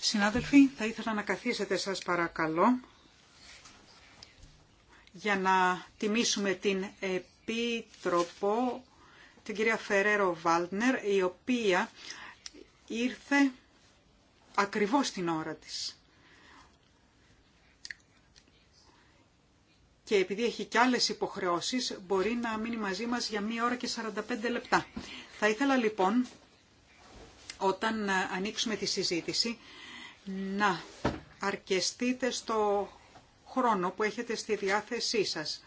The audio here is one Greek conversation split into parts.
Συνάδελφοι, θα ήθελα να καθίσετε σας παρακαλώ για να τιμήσουμε την Επίτροπο, την κυρία Φερέρο Βάλτνερ, η οποία ήρθε ακριβώς την ώρα της. Και επειδή έχει και άλλες υποχρεώσεις, μπορεί να μείνει μαζί μας για μία ώρα και 45 λεπτά. Θα ήθελα λοιπόν όταν ε, ανοίξουμε τη συζήτηση να αρκεστείτε στο χρόνο που έχετε στη διάθεσή σας.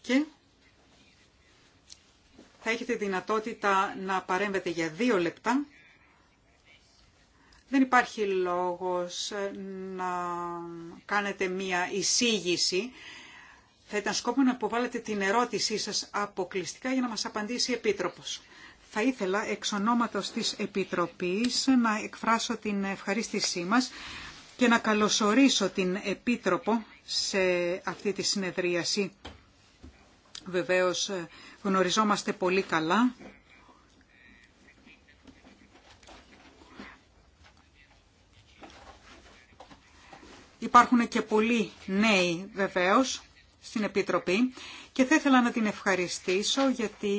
Και θα έχετε δυνατότητα να παρέμβετε για δύο λεπτά. Δεν υπάρχει λόγος ε, να κάνετε μία εισήγηση θα ήταν σκόπο να αποβάλλετε την ερώτησή σας αποκλειστικά για να μας απαντήσει η Επίτροπος. Θα ήθελα εξ ονόματος της Επιτροπής να εκφράσω την ευχαρίστησή μας και να καλωσορίσω την Επίτροπο σε αυτή τη συνεδρίαση. Βεβαίως γνωριζόμαστε πολύ καλά. Υπάρχουν και πολλοί νέοι βεβαίως στην Επιτροπή και θα ήθελα να την ευχαριστήσω γιατί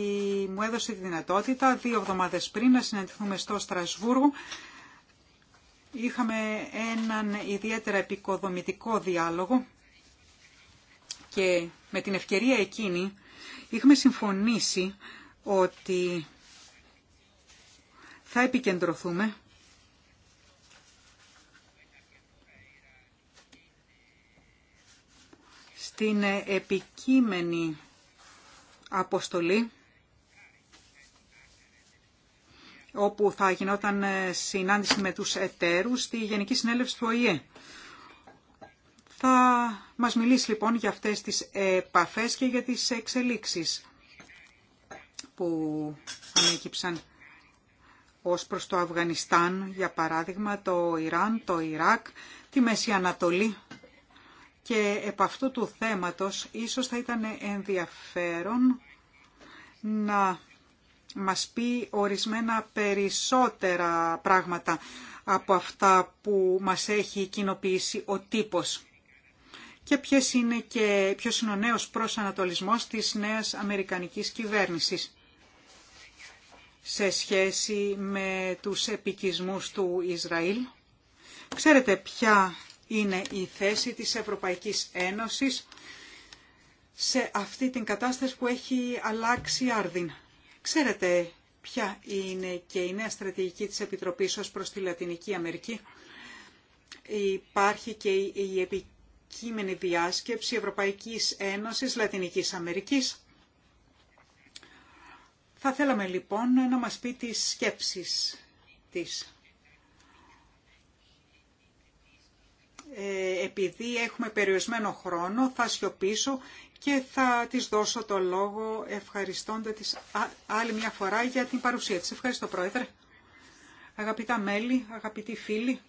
μου έδωσε τη δυνατότητα δύο εβδομάδες πριν να συναντηθούμε στο Στρασβούργο. Είχαμε έναν ιδιαίτερα επικοδομητικό διάλογο και με την ευκαιρία εκείνη είχαμε συμφωνήσει ότι θα επικεντρωθούμε την επικείμενη αποστολή όπου θα γινόταν συνάντηση με τους εταίρους στη Γενική Συνέλευση του ΟΗΕ. Θα μας μιλήσει λοιπόν για αυτές τις επαφές και για τις εξελίξεις που ανέκυψαν ως προς το Αφγανιστάν, για παράδειγμα, το Ιράν, το Ιράκ, τη Μέση Ανατολή και επ' αυτού του θέματος ίσως θα ήταν ενδιαφέρον να μας πει ορισμένα περισσότερα πράγματα από αυτά που μας έχει κοινοποιήσει ο τύπος. Και ποιος είναι, και, ποιος είναι ο νέος προσανατολισμός της νέας Αμερικανικής κυβέρνησης σε σχέση με τους επικισμούς του Ισραήλ. Ξέρετε ποια είναι η θέση της Ευρωπαϊκής Ένωσης σε αυτή την κατάσταση που έχει αλλάξει άρδιν. Ξέρετε ποια είναι και η νέα στρατηγική της Επιτροπής ως προς τη Λατινική Αμερική. Υπάρχει και η επικείμενη διάσκεψη Ευρωπαϊκής Ένωσης Λατινικής Αμερικής. Θα θέλαμε λοιπόν να μας πει τις σκέψεις της. Ε, επειδή έχουμε περιορισμένο χρόνο θα σιωπήσω και θα της δώσω το λόγο ευχαριστώντα της άλλη μια φορά για την παρουσία της. Ευχαριστώ Πρόεδρε. Αγαπητά μέλη, αγαπητοί φίλοι,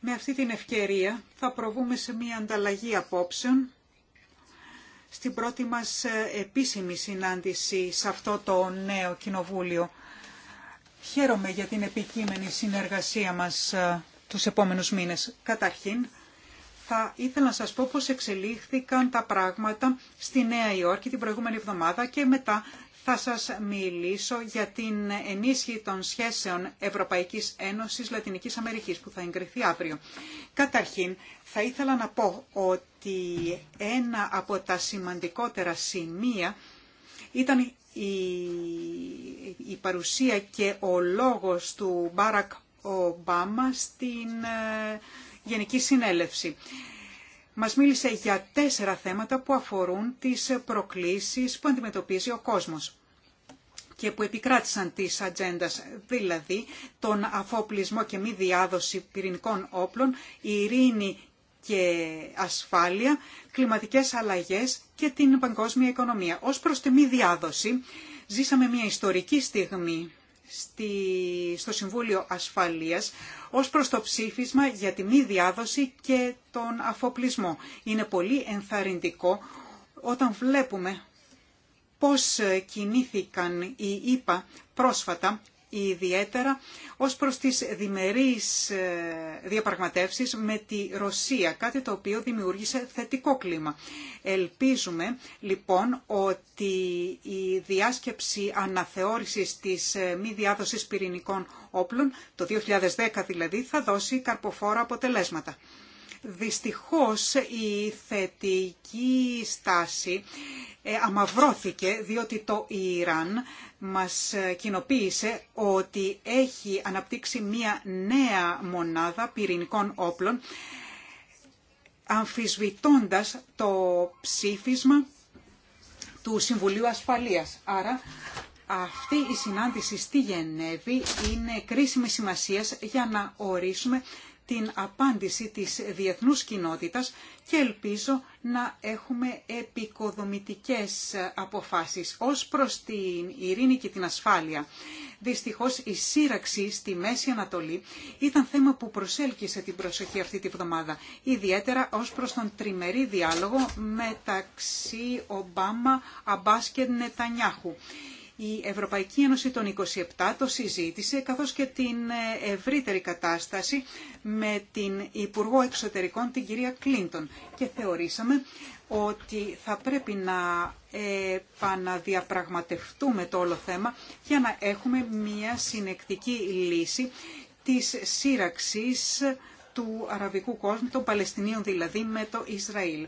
με αυτή την ευκαιρία θα προβούμε σε μια ανταλλαγή απόψεων στην πρώτη μας ε, επίσημη συνάντηση σε αυτό το νέο κοινοβούλιο. Χαίρομαι για την επικείμενη συνεργασία μας ε, τους επόμενους μήνες. Καταρχήν, θα ήθελα να σας πω πώς εξελίχθηκαν τα πράγματα στη Νέα Υόρκη την προηγούμενη εβδομάδα και μετά θα σας μιλήσω για την ενίσχυση των σχέσεων Ευρωπαϊκής Ένωσης Λατινικής Αμερικής που θα εγκριθεί αύριο. Καταρχήν, θα ήθελα να πω ότι ένα από τα σημαντικότερα σημεία ήταν η, η παρουσία και ο λόγος του Μπάρακ Ομπάμα στην ε, Γενική Συνέλευση. Μας μίλησε για τέσσερα θέματα που αφορούν τις προκλήσεις που αντιμετωπίζει ο κόσμος και που επικράτησαν της ατζέντα, δηλαδή τον αφοπλισμό και μη διάδοση πυρηνικών όπλων, ειρήνη και ασφάλεια, κλιματικές αλλαγές και την παγκόσμια οικονομία. Ως προς τη μη διάδοση, ζήσαμε μια ιστορική στιγμή στη, στο Συμβούλιο Ασφαλείας ως προς το ψήφισμα για τη μη διάδοση και τον αφοπλισμό. Είναι πολύ ενθαρρυντικό όταν βλέπουμε πώς κινήθηκαν οι ΙΠΑ πρόσφατα ιδιαίτερα ως προς τις διμερείς ε, διαπραγματεύσεις με τη Ρωσία, κάτι το οποίο δημιούργησε θετικό κλίμα. Ελπίζουμε λοιπόν ότι η διάσκεψη αναθεώρησης της ε, μη διάδοσης πυρηνικών όπλων, το 2010 δηλαδή, θα δώσει καρποφόρα αποτελέσματα. Δυστυχώς η θετική στάση ε, αμαυρώθηκε διότι το Ιράν μας κοινοποίησε ότι έχει αναπτύξει μία νέα μονάδα πυρηνικών όπλων αμφισβητώντας το ψήφισμα του Συμβουλίου Ασφαλείας. Άρα αυτή η συνάντηση στη Γενέβη είναι κρίσιμη σημασίας για να ορίσουμε την απάντηση της διεθνούς κοινότητας και ελπίζω να έχουμε επικοδομητικές αποφάσεις ως προς την ειρήνη και την ασφάλεια. Δυστυχώς η σύραξη στη Μέση Ανατολή ήταν θέμα που προσέλκυσε την προσοχή αυτή τη βδομάδα, ιδιαίτερα ως προς τον τριμερή διάλογο μεταξύ Ομπάμα, Αμπάς και Νετανιάχου. Η Ευρωπαϊκή Ένωση των 27 το συζήτησε, καθώς και την ε, ευρύτερη κατάσταση με την Υπουργό Εξωτερικών, την κυρία Κλίντον. Και θεωρήσαμε ότι θα πρέπει να επαναδιαπραγματευτούμε το όλο θέμα για να έχουμε μια συνεκτική λύση της σύραξης του αραβικού κόσμου, των Παλαιστινίων δηλαδή, με το Ισραήλ.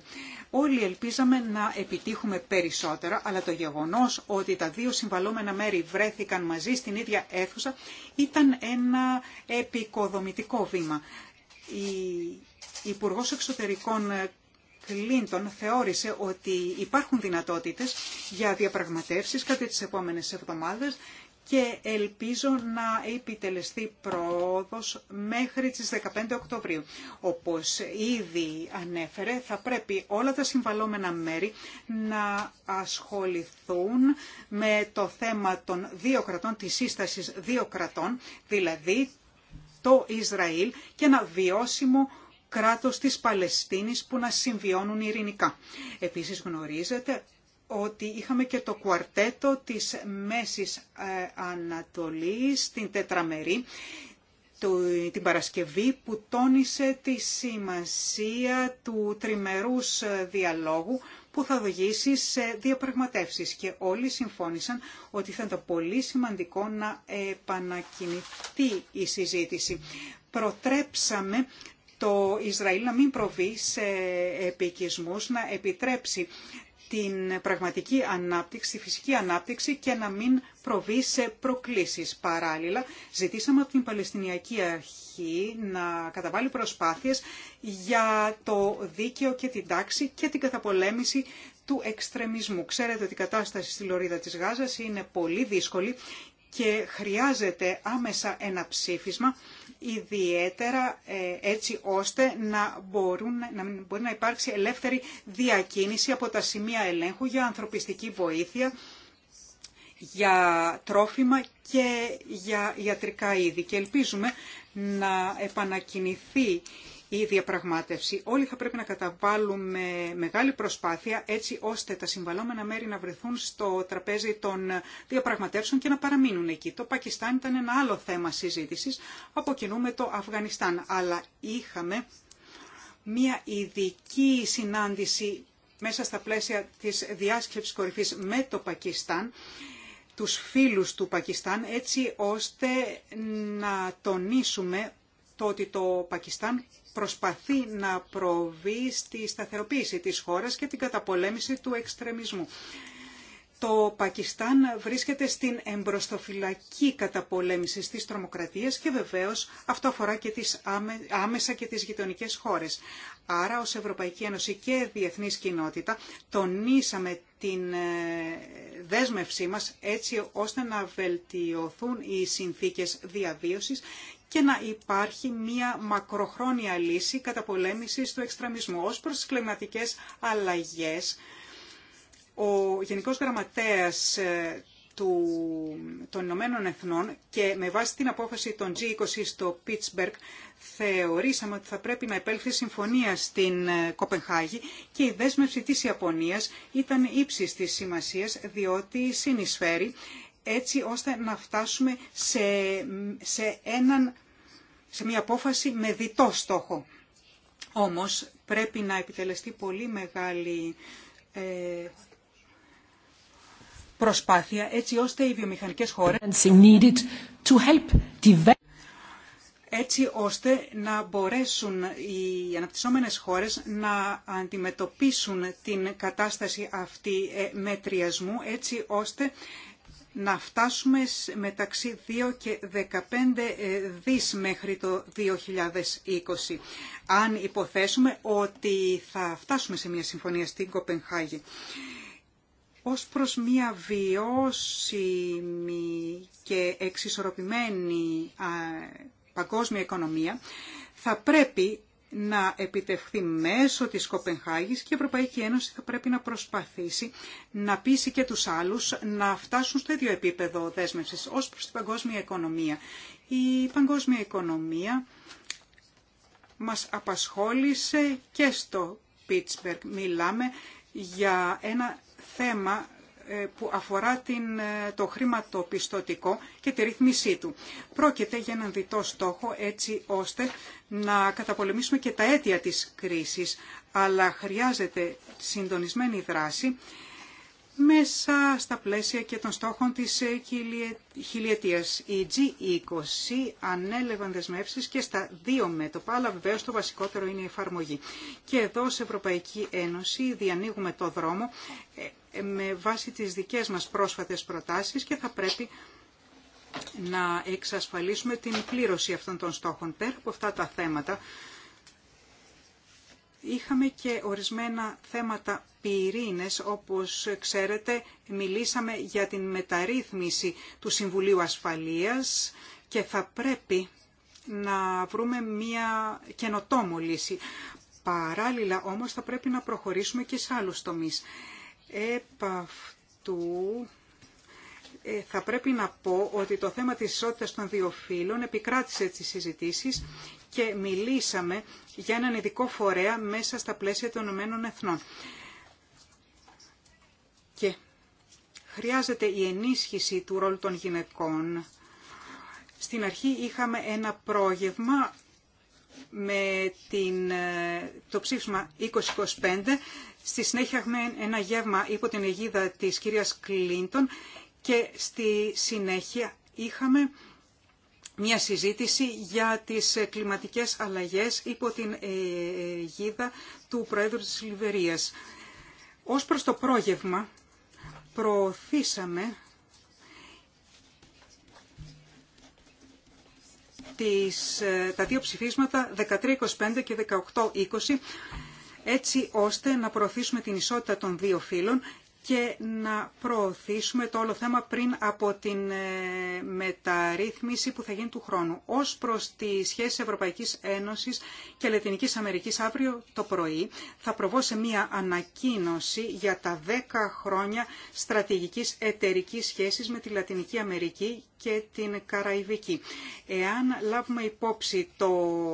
Όλοι ελπίζαμε να επιτύχουμε περισσότερα, αλλά το γεγονός ότι τα δύο συμβαλόμενα μέρη βρέθηκαν μαζί στην ίδια αίθουσα ήταν ένα επικοδομητικό βήμα. Η Υπουργό Εξωτερικών ε, Κλίντον θεώρησε ότι υπάρχουν δυνατότητες για διαπραγματεύσεις κατά τις επόμενες εβδομάδες και ελπίζω να επιτελεστεί πρόοδος μέχρι τις 15 Οκτωβρίου. Όπως ήδη ανέφερε, θα πρέπει όλα τα συμβαλόμενα μέρη να ασχοληθούν με το θέμα των δύο κρατών, της σύστασης δύο κρατών, δηλαδή το Ισραήλ και ένα βιώσιμο κράτος της Παλαιστίνης που να συμβιώνουν ειρηνικά. Επίσης γνωρίζετε ότι είχαμε και το κουαρτέτο της Μέσης ε, Ανατολής, την τετραμερή, την Παρασκευή που τόνισε τη σημασία του τριμερούς ε, διαλόγου που θα οδηγήσει σε διαπραγματεύσεις και όλοι συμφώνησαν ότι θα ήταν πολύ σημαντικό να επανακινηθεί η συζήτηση. Προτρέψαμε το Ισραήλ να μην προβεί σε επικισμούς, να επιτρέψει την πραγματική ανάπτυξη, τη φυσική ανάπτυξη και να μην προβεί σε προκλήσεις. Παράλληλα, ζητήσαμε από την Παλαιστινιακή Αρχή να καταβάλει προσπάθειες για το δίκαιο και την τάξη και την καταπολέμηση του εξτρεμισμού. Ξέρετε ότι η κατάσταση στη Λωρίδα της Γάζας είναι πολύ δύσκολη και χρειάζεται άμεσα ένα ψήφισμα ιδιαίτερα ε, έτσι ώστε να, μπορούν, να μπορεί να υπάρξει ελεύθερη διακίνηση από τα σημεία ελέγχου για ανθρωπιστική βοήθεια, για τρόφιμα και για ιατρικά είδη. Και ελπίζουμε να επανακινηθεί η διαπραγμάτευση. Όλοι θα πρέπει να καταβάλουμε μεγάλη προσπάθεια έτσι ώστε τα συμβαλώμενα μέρη να βρεθούν στο τραπέζι των διαπραγματεύσεων και να παραμείνουν εκεί. Το Πακιστάν ήταν ένα άλλο θέμα συζήτησης, με το Αφγανιστάν, αλλά είχαμε μια ειδική συνάντηση μέσα στα πλαίσια της διάσκεψης κορυφής με το Πακιστάν, τους φίλους του Πακιστάν, έτσι ώστε να τονίσουμε το ότι το Πακιστάν προσπαθεί να προβεί στη σταθεροποίηση της χώρας και την καταπολέμηση του εξτρεμισμού. Το Πακιστάν βρίσκεται στην εμπροστοφυλακή καταπολέμηση της τρομοκρατίας και βεβαίως αυτό αφορά και τις άμεσα και τις γειτονικές χώρες. Άρα ως Ευρωπαϊκή Ένωση και διεθνής κοινότητα τονίσαμε την ε, δέσμευσή μας έτσι ώστε να βελτιωθούν οι συνθήκες διαβίωσης και να υπάρχει μία μακροχρόνια λύση καταπολέμησης του εξτραμισμού. Ως προς τις κλιματικές αλλαγές, ο Γενικός Γραμματέας ε, του, των Ηνωμένων Εθνών και με βάση την απόφαση των G20 στο Πίτσμπεργκ θεωρήσαμε ότι θα πρέπει να επέλθει συμφωνία στην ε, Κοπενχάγη και η δέσμευση της Ιαπωνίας ήταν ύψης της σημασίας διότι συνεισφέρει έτσι ώστε να φτάσουμε σε, σε έναν σε μια απόφαση με διτό στόχο. Όμως πρέπει να επιτελεστεί πολύ μεγάλη ε, προσπάθεια έτσι ώστε οι βιομηχανικές χώρες έτσι ώστε να μπορέσουν οι αναπτυσσόμενες χώρες να αντιμετωπίσουν την κατάσταση αυτή ε, μετριασμού, έτσι ώστε να φτάσουμε μεταξύ 2 και 15 ε, δις μέχρι το 2020. Αν υποθέσουμε ότι θα φτάσουμε σε μια συμφωνία στην Κοπενχάγη. Ως προς μια βιώσιμη και εξισορροπημένη παγκόσμια οικονομία, θα πρέπει να επιτευχθεί μέσω της Κοπενχάγης και η Ευρωπαϊκή Ένωση θα πρέπει να προσπαθήσει να πείσει και τους άλλους να φτάσουν στο ίδιο επίπεδο δέσμευσης ως προς την παγκόσμια οικονομία. Η παγκόσμια οικονομία μας απασχόλησε και στο Πίτσμπεργκ. Μιλάμε για ένα θέμα ε, που αφορά την, ε, το χρηματοπιστωτικό και τη ρυθμισή του. Πρόκειται για έναν διτό στόχο έτσι ώστε να καταπολεμήσουμε και τα αίτια της κρίσης, αλλά χρειάζεται συντονισμένη δράση μέσα στα πλαίσια και των στόχων της ε, χιλιετίας. Οι G20 ανέλευαν δεσμεύσεις και στα δύο μέτωπα, αλλά βεβαίως το βασικότερο είναι η εφαρμογή. Και εδώ σε Ευρωπαϊκή Ένωση διανοίγουμε το δρόμο ε, ε, με βάση τις δικές μας πρόσφατες προτάσεις και θα πρέπει να εξασφαλίσουμε την πλήρωση αυτών των στόχων. Πέρα από αυτά τα θέματα, Είχαμε και ορισμένα θέματα πυρήνες, όπως ξέρετε μιλήσαμε για την μεταρρύθμιση του Συμβουλίου Ασφαλείας και θα πρέπει να βρούμε μια καινοτόμο λύση. Παράλληλα όμως θα πρέπει να προχωρήσουμε και σε άλλους τομείς. Επ' αυτού ε, θα πρέπει να πω ότι το θέμα της ισότητας των δύο φύλων επικράτησε τις συζητήσεις και μιλήσαμε για έναν ειδικό φορέα μέσα στα πλαίσια των Ηνωμένων Εθνών. Και χρειάζεται η ενίσχυση του ρόλου των γυναικών. Στην αρχή είχαμε ένα πρόγευμα με την, ε, το ψήφισμα 2025. Στη συνέχεια έχουμε ένα γεύμα υπό την αιγίδα της κυρίας Κλίντον και στη συνέχεια είχαμε μια συζήτηση για τις ε, κλιματικές αλλαγές υπό την ε, αιγίδα του Προέδρου της Λιβερίας. Ως προς το πρόγευμα προωθήσαμε τις, ε, τα δύο ψηφίσματα 1325 και 1820 έτσι ώστε να προωθήσουμε την ισότητα των δύο φύλων και να προωθήσουμε το όλο θέμα πριν από την ε, μεταρρύθμιση που θα γίνει του χρόνου. Ως προς τη σχέση Ευρωπαϊκής Ένωσης και Λατινικής Αμερικής αύριο το πρωί θα προβώ σε μία ανακοίνωση για τα 10 χρόνια στρατηγικής εταιρικής σχέσης με τη Λατινική Αμερική και την Καραϊβική. Εάν λάβουμε υπόψη το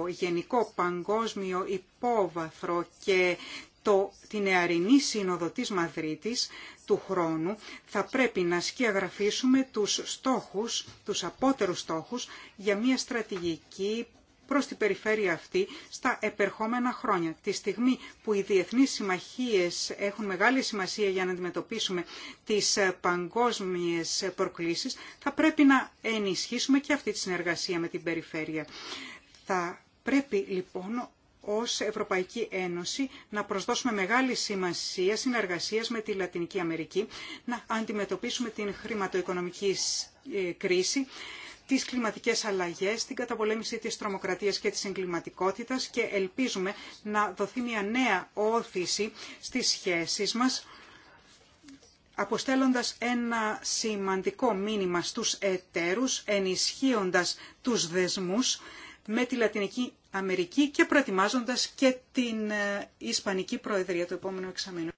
γενικό παγκόσμιο υπόβαθρο και το, την νεαρινή σύνοδο της Μαδρίτης του χρόνου θα πρέπει να σκιαγραφίσουμε τους στόχους, τους απότερους στόχους για μια στρατηγική προς την περιφέρεια αυτή στα επερχόμενα χρόνια. Τη στιγμή που οι διεθνείς συμμαχίες έχουν μεγάλη σημασία για να αντιμετωπίσουμε τις ε, παγκόσμιες προκλήσεις, θα πρέπει να ενισχύσουμε και αυτή τη συνεργασία με την περιφέρεια. Θα πρέπει λοιπόν ως Ευρωπαϊκή Ένωση να προσδώσουμε μεγάλη σημασία συνεργασίας με τη Λατινική Αμερική, να αντιμετωπίσουμε την χρηματοοικονομική ε, κρίση, τις κλιματικές αλλαγές, την καταπολέμηση της τρομοκρατίας και της εγκληματικότητας και ελπίζουμε να δοθεί μια νέα όθηση στις σχέσεις μας αποστέλλοντας ένα σημαντικό μήνυμα στους εταίρους, ενισχύοντας τους δεσμούς με τη Λατινική Αμερική και προετοιμάζοντας και την ε, Ισπανική Προεδρία το επόμενο εξαμήνου.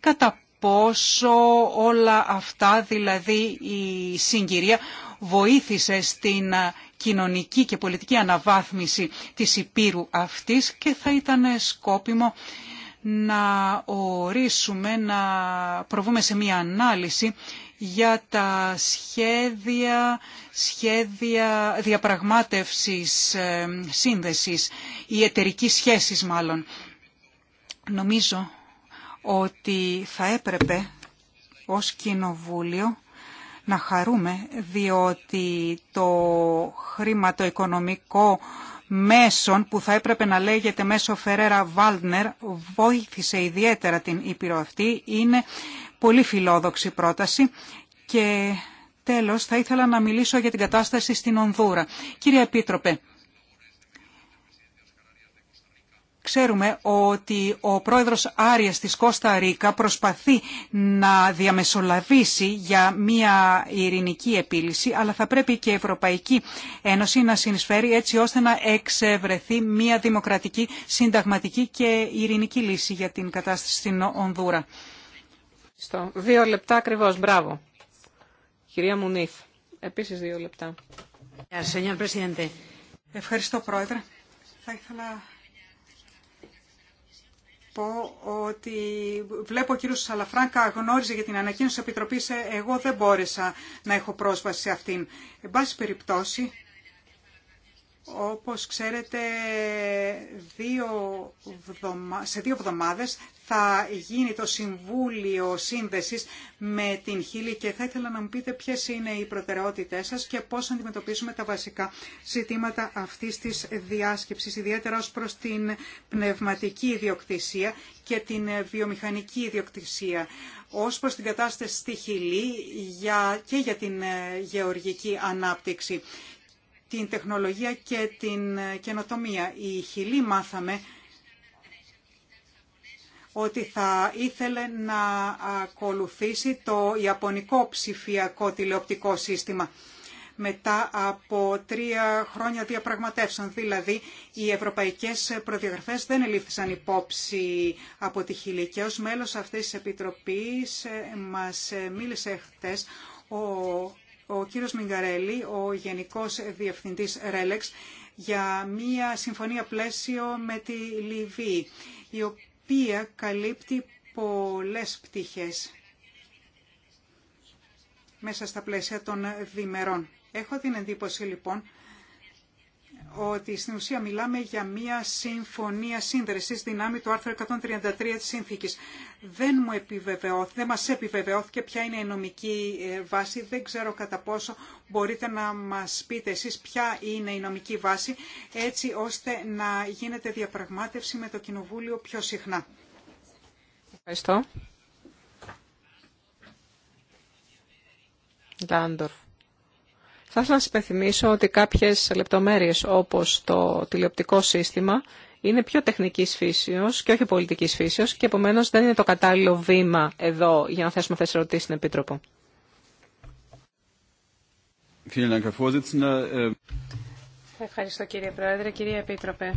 κατά πόσο όλα αυτά, δηλαδή η συγκυρία, βοήθησε στην κοινωνική και πολιτική αναβάθμιση της Υπήρου αυτής και θα ήταν σκόπιμο να ορίσουμε, να προβούμε σε μία ανάλυση για τα σχέδια, σχέδια διαπραγμάτευσης ε, σύνδεσης ή εταιρικής σχέσης μάλλον. Νομίζω ότι θα έπρεπε ως Κοινοβούλιο να χαρούμε διότι το χρηματοοικονομικό μέσον που θα έπρεπε να λέγεται μέσο Φερέρα Βάλτνερ βοήθησε ιδιαίτερα την Ήπειρο αυτή. Είναι πολύ φιλόδοξη πρόταση και τέλος θα ήθελα να μιλήσω για την κατάσταση στην Ονδούρα. Κύριε Επίτροπε, Ξέρουμε ότι ο πρόεδρος Άριας της Κώστα Ρίκα προσπαθεί να διαμεσολαβήσει για μια ειρηνική επίλυση, αλλά θα πρέπει και η Ευρωπαϊκή Ένωση να συνεισφέρει έτσι ώστε να εξευρεθεί μια δημοκρατική, συνταγματική και ειρηνική λύση για την κατάσταση στην Ονδούρα. Στο δύο λεπτά ακριβώς, μπράβο. Κυρία Μουνίφ, επίσης δύο λεπτά. Ευχαριστώ, Πρόεδρε. Θα ήθελα πω ότι βλέπω ο κύριος Σαλαφράνκα γνώριζε για την ανακοίνωση της Επιτροπής, ε, εγώ δεν μπόρεσα να έχω πρόσβαση σε αυτήν. Εν πάση περιπτώσει, όπως ξέρετε, δύο σε δύο εβδομάδες θα γίνει το Συμβούλιο Σύνδεσης με την Χίλη και θα ήθελα να μου πείτε ποιες είναι οι προτεραιότητές σας και πώς αντιμετωπίσουμε τα βασικά ζητήματα αυτής της διάσκεψης, ιδιαίτερα ως προς την πνευματική ιδιοκτησία και την βιομηχανική ιδιοκτησία ως προς την κατάσταση στη Χιλή για, και για την ε, γεωργική ανάπτυξη την τεχνολογία και την ε, καινοτομία. Η Χιλή μάθαμε ότι θα ήθελε να ακολουθήσει το Ιαπωνικό ψηφιακό τηλεοπτικό σύστημα μετά από τρία χρόνια διαπραγματεύσεων. Δηλαδή, οι ευρωπαϊκές προδιαγραφές δεν ελήφθησαν υπόψη από τη Χιλή. Και μέλος αυτής της Επιτροπής ε, μας ε, μίλησε χτες ο, ο κύριος Μιγκαρέλη, ο Γενικός Διευθυντής Ρέλεξ, για μία συμφωνία πλαίσιο με τη Λιβύη, οποία καλύπτει πολλές πτυχές μέσα στα πλαίσια των διμερών. Έχω την εντύπωση λοιπόν ότι στην ουσία μιλάμε για μία συμφωνία σύνδεση, δυνάμει του άρθρου 133 της Σύνθηκης. Δεν, μου επιβεβαιώθηκε, μας επιβεβαιώθηκε ποια είναι η νομική ε, βάση. Δεν ξέρω κατά πόσο μπορείτε να μας πείτε εσείς ποια είναι η νομική βάση, έτσι ώστε να γίνεται διαπραγμάτευση με το Κοινοβούλιο πιο συχνά. Ευχαριστώ. Θα ήθελα να σας υπενθυμίσω ότι κάποιες λεπτομέρειες όπως το τηλεοπτικό σύστημα είναι πιο τεχνικής φύσεως και όχι πολιτικής φύσεως και επομένως δεν είναι το κατάλληλο βήμα εδώ για να θέσουμε αυτές τις ερωτήσεις στην Επίτροπο. Ε, ευχαριστώ κύριε Πρόεδρε. Κύριε Επίτροπε.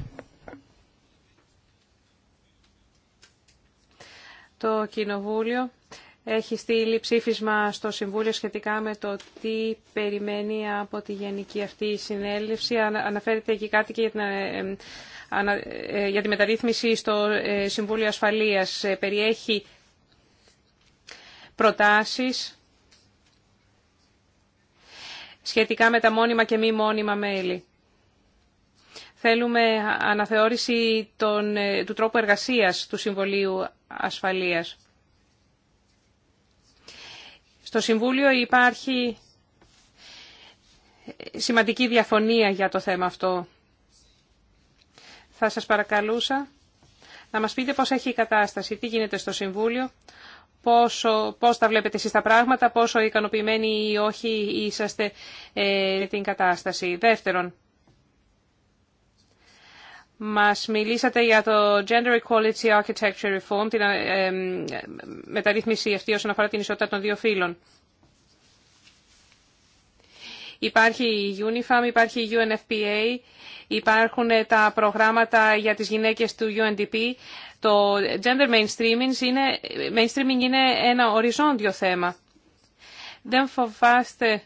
Το Κοινοβούλιο έχει στείλει ψήφισμα στο Συμβούλιο σχετικά με το τι περιμένει από τη γενική αυτή συνέλευση. Αναφέρεται εκεί κάτι και για, ε, ε, ε, τη μεταρρύθμιση στο Συμβούλιο Ασφαλείας. Περιέχει προτάσεις σχετικά με τα μόνιμα και μη μόνιμα μέλη. Θέλουμε αναθεώρηση του τρόπου εργασίας του συμβολείου Ασφαλείας. Στο Συμβούλιο υπάρχει σημαντική διαφωνία για το θέμα αυτό. Θα σας παρακαλούσα να μας πείτε πώς έχει η κατάσταση, τι γίνεται στο Συμβούλιο, πόσο, πώς τα βλέπετε εσείς τα πράγματα, πόσο ικανοποιημένοι ή όχι είσαστε ε, την κατάσταση. Δεύτερον, μας μιλήσατε για το Gender Equality Architecture Reform, την ε, ε, μεταρρύθμιση αυτή όσον αφορά την ισότητα των δύο φύλων. Υπάρχει η UNIFAM, υπάρχει η UNFPA, υπάρχουν τα προγράμματα για τις γυναίκες του UNDP. Το gender mainstreaming είναι, mainstreaming είναι ένα οριζόντιο θέμα. Δεν φοβάστε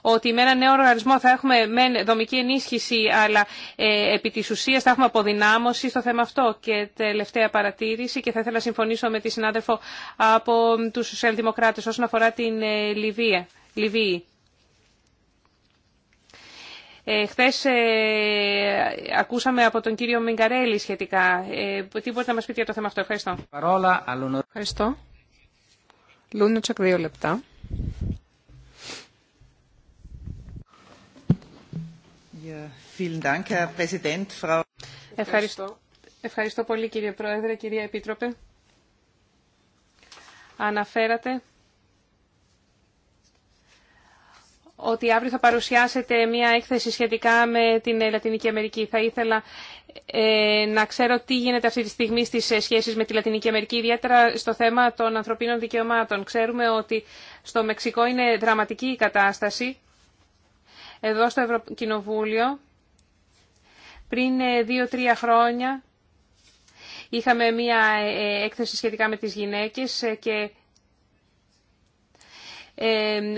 ότι με ένα νέο οργανισμό θα έχουμε με δομική ενίσχυση, αλλά ε, επί της ουσίας θα έχουμε αποδυνάμωση στο θέμα αυτό. Και τελευταία παρατήρηση, και θα ήθελα να συμφωνήσω με τη συνάδελφο από τους Σοσιαλδημοκράτε όσον αφορά την ε, Λιβύη. Λιβύη. Ε, χθες ε, ακούσαμε από τον κύριο Μιγκαρέλη σχετικά. Ε, τι μπορείτε να μας πείτε για το θέμα αυτό. Ευχαριστώ. Ευχαριστώ. δύο λεπτά. Ευχαριστώ. πολύ κύριε Πρόεδρε, κυρία Επίτροπε. Αναφέρατε ότι αύριο θα παρουσιάσετε μία έκθεση σχετικά με την Λατινική Αμερική. Θα ήθελα ε, να ξέρω τι γίνεται αυτή τη στιγμή στις σχέσεις με τη Λατινική Αμερική, ιδιαίτερα στο θέμα των ανθρωπίνων δικαιωμάτων. Ξέρουμε ότι στο Μεξικό είναι δραματική η κατάσταση. Εδώ στο Ευρωκοινοβούλιο πριν ε, δύο-τρία χρόνια είχαμε μία ε, έκθεση σχετικά με τις γυναίκες ε, και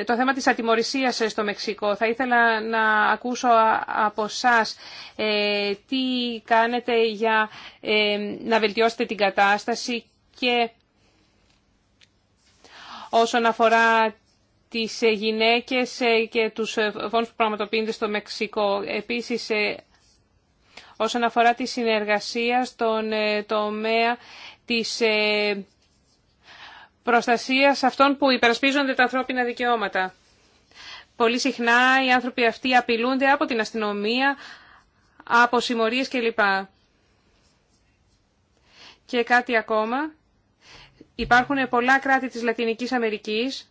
το θέμα της ατιμορρησίας στο Μεξικό. Θα ήθελα να ακούσω από εσά τι κάνετε για να βελτιώσετε την κατάσταση και όσον αφορά τις γυναίκες και τους φόνους που πραγματοποιούνται στο Μεξικό. Επίσης, όσον αφορά τη συνεργασία στον ε, τομέα της ε, προστασίας αυτών που υπερασπίζονται τα ανθρώπινα δικαιώματα. Πολύ συχνά οι άνθρωποι αυτοί απειλούνται από την αστυνομία, από συμμορίες κλπ. Και κάτι ακόμα. Υπάρχουν πολλά κράτη της Λατινικής Αμερικής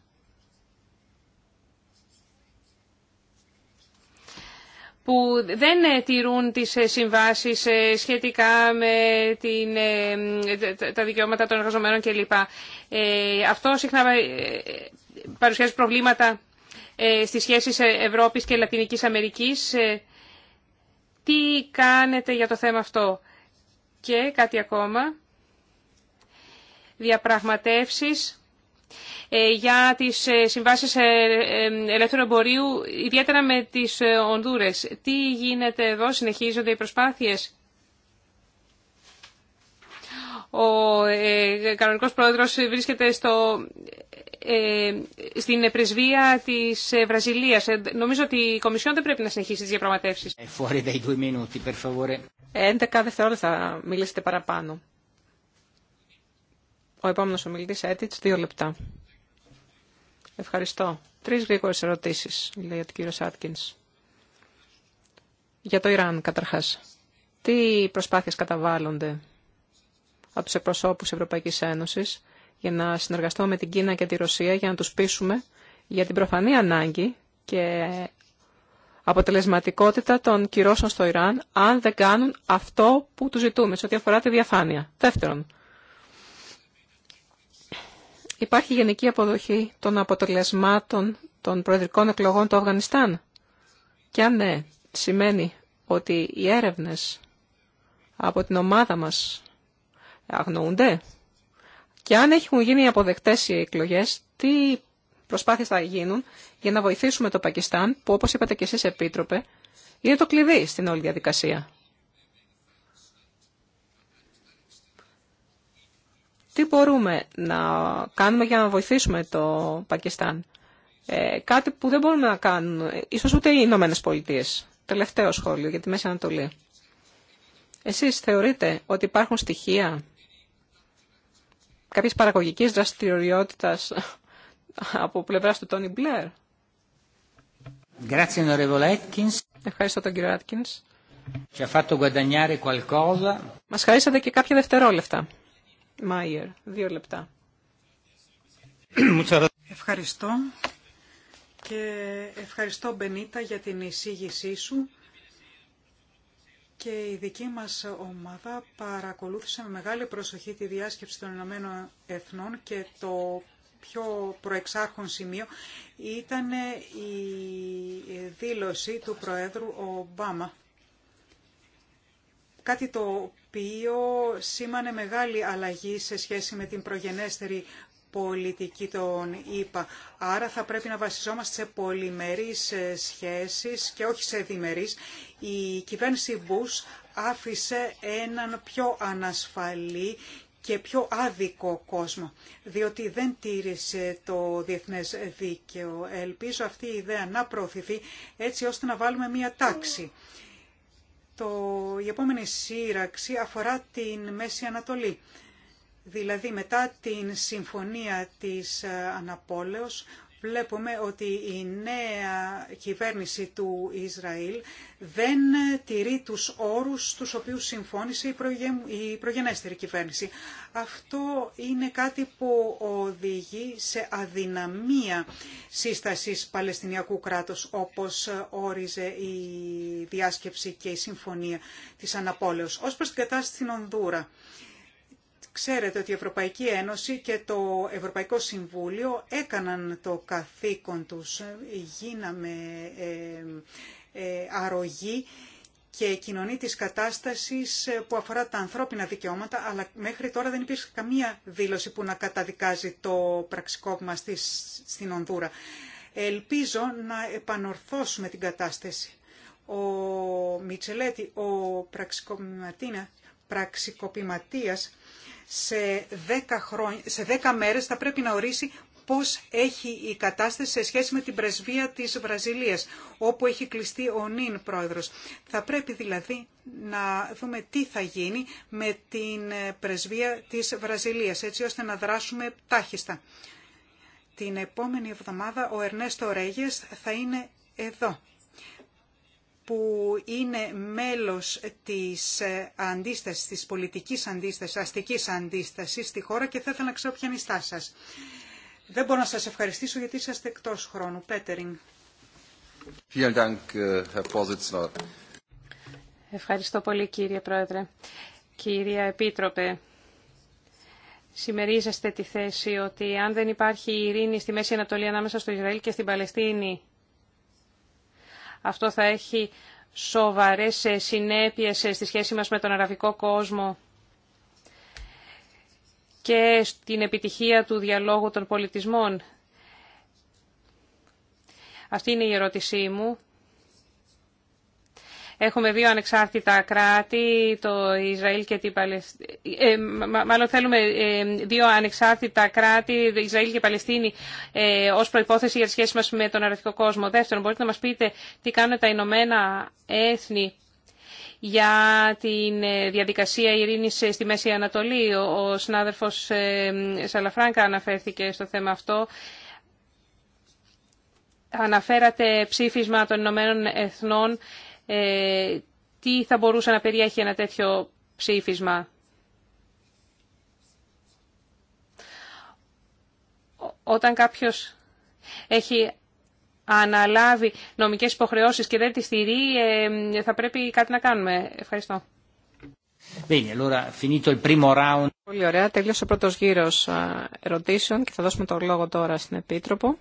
που δεν ε, τηρούν τις ε, συμβάσεις ε, σχετικά με την, τα δικαιώματα των εργαζομένων κλπ. Αυτό συχνά παρουσιάζει προβλήματα στις σχέσεις Ευρώπης και Λατινικής Αμερικής. Τι κάνετε για το θέμα αυτό. Και κάτι ακόμα. Διαπραγματεύσεις ε, για τις ε, συμβάσεις ε, ελεύθερου εμπορίου, ιδιαίτερα με τις Ονδούρες. Τι γίνεται εδώ, συνεχίζονται οι προσπάθειες. Ο κανονικός πρόεδρος βρίσκεται στο στην πρεσβεία της Βραζιλίας. Νομίζω ότι η Κομισιόν δεν πρέπει να συνεχίσει τις διαπραγματεύσεις. 11 δευτερόλεπτα θα μιλήσετε παραπάνω. Ο επόμενος ομιλητής Έτιτς, δύο λεπτά. Ευχαριστώ. Τρεις γρήγορες ερωτήσεις, λέει ο κύριος Άτκινς. Για το Ιράν, καταρχάς. Τι προσπάθειες καταβάλλονται από τους εκπροσώπους Ευρωπαϊκής Ένωσης για να συνεργαστούμε με την Κίνα και τη Ρωσία για να τους πείσουμε για την προφανή ανάγκη και αποτελεσματικότητα των κυρώσεων στο Ιράν αν δεν κάνουν αυτό που τους ζητούμε σε ό,τι αφορά τη διαφάνεια. Δεύτερον, Υπάρχει γενική αποδοχή των αποτελεσμάτων των προεδρικών εκλογών του Αφγανιστάν. Και αν ναι, σημαίνει ότι οι έρευνες από την ομάδα μας αγνοούνται. Και αν έχουν γίνει αποδεκτές οι εκλογές, τι προσπάθειες θα γίνουν για να βοηθήσουμε το Πακιστάν, που όπως είπατε και εσείς επίτροπε, είναι το κλειδί στην όλη διαδικασία. Τι μπορούμε να κάνουμε για να βοηθήσουμε το Πακιστάν. Ε, κάτι που δεν μπορούμε να κάνουν, ίσως ούτε οι Ηνωμένε Πολιτείε. Τελευταίο σχόλιο για τη Μέση Ανατολή. Εσείς θεωρείτε ότι υπάρχουν στοιχεία κάποιες παραγωγικής δραστηριότητας από πλευράς του Τόνι Μπλερ. Ευχαριστώ τον κύριο Άτκινς. Μας χαρίσατε και κάποια δευτερόλεπτα. Ευχαριστώ και ευχαριστώ Μπενίτα για την εισήγησή σου και η δική μας ομάδα παρακολούθησε με μεγάλη προσοχή τη διάσκεψη των Ηνωμένων Εθνών και το πιο προεξάρχον σημείο ήταν η δήλωση του Προέδρου Ομπάμα. Κάτι το οποίο σήμανε μεγάλη αλλαγή σε σχέση με την προγενέστερη πολιτική των ΗΠΑ. Άρα θα πρέπει να βασιζόμαστε σε πολυμερείς ε, σχέσεις και όχι σε διμερείς. Η κυβέρνηση Bush άφησε έναν πιο ανασφαλή και πιο άδικο κόσμο, διότι δεν τήρησε το διεθνές δίκαιο. Ελπίζω αυτή η ιδέα να προωθηθεί έτσι ώστε να βάλουμε μία τάξη το, η επόμενη σύραξη αφορά την Μέση Ανατολή. Δηλαδή μετά την συμφωνία της ε, Αναπόλεως βλέπουμε ότι η νέα κυβέρνηση του Ισραήλ δεν τηρεί τους όρους τους οποίους συμφώνησε η προγενέστερη κυβέρνηση. Αυτό είναι κάτι που οδηγεί σε αδυναμία σύστασης Παλαιστινιακού κράτους όπως όριζε η διάσκεψη και η συμφωνία της αναπόλεως. Ως προς την κατάσταση στην Ονδούρα. Ξέρετε ότι η Ευρωπαϊκή Ένωση και το Ευρωπαϊκό Συμβούλιο έκαναν το καθήκον τους. Γίναμε ε, ε, αρρωγή και κοινωνή της κατάστασης ε, που αφορά τα ανθρώπινα δικαιώματα, αλλά μέχρι τώρα δεν υπήρχε καμία δήλωση που να καταδικάζει το πραξικόπημα στην Ονδούρα. Ελπίζω να επανορθώσουμε την κατάσταση. Ο Μιτσελέτη, ο πραξικοπηματίας, σε 10, σε μέρες θα πρέπει να ορίσει πώς έχει η κατάσταση σε σχέση με την πρεσβεία της Βραζιλίας, όπου έχει κλειστεί ο νυν πρόεδρος. Θα πρέπει δηλαδή να δούμε τι θα γίνει με την ε, πρεσβεία της Βραζιλίας, έτσι ώστε να δράσουμε τάχιστα. Την επόμενη εβδομάδα ο Ερνέστο Ρέγες θα είναι εδώ που είναι μέλος της ε, αντίστασης, της πολιτικής αντίστασης, αστικής αντίστασης στη χώρα και θα ήθελα να ξέρω ποια είναι η στάση σας. Δεν μπορώ να σας ευχαριστήσω γιατί είσαστε εκτός χρόνου. Πέτερινγκ. Ε, Ευχαριστώ πολύ κύριε Πρόεδρε. Κυρία Επίτροπε, συμμερίζεστε τη θέση ότι αν δεν υπάρχει ειρήνη στη Μέση Ανατολή ανάμεσα στο Ισραήλ και στην Παλαιστίνη, αυτό θα έχει σοβαρές ε, συνέπειες ε, στη σχέση μας με τον αραβικό κόσμο και στην επιτυχία του διαλόγου των πολιτισμών. Αυτή είναι η ερώτησή μου Έχουμε δύο ανεξάρτητα κράτη, το Ισραήλ και την Παλαιστίνη. Ε, μάλλον θέλουμε ε, δύο ανεξάρτητα κράτη, Ισραήλ και Παλαιστίνη, ε, ως προϋπόθεση για τη σχέση μας με τον αραβικό κόσμο. Δεύτερον, μπορείτε να μας πείτε τι κάνουν τα Ηνωμένα Έθνη για την ε, διαδικασία ειρήνης ε, στη Μέση Ανατολή. Ο συνάδελφος Σαλαφράγκα αναφέρθηκε στο θέμα αυτό. Αναφέρατε ψήφισμα των Ηνωμένων Εθνών ε, τι θα μπορούσε να περιέχει ένα τέτοιο ψήφισμα. Όταν κάποιος έχει αναλάβει νομικές υποχρεώσεις και δεν τις στηρεί, ε, θα πρέπει κάτι να κάνουμε. Ευχαριστώ. Bene, allora, finito il primo round. Πολύ ωραία. Τελείωσε ο πρώτος γύρος ε, ερωτήσεων και θα δώσουμε το λόγο τώρα στην Επίτροπο.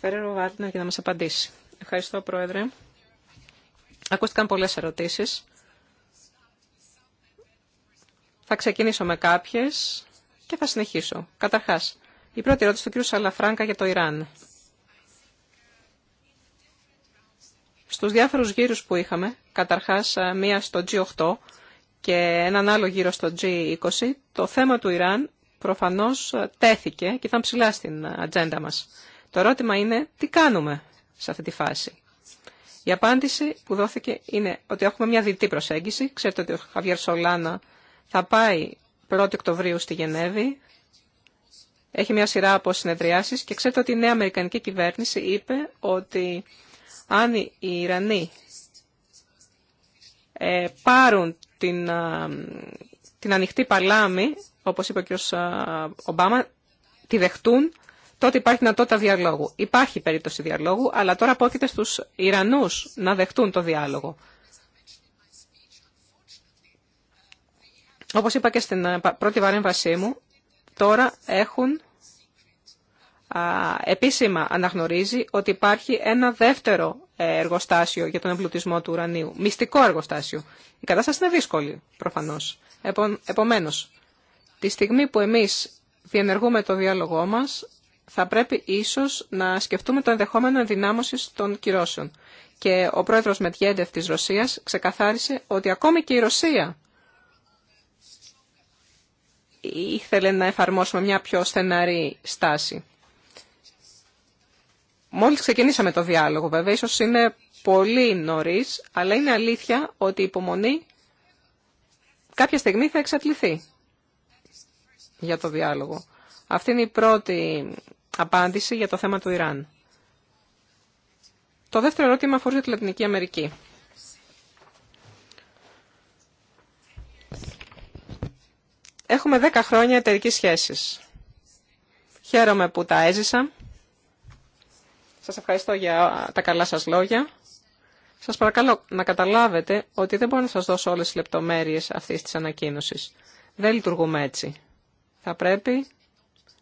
Φέρερο Βάρτινερ για να μας απαντήσει. Ευχαριστώ, Πρόεδρε. Ακούστηκαν πολλές ερωτήσεις. Θα ξεκινήσω με κάποιες και θα συνεχίσω. Καταρχάς, η πρώτη ερώτηση του κ. Σαλαφράγκα για το Ιράν. Στους διάφορους γύρους που είχαμε, καταρχάς μία στο G8 και έναν άλλο γύρο στο G20, το θέμα του Ιράν προφανώς τέθηκε και ήταν ψηλά στην ατζέντα μας. Το ερώτημα είναι τι κάνουμε σε αυτή τη φάση. Η απάντηση που δόθηκε είναι ότι έχουμε μια διτή προσέγγιση. Ξέρετε ότι ο Χαβιέρ Σολάνα θα πάει 1η Οκτωβρίου στη Γενέβη. Έχει μια σειρά από συνεδριάσεις και ξέρετε ότι η νέα Αμερικανική κυβέρνηση είπε ότι αν οι Ιρανοί ε, πάρουν την, την ανοιχτή παλάμη, όπως είπε και ο Ομπάμα, τη δεχτούν, τότε υπάρχει δυνατότητα διαλόγου. Υπάρχει περίπτωση διαλόγου, αλλά τώρα απόκειται στους Ιρανούς να δεχτούν το διάλογο. Όπως είπα και στην ε, πρώτη παρέμβασή μου, τώρα έχουν επίσημα αναγνωρίζει ότι υπάρχει ένα δεύτερο ε, εργοστάσιο για τον εμπλουτισμό του ουρανίου. Μυστικό εργοστάσιο. Η κατάσταση είναι δύσκολη, προφανώς. Επομένως, τη στιγμή που εμείς διενεργούμε το διάλογό μας, θα πρέπει ίσως να σκεφτούμε το ενδεχόμενο ενδυνάμωση των κυρώσεων. Και ο πρόεδρος Μετιέντεφ της Ρωσίας ξεκαθάρισε ότι ακόμη και η Ρωσία ήθελε να εφαρμόσουμε μια πιο στεναρή στάση. Μόλις ξεκινήσαμε το διάλογο βέβαια, ίσως είναι πολύ νωρίς, αλλά είναι αλήθεια ότι η υπομονή κάποια στιγμή θα εξατληθεί για το διάλογο. Αυτή είναι η πρώτη απάντηση για το θέμα του Ιράν. Το δεύτερο ερώτημα αφορούσε τη Λατινική Αμερική. Έχουμε 10 χρόνια εταιρικής σχέσης. Χαίρομαι που τα έζησα. Σας ευχαριστώ για τα καλά σας λόγια. Σας παρακαλώ να καταλάβετε ότι δεν μπορώ να σας δώσω όλες τις λεπτομέρειες αυτής της ανακοίνωσης. Δεν λειτουργούμε έτσι. Θα πρέπει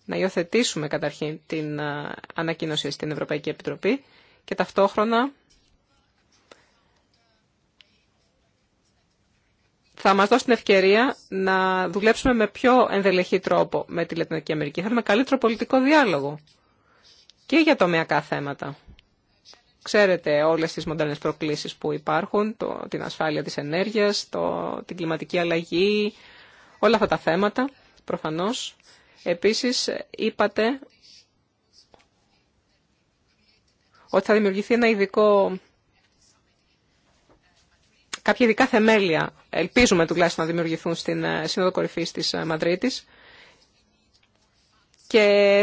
να υιοθετήσουμε καταρχήν την ε, ανακοίνωση στην Ευρωπαϊκή Επιτροπή και ταυτόχρονα θα μας δώσει την ευκαιρία να δουλέψουμε με πιο ενδελεχή τρόπο με τη Λατινική Αμερική. Θέλουμε καλύτερο πολιτικό διάλογο και για τομεακά θέματα. Ξέρετε όλες τις μοντέρνες προκλήσεις που υπάρχουν, το, την ασφάλεια της ενέργειας, το, την κλιματική αλλαγή, όλα αυτά τα θέματα προφανώς Επίσης, είπατε ότι θα δημιουργηθεί ένα ειδικό, κάποια ειδικά θεμέλια, ελπίζουμε τουλάχιστον να δημιουργηθούν στην ε, Σύνοδο Κορυφής της ε, Μαδρίτης, και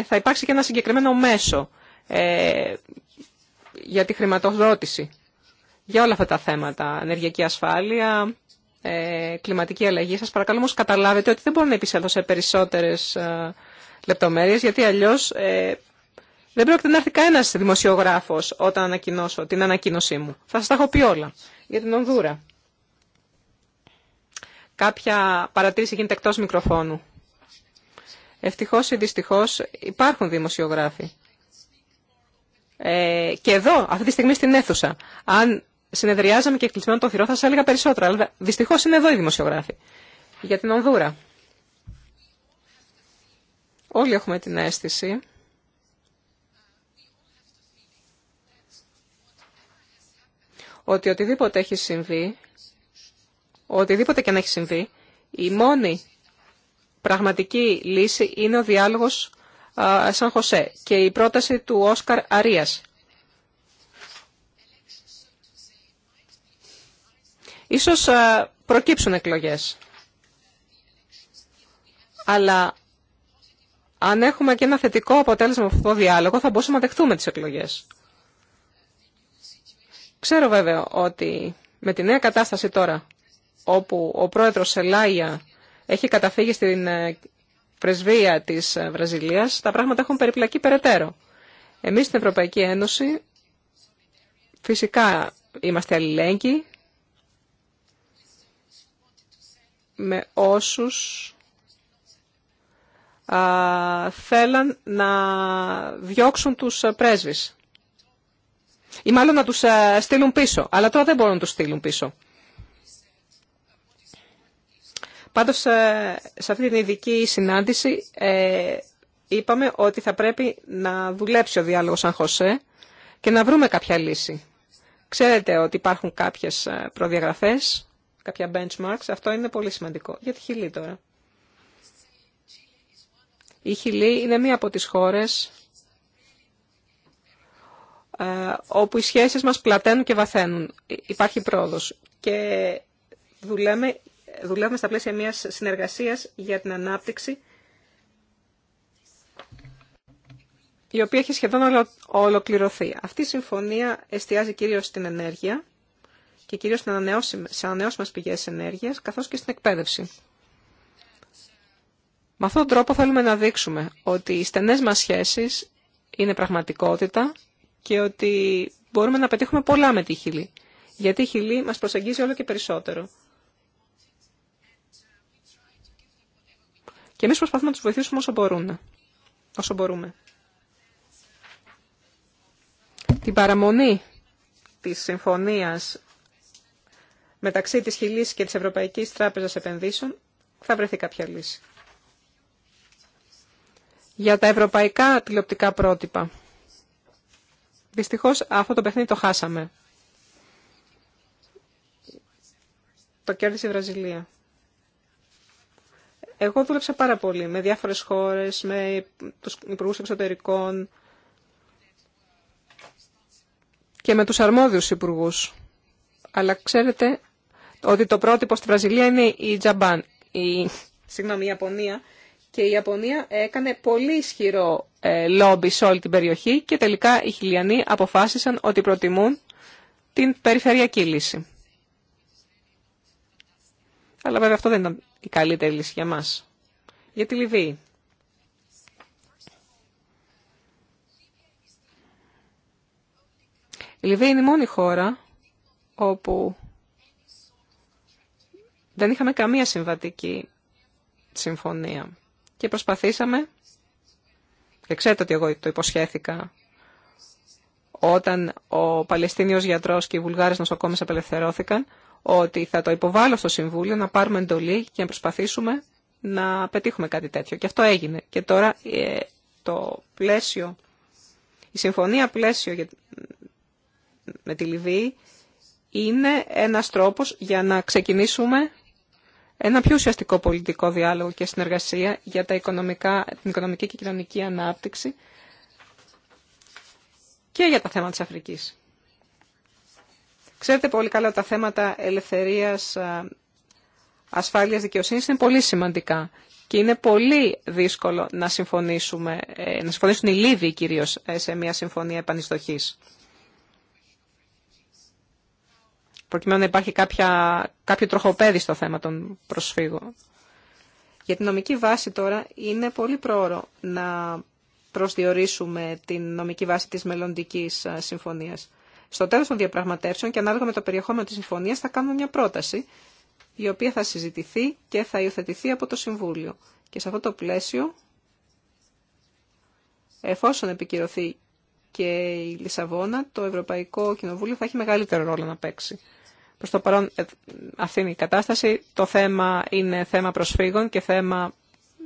θα υπάρξει και ένα συγκεκριμένο μέσο ε, για τη χρηματοδότηση για όλα αυτά τα θέματα, ενεργειακή ασφάλεια, ε, κλιματική αλλαγή. Σας παρακαλώ όμως καταλάβετε ότι δεν μπορώ να επισέλθω σε περισσότερες ε, λεπτομέρειες, γιατί αλλιώς ε, δεν πρόκειται να έρθει κανένα δημοσιογράφος όταν ανακοινώσω την ανακοίνωσή μου. Θα σας τα έχω πει όλα για την Ονδούρα. Κάποια παρατήρηση γίνεται εκτό μικροφώνου. Ευτυχώ ή δυστυχώς υπάρχουν δημοσιογράφοι. Ε, και εδώ, αυτή τη στιγμή στην αίθουσα. Αν συνεδριάζαμε και κλεισμένο το θηρό θα σα έλεγα περισσότερα, αλλά δυστυχώς είναι εδώ οι δημοσιογράφοι για την Ονδούρα. Όλοι έχουμε την αίσθηση ότι οτιδήποτε έχει συμβεί, οτιδήποτε και αν έχει συμβεί, η μόνη πραγματική λύση είναι ο διάλογος σαν Χωσέ και η πρόταση του Όσκαρ Αρίας. Ίσως προκύψουν εκλογές. Αλλά αν έχουμε και ένα θετικό αποτέλεσμα από αυτό το διάλογο, θα μπορούσαμε να δεχτούμε τις εκλογές. Ξέρω βέβαια ότι με τη νέα κατάσταση τώρα, όπου ο πρόεδρος Σελάια έχει καταφύγει στην ε, πρεσβεία της ε, Βραζιλίας, τα πράγματα έχουν περιπλακεί περαιτέρω. Εμείς στην Ευρωπαϊκή Ένωση φυσικά είμαστε αλληλέγγυοι, με όσους θέλαν να διώξουν τους ε, πρέσβεις. Ή μάλλον να τους ε, στείλουν πίσω. Αλλά τώρα δεν μπορούν να τους στείλουν πίσω. Πάντως, ε, σε αυτή την ειδική συνάντηση ε, είπαμε ότι θα πρέπει να δουλέψει ο διάλογος σαν Χωσέ και να βρούμε κάποια λύση. Ξέρετε ότι υπάρχουν κάποιες προδιαγραφές κάποια benchmarks. Αυτό είναι πολύ σημαντικό. Για τη Χιλή τώρα. Η Χιλή είναι μία από τις χώρες ε, όπου οι σχέσεις μας πλαταίνουν και βαθαίνουν. Ε, υπάρχει πρόοδος. Και δουλεύουμε, δουλεύουμε στα πλαίσια μιας συνεργασίας για την ανάπτυξη η οποία έχει σχεδόν ολοκληρωθεί. Αυτή η συμφωνία εστιάζει κυρίως στην ενέργεια και κυρίως σε ανανεώσιμες πηγές ενέργειας, καθώς και στην εκπαίδευση. Με αυτόν τον τρόπο θέλουμε να δείξουμε ότι οι στενές μας σχέσεις είναι πραγματικότητα και ότι μπορούμε να πετύχουμε πολλά με τη Χιλή. Γιατί η Χιλή μας προσεγγίζει όλο και περισσότερο. Και εμείς προσπαθούμε να τους βοηθήσουμε όσο, όσο μπορούμε. Την παραμονή της συμφωνίας μεταξύ της Χιλής και της Ευρωπαϊκής Τράπεζας Επενδύσεων θα βρεθεί κάποια λύση. Για τα ευρωπαϊκά τηλεοπτικά πρότυπα. Δυστυχώς αυτό το παιχνίδι το χάσαμε. Το κέρδισε η Βραζιλία. Εγώ δούλεψα πάρα πολύ με διάφορες χώρες, με τους υπουργούς εξωτερικών και με τους αρμόδιους υπουργούς. Αλλά ξέρετε, ότι το πρότυπο στη Βραζιλία είναι η Τζαμπάν, η, Ιαπωνία. Και η Ιαπωνία έκανε πολύ ισχυρό ε, λόμπι σε όλη την περιοχή και τελικά οι Χιλιανοί αποφάσισαν ότι προτιμούν την περιφερειακή λύση. Αλλά βέβαια αυτό δεν ήταν η καλύτερη λύση για μας. Για τη Λιβύη. Η Λιβύη είναι η μόνη χώρα όπου δεν είχαμε καμία συμβατική συμφωνία και προσπαθήσαμε, και ξέρετε ότι εγώ το υποσχέθηκα, όταν ο Παλαιστίνιος γιατρός και οι Βουλγάρες νοσοκόμες απελευθερώθηκαν, ότι θα το υποβάλω στο Συμβούλιο να πάρουμε εντολή και να προσπαθήσουμε να πετύχουμε κάτι τέτοιο. Και αυτό έγινε. Και τώρα ε, το πλαίσιο, η συμφωνία πλαίσιο με τη Λιβύη είναι ένας τρόπος για να ξεκινήσουμε ένα πιο ουσιαστικό πολιτικό διάλογο και συνεργασία για τα οικονομικά, την οικονομική και κοινωνική ανάπτυξη και για τα θέματα της Αφρικής. Ξέρετε πολύ καλά τα θέματα ελευθερίας, ασφάλειας, δικαιοσύνης είναι πολύ σημαντικά και είναι πολύ δύσκολο να συμφωνήσουμε, ε, να συμφωνήσουν οι Λίβοι κυρίως ε, σε μια συμφωνία επανιστοχής. προκειμένου να υπάρχει κάποια, κάποιο τροχοπέδι στο θέμα των προσφύγων. Για την νομική βάση τώρα είναι πολύ πρόωρο να προσδιορίσουμε την νομική βάση της μελλοντική συμφωνίας. Στο τέλος των διαπραγματεύσεων και ανάλογα με το περιεχόμενο της συμφωνίας θα κάνουμε μια πρόταση η οποία θα συζητηθεί και θα υιοθετηθεί από το Συμβούλιο. Και σε αυτό το πλαίσιο, εφόσον επικυρωθεί και η Λισαβόνα, το Ευρωπαϊκό Κοινοβούλιο θα έχει μεγαλύτερο ρόλο να παίξει. Προς το παρόν ε, αυτή είναι η κατάσταση. Το θέμα είναι θέμα προσφύγων και θέμα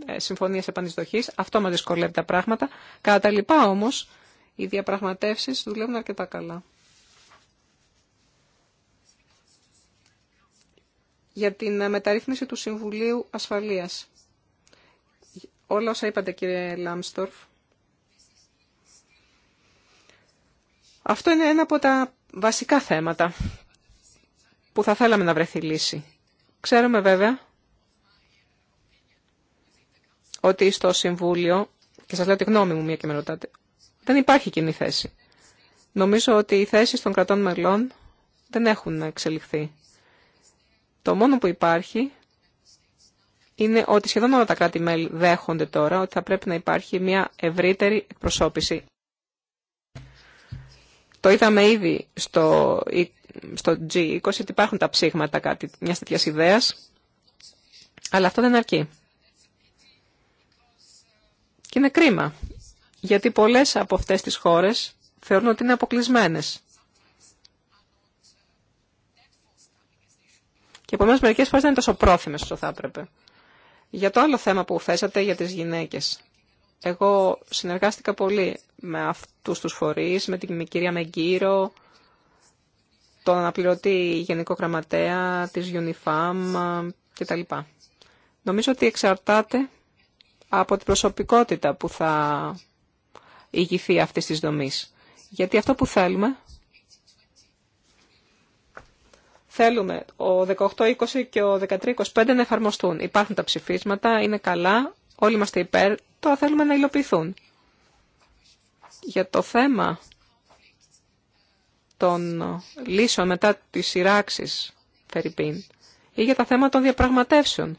ε, συμφωνίας επανεισδοχής. Αυτό μας δυσκολεύει τα πράγματα. Κατά λοιπά όμως, οι διαπραγματεύσεις δουλεύουν αρκετά καλά. Για την ε, μεταρρύθμιση του Συμβουλίου Ασφαλείας. Όλα όσα είπατε κύριε Λάμστορφ, αυτό είναι ένα από τα βασικά θέματα που θα θέλαμε να βρεθεί λύση. Ξέρουμε βέβαια ότι στο Συμβούλιο, και σας λέω τη γνώμη μου μια και με ρωτάτε, δεν υπάρχει κοινή θέση. Νομίζω ότι οι θέσεις των κρατών μελών δεν έχουν εξελιχθεί. Το μόνο που υπάρχει είναι ότι σχεδόν όλα τα κράτη-μέλη δέχονται τώρα ότι θα πρέπει να υπάρχει μια ευρύτερη εκπροσώπηση το είδαμε ήδη στο, στο G20 ότι υπάρχουν τα ψήγματα κάτι, μια τέτοια ιδέα. Αλλά αυτό δεν αρκεί. Και είναι κρίμα, γιατί πολλές από αυτές τις χώρες θεωρούν ότι είναι αποκλεισμένε. Και επομένως μερικές φορές δεν είναι τόσο πρόθυμες όσο θα έπρεπε. Για το άλλο θέμα που θέσατε για τις γυναίκες. Εγώ συνεργάστηκα πολύ με αυτούς τους φορείς, με την κυρία Μεγκύρο, τον αναπληρωτή Γενικό Γραμματέα, της UNIFAM κτλ. Νομίζω ότι εξαρτάται από την προσωπικότητα που θα ηγηθεί αυτής της δομής. Γιατί αυτό που θέλουμε, θέλουμε ο 18-20 και ο 13-25 να εφαρμοστούν. Υπάρχουν τα ψηφίσματα, είναι καλά, όλοι είμαστε υπέρ, τώρα θέλουμε να υλοποιηθούν. Για το θέμα των λύσεων μετά τις σειράξεις, Φερρυπίν, ή για τα θέματα των διαπραγματεύσεων.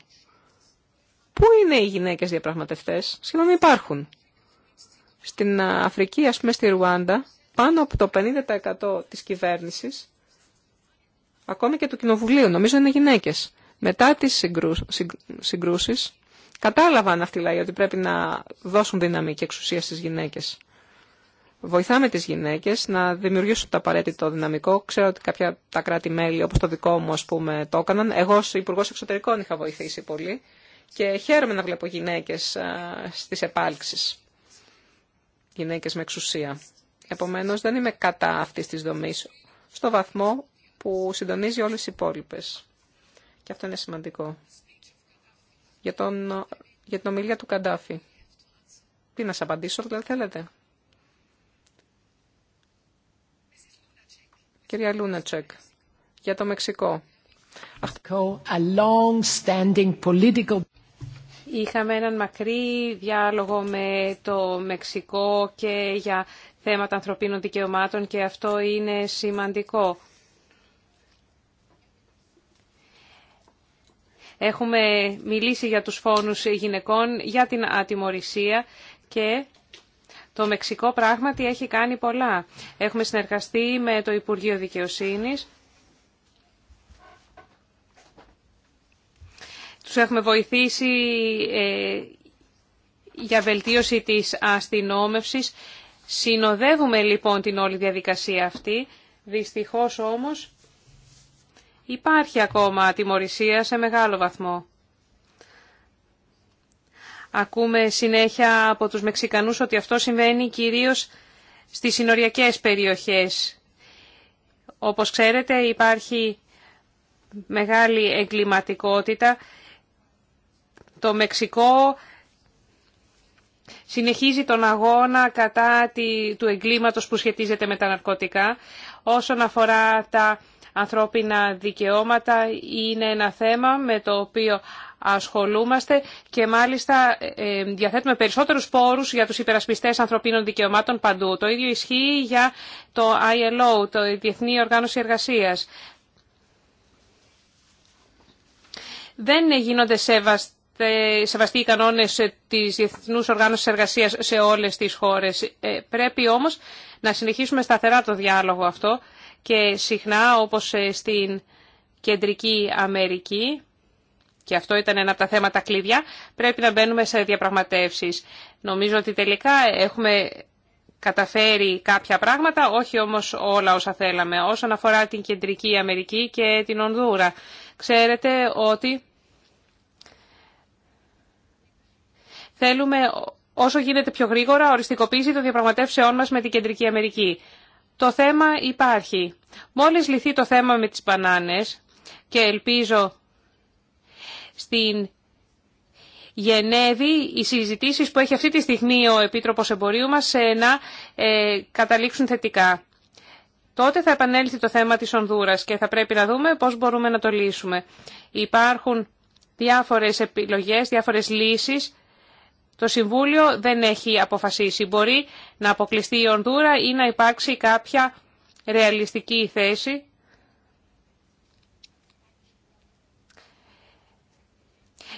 Πού είναι οι γυναίκες διαπραγματευτές, σχεδόν υπάρχουν. Στην Αφρική, ας πούμε στη Ρουάντα, πάνω από το 50% της κυβέρνησης, ακόμη και του Κοινοβουλίου, νομίζω είναι γυναίκες. Μετά τις συγκρούσεις, Κατάλαβαν αυτοί οι λαοί ότι πρέπει να δώσουν δύναμη και εξουσία στις γυναίκες. Βοηθάμε τις γυναίκες να δημιουργήσουν το απαραίτητο δυναμικό. Ξέρω ότι κάποια τα κράτη-μέλη, όπως το δικό μου, ας πούμε, το έκαναν. Εγώ ως υπουργό Εξωτερικών είχα βοηθήσει πολύ και χαίρομαι να βλέπω γυναίκες στις επάλξεις. Γυναίκες με εξουσία. Επομένως, δεν είμαι κατά αυτή τη δομή στο βαθμό που συντονίζει όλες οι υπόλοιπε. Και αυτό είναι σημαντικό για, τον, για την ομιλία του Καντάφη. Τι να σας απαντήσω, δηλαδή θέλετε. Κυρία Λούνατσεκ, για το Μεξικό. Είχαμε έναν μακρύ διάλογο με το Μεξικό και για θέματα ανθρωπίνων δικαιωμάτων και αυτό είναι σημαντικό. Έχουμε μιλήσει για τους φόνους γυναικών, για την ατιμορρησία και το Μεξικό πράγματι έχει κάνει πολλά. Έχουμε συνεργαστεί με το Υπουργείο Δικαιοσύνης. Τους έχουμε βοηθήσει ε, για βελτίωση της αστυνόμευσης. Συνοδεύουμε λοιπόν την όλη διαδικασία αυτή. Δυστυχώς όμως Υπάρχει ακόμα ατιμορρησία σε μεγάλο βαθμό. Ακούμε συνέχεια από τους Μεξικανούς ότι αυτό συμβαίνει κυρίως στις συνοριακές περιοχές. Όπως ξέρετε υπάρχει μεγάλη εγκληματικότητα. Το Μεξικό συνεχίζει τον αγώνα κατά του εγκλήματος που σχετίζεται με τα ναρκωτικά όσον αφορά τα ανθρώπινα δικαιώματα είναι ένα θέμα με το οποίο ασχολούμαστε και μάλιστα ε, ε, διαθέτουμε περισσότερους πόρους για τους υπερασπιστές ανθρωπίνων δικαιωμάτων παντού. Το ίδιο ισχύει για το ILO, το Διεθνή Οργάνωση Εργασίας. Δεν γίνονται σεβαστοί σεβαστεί οι κανόνες της Διεθνούς Οργάνωσης Εργασίας σε όλες τις χώρες. Ε, πρέπει όμως να συνεχίσουμε σταθερά το διάλογο αυτό και συχνά όπως ε, στην Κεντρική Αμερική, και αυτό ήταν ένα από τα θέματα κλειδιά, πρέπει να μπαίνουμε σε διαπραγματεύσεις. Νομίζω ότι τελικά έχουμε καταφέρει κάποια πράγματα, όχι όμως όλα όσα θέλαμε. Όσον αφορά την Κεντρική Αμερική και την Ονδούρα, ξέρετε ότι θέλουμε όσο γίνεται πιο γρήγορα οριστικοποίηση των διαπραγματεύσεών μας με την Κεντρική Αμερική. Το θέμα υπάρχει. Μόλις λυθεί το θέμα με τις μπανάνες και ελπίζω στην Γενέβη οι συζητήσεις που έχει αυτή τη στιγμή ο Επίτροπος Εμπορίου μας να ε, καταλήξουν θετικά. Τότε θα επανέλθει το θέμα της Ονδούρας και θα πρέπει να δούμε πώς μπορούμε να το λύσουμε. Υπάρχουν διάφορες επιλογές, διάφορες λύσεις το Συμβούλιο δεν έχει αποφασίσει. Μπορεί να αποκλειστεί η Ονδούρα ή να υπάρξει κάποια ρεαλιστική θέση.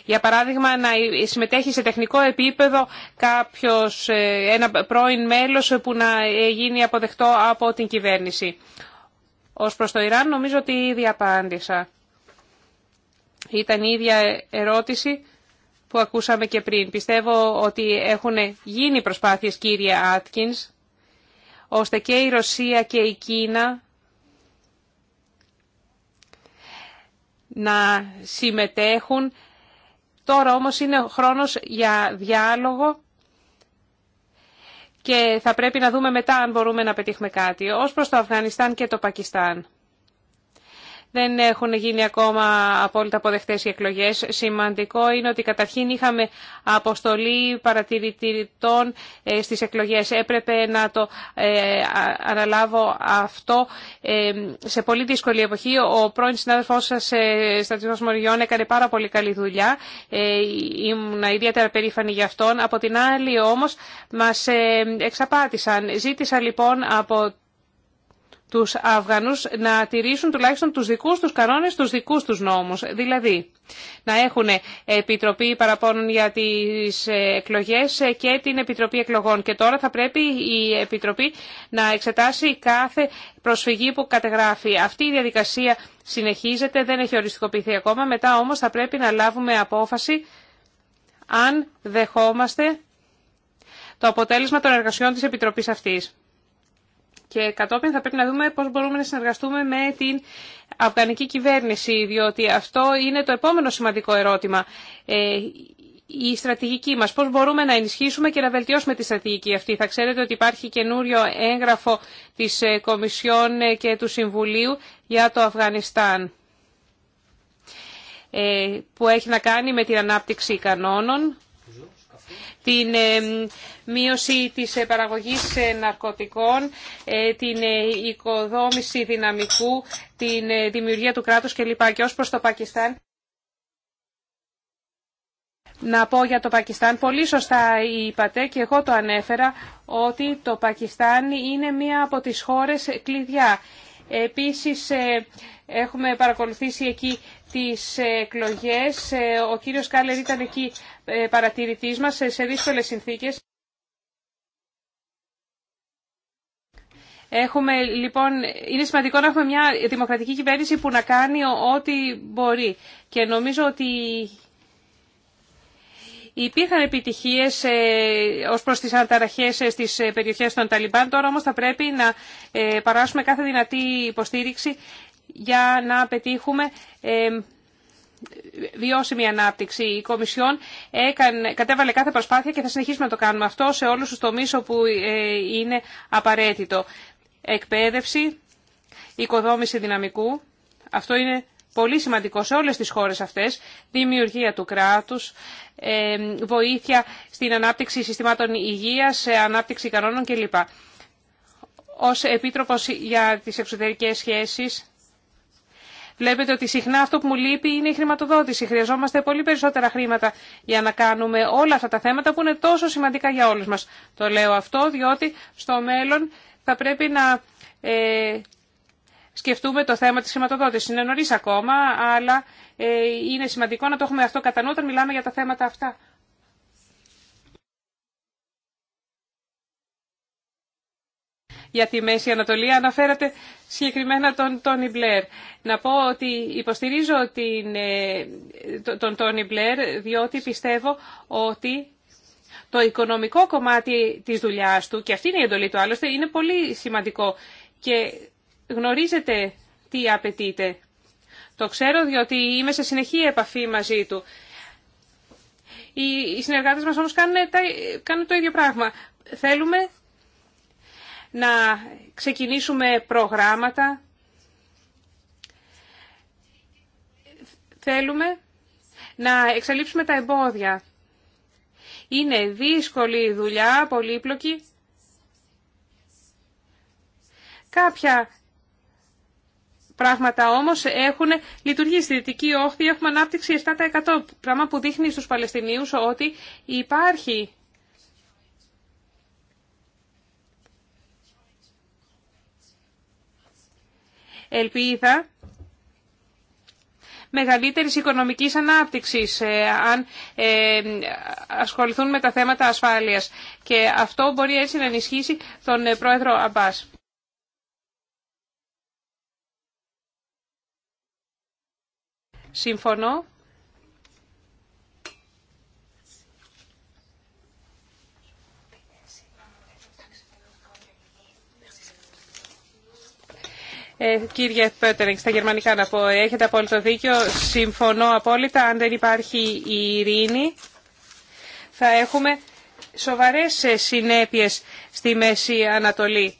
Για παράδειγμα, να συμμετέχει σε τεχνικό επίπεδο κάποιος, ε, ένα πρώην μέλος που να ε, γίνει αποδεκτό από την κυβέρνηση. Ως προς το Ιράν νομίζω ότι ήδη απάντησα. Ήταν η ίδια ερώτηση που ακούσαμε και πριν. Πιστεύω ότι έχουν γίνει προσπάθειες, κύριε Άτκινς, ώστε και η Ρωσία και η Κίνα να συμμετέχουν. Τώρα όμως είναι χρόνος για διάλογο και θα πρέπει να δούμε μετά αν μπορούμε να πετύχουμε κάτι. Ως προς το Αφγανιστάν και το Πακιστάν δεν έχουν γίνει ακόμα απόλυτα αποδεχτέ οι εκλογές. Σημαντικό είναι ότι καταρχήν είχαμε αποστολή παρατηρητών ε, στις εκλογές. Έπρεπε να το ε, αναλάβω αυτό ε, σε πολύ δύσκολη εποχή. Ο πρώην συνάδελφός σας, στρατηγό Μοριών, έκανε πάρα πολύ καλή δουλειά. Ήμουν ιδιαίτερα περήφανη γι' αυτόν. Από την άλλη όμως μας εξαπάτησαν. Ζήτησα λοιπόν από τους Αφγανούς να τηρήσουν τουλάχιστον τους δικούς τους κανόνες, τους δικούς τους νόμους. Δηλαδή, να έχουν Επιτροπή Παραπώνων για τις εκλογές και την Επιτροπή Εκλογών. Και τώρα θα πρέπει η Επιτροπή να εξετάσει κάθε προσφυγή που κατεγράφει. Αυτή η διαδικασία συνεχίζεται, δεν έχει οριστικοποιηθεί ακόμα. Μετά όμως θα πρέπει να λάβουμε απόφαση αν δεχόμαστε το αποτέλεσμα των εργασιών της Επιτροπής αυτής. Και κατόπιν θα πρέπει να δούμε πώς μπορούμε να συνεργαστούμε με την αφγανική κυβέρνηση, διότι αυτό είναι το επόμενο σημαντικό ερώτημα. Ε, η στρατηγική μας, πώς μπορούμε να ενισχύσουμε και να βελτιώσουμε τη στρατηγική αυτή. Θα ξέρετε ότι υπάρχει καινούριο έγγραφο της ε, Κομισιόν ε, και του Συμβουλίου για το Αφγανιστάν που έχει να κάνει με την ανάπτυξη κανόνων την ε, μείωση της ε, παραγωγής ε, ναρκωτικών, την οικοδόμηση δυναμικού, την δημιουργία του κράτους κλπ. Και ως προς το Πακιστάν. Να πω για το Πακιστάν, πολύ σωστά είπατε και εγώ το ανέφερα, ότι το Πακιστάν είναι μία από τις χώρες κλειδιά. Επίσης ε, έχουμε παρακολουθήσει εκεί τις εκλογές. Ε, ο κύριος Κάλερ ήταν εκεί ε, παρατηρητής μας σε δύσκολες συνθήκες. Έχουμε, λοιπόν, είναι σημαντικό να έχουμε μια δημοκρατική κυβέρνηση που να κάνει ό,τι μπορεί. Και νομίζω ότι Υπήρχαν επιτυχίες ε, ως προς τις αναταραχές ε, στις ε, περιοχές των Ταλιμπάν, τώρα όμως θα πρέπει να παράσουμε κάθε δυνατή υποστήριξη για να πετύχουμε βιώσιμη ανάπτυξη. Η Κομισιόν έκανε, κατέβαλε κάθε προσπάθεια και θα συνεχίσουμε να το κάνουμε αυτό σε όλους τους τομείς όπου είναι απαραίτητο. Εκπαίδευση, οικοδόμηση δυναμικού. Αυτό είναι πολύ σημαντικό σε όλες τις χώρες αυτές, δημιουργία του κράτους, ε, βοήθεια στην ανάπτυξη συστημάτων υγείας, σε ανάπτυξη κανόνων κλπ. Ως Επίτροπος για τις εξωτερικές σχέσεις, Βλέπετε ότι συχνά αυτό που μου λείπει είναι η χρηματοδότηση. Χρειαζόμαστε πολύ περισσότερα χρήματα για να κάνουμε όλα αυτά τα θέματα που είναι τόσο σημαντικά για όλους μας. Το λέω αυτό διότι στο μέλλον θα πρέπει να ε, σκεφτούμε το θέμα της χρηματοδότησης. Είναι νωρί ακόμα, αλλά ε, είναι σημαντικό να το έχουμε αυτό κατά νου όταν μιλάμε για τα θέματα αυτά. για τη Μέση Ανατολή. Αναφέρατε συγκεκριμένα τον Τόνι Μπλερ. Να πω ότι υποστηρίζω την, ε, τον Τόνι Μπλερ διότι πιστεύω ότι το οικονομικό κομμάτι της δουλειάς του, και αυτή είναι η εντολή του άλλωστε, είναι πολύ σημαντικό. Και γνωρίζετε τι απαιτείτε. Το ξέρω διότι είμαι σε συνεχή επαφή μαζί του. Οι συνεργάτες μας όμως κάνουν, κάνουν το ίδιο πράγμα. Θέλουμε να ξεκινήσουμε προγράμματα. Θέλουμε να εξαλείψουμε τα εμπόδια. Είναι δύσκολη δουλειά, πολύπλοκη. Κάποια πράγματα όμως έχουν λειτουργήσει. Στη Δυτική Όχθη έχουμε ανάπτυξη 7%, πράγμα που δείχνει στου Παλαιστινίου ότι υπάρχει ελπίδα μεγαλύτερης οικονομικής ανάπτυξης ε, αν ε, ασχοληθούν με τα θέματα ασφάλειας. Και αυτό μπορεί έτσι να ενισχύσει τον ε, πρόεδρο Αμπάς. Συμφωνώ. Ε, κύριε Πέτερινγκ, στα γερμανικά να πω, έχετε απόλυτο δίκιο. Συμφωνώ απόλυτα. Αν δεν υπάρχει η ειρήνη, θα έχουμε σοβαρές συνέπειες στη Μέση Ανατολή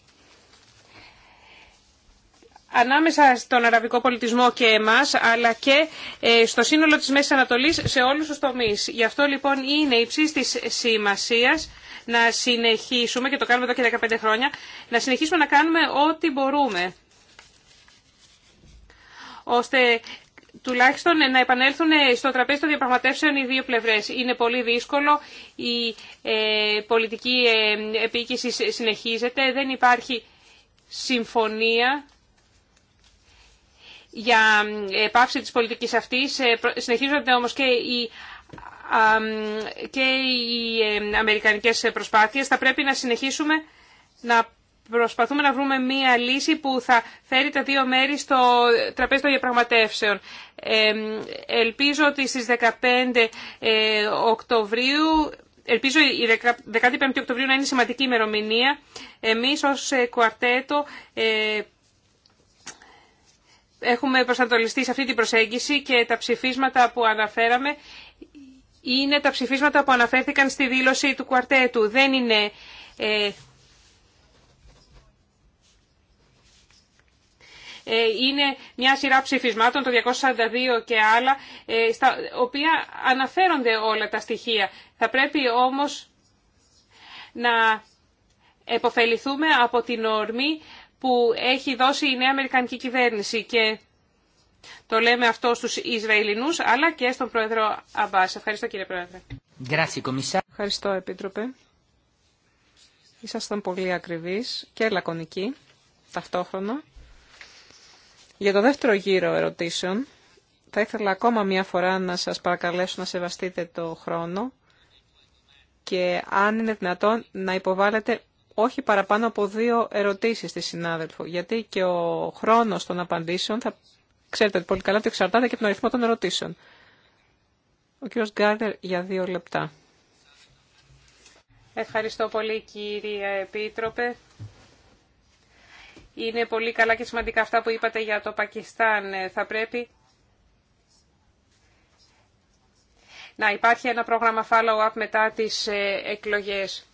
ανάμεσα στον αραβικό πολιτισμό και εμάς, αλλά και ε, στο σύνολο της Μέσης Ανατολής σε όλους τους τομείς. Γι' αυτό λοιπόν είναι υψή τη σημασίας να συνεχίσουμε, και το κάνουμε εδώ και 15 χρόνια, να συνεχίσουμε να κάνουμε ό,τι μπορούμε, ώστε τουλάχιστον να επανέλθουν στο τραπέζι των διαπραγματεύσεων οι δύο πλευρές. Είναι πολύ δύσκολο, η ε, πολιτική ε, επίκηση συνεχίζεται, δεν υπάρχει συμφωνία για πάυση της πολιτικής αυτής. Ε, συνεχίζονται όμως και οι και οι αμερικανικές προσπάθειες. Θα πρέπει να συνεχίσουμε να προσπαθούμε να βρούμε μία λύση που θα φέρει τα δύο μέρη στο τραπέζι των διαπραγματεύσεων. ελπίζω ότι στις 15 ε, Οκτωβρίου, ελπίζω η 15 Οκτωβρίου να είναι σημαντική ημερομηνία. Εμείς ως ε, κουαρτέτο έχουμε προσανατολιστεί σε αυτή την προσέγγιση και τα ψηφίσματα που αναφέραμε είναι τα ψηφίσματα που αναφέρθηκαν στη δήλωση του κουαρτέτου. Δεν είναι... Ε, ε, είναι μια σειρά ψηφισμάτων, το 242 και άλλα, ε, στα οποία αναφέρονται όλα τα στοιχεία. Θα πρέπει όμως να εποφεληθούμε από την ορμή που έχει δώσει η νέα Αμερικανική κυβέρνηση και το λέμε αυτό στους Ισραηλινούς αλλά και στον Πρόεδρο Αμπάς. Ευχαριστώ κύριε Πρόεδρε. Ευχαριστώ Επίτροπε. Ήσασταν πολύ ακριβείς και λακωνικοί ταυτόχρονα. Για το δεύτερο γύρο ερωτήσεων θα ήθελα ακόμα μία φορά να σας παρακαλέσω να σεβαστείτε το χρόνο και αν είναι δυνατόν να υποβάλλετε όχι παραπάνω από δύο ερωτήσεις στη συνάδελφο, γιατί και ο χρόνος των απαντήσεων θα ξέρετε πολύ καλά ότι εξαρτάται και από τον αριθμό των ερωτήσεων. Ο κύριος Γκάρνερ για δύο λεπτά. Ευχαριστώ πολύ κύριε Επίτροπε. Είναι πολύ καλά και σημαντικά αυτά που είπατε για το Πακιστάν. Ε, θα πρέπει να υπάρχει ένα πρόγραμμα follow-up μετά τις ε, εκλογές.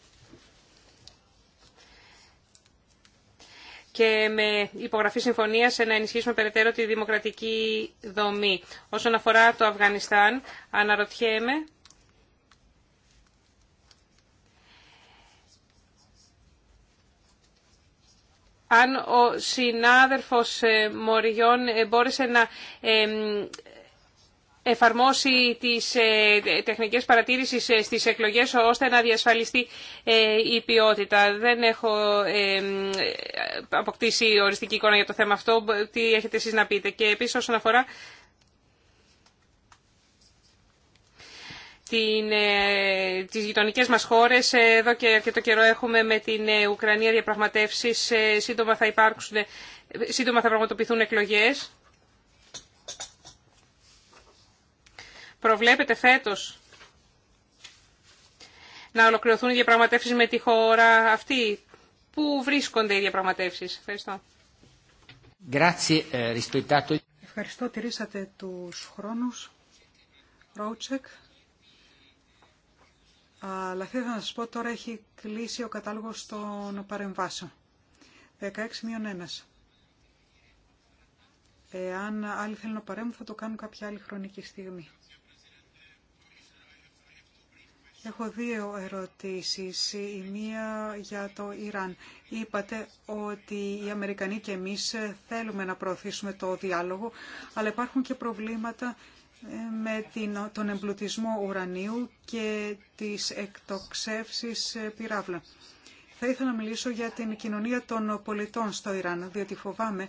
και με υπογραφή συμφωνίας να ενισχύσουμε περαιτέρω τη δημοκρατική δομή. Όσον αφορά το Αφγανιστάν, αναρωτιέμαι αν ο συνάδελφος ε, Μοριών ε, μπόρεσε να ε, εφαρμόσει τις ε, τεχνικές παρατήρησεις ε, στις εκλογές ώστε να διασφαλιστεί ε, η ποιότητα. Δεν έχω αποκτήσει οριστική εικόνα για το θέμα αυτό. Τι έχετε εσείς να πείτε. Και επίσης όσον αφορά την, τις γειτονικές μας χώρες. Εδώ και αρκετό καιρό έχουμε με την Ουκρανία διαπραγματεύσεις. Σύντομα θα, υπάρξουν, σύντομα θα πραγματοποιηθούν εκλογές. Προβλέπετε φέτος να ολοκληρωθούν οι διαπραγματεύσεις με τη χώρα αυτή. Πού βρίσκονται οι διαπραγματεύσεις. Ευχαριστώ. Ε, Ευχαριστώ. Τηρήσατε τους χρόνους. Ρότσεκ. Αλλά θέλω να σας πω τώρα έχει κλείσει ο κατάλογος των παρεμβάσεων. 16-1. Εάν άλλοι θέλουν να παρέμβουν θα το κάνουν κάποια άλλη χρονική στιγμή. Έχω δύο ερωτήσεις. Η μία για το Ιράν. Είπατε ότι οι Αμερικανοί και εμείς θέλουμε να προωθήσουμε το διάλογο, αλλά υπάρχουν και προβλήματα ε, με τον εμπλουτισμό ουρανίου και τις εκτοξεύσεις ε, πυράβλων. Θα ήθελα να μιλήσω για την κοινωνία των πολιτών στο Ιράν, διότι φοβάμαι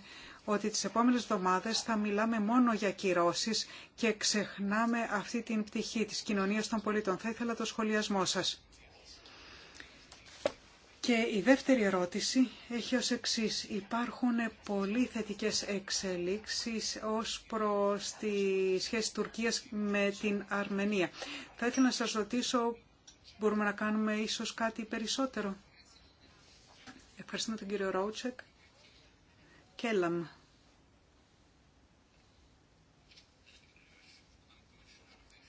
ότι τις επόμενες εβδομάδες θα μιλάμε μόνο για κυρώσεις και ξεχνάμε αυτή την πτυχή της κοινωνίας των πολιτών. Θα ήθελα το σχολιασμό σας. Και η δεύτερη ερώτηση έχει ως εξής. Υπάρχουν πολύ θετικές εξελίξεις ως προς τη σχέση Τουρκίας με την Αρμενία. Θα ήθελα να σας ρωτήσω, μπορούμε να κάνουμε ίσως κάτι περισσότερο. Ευχαριστούμε τον κύριο Ρότσεκ. Κέλαμ.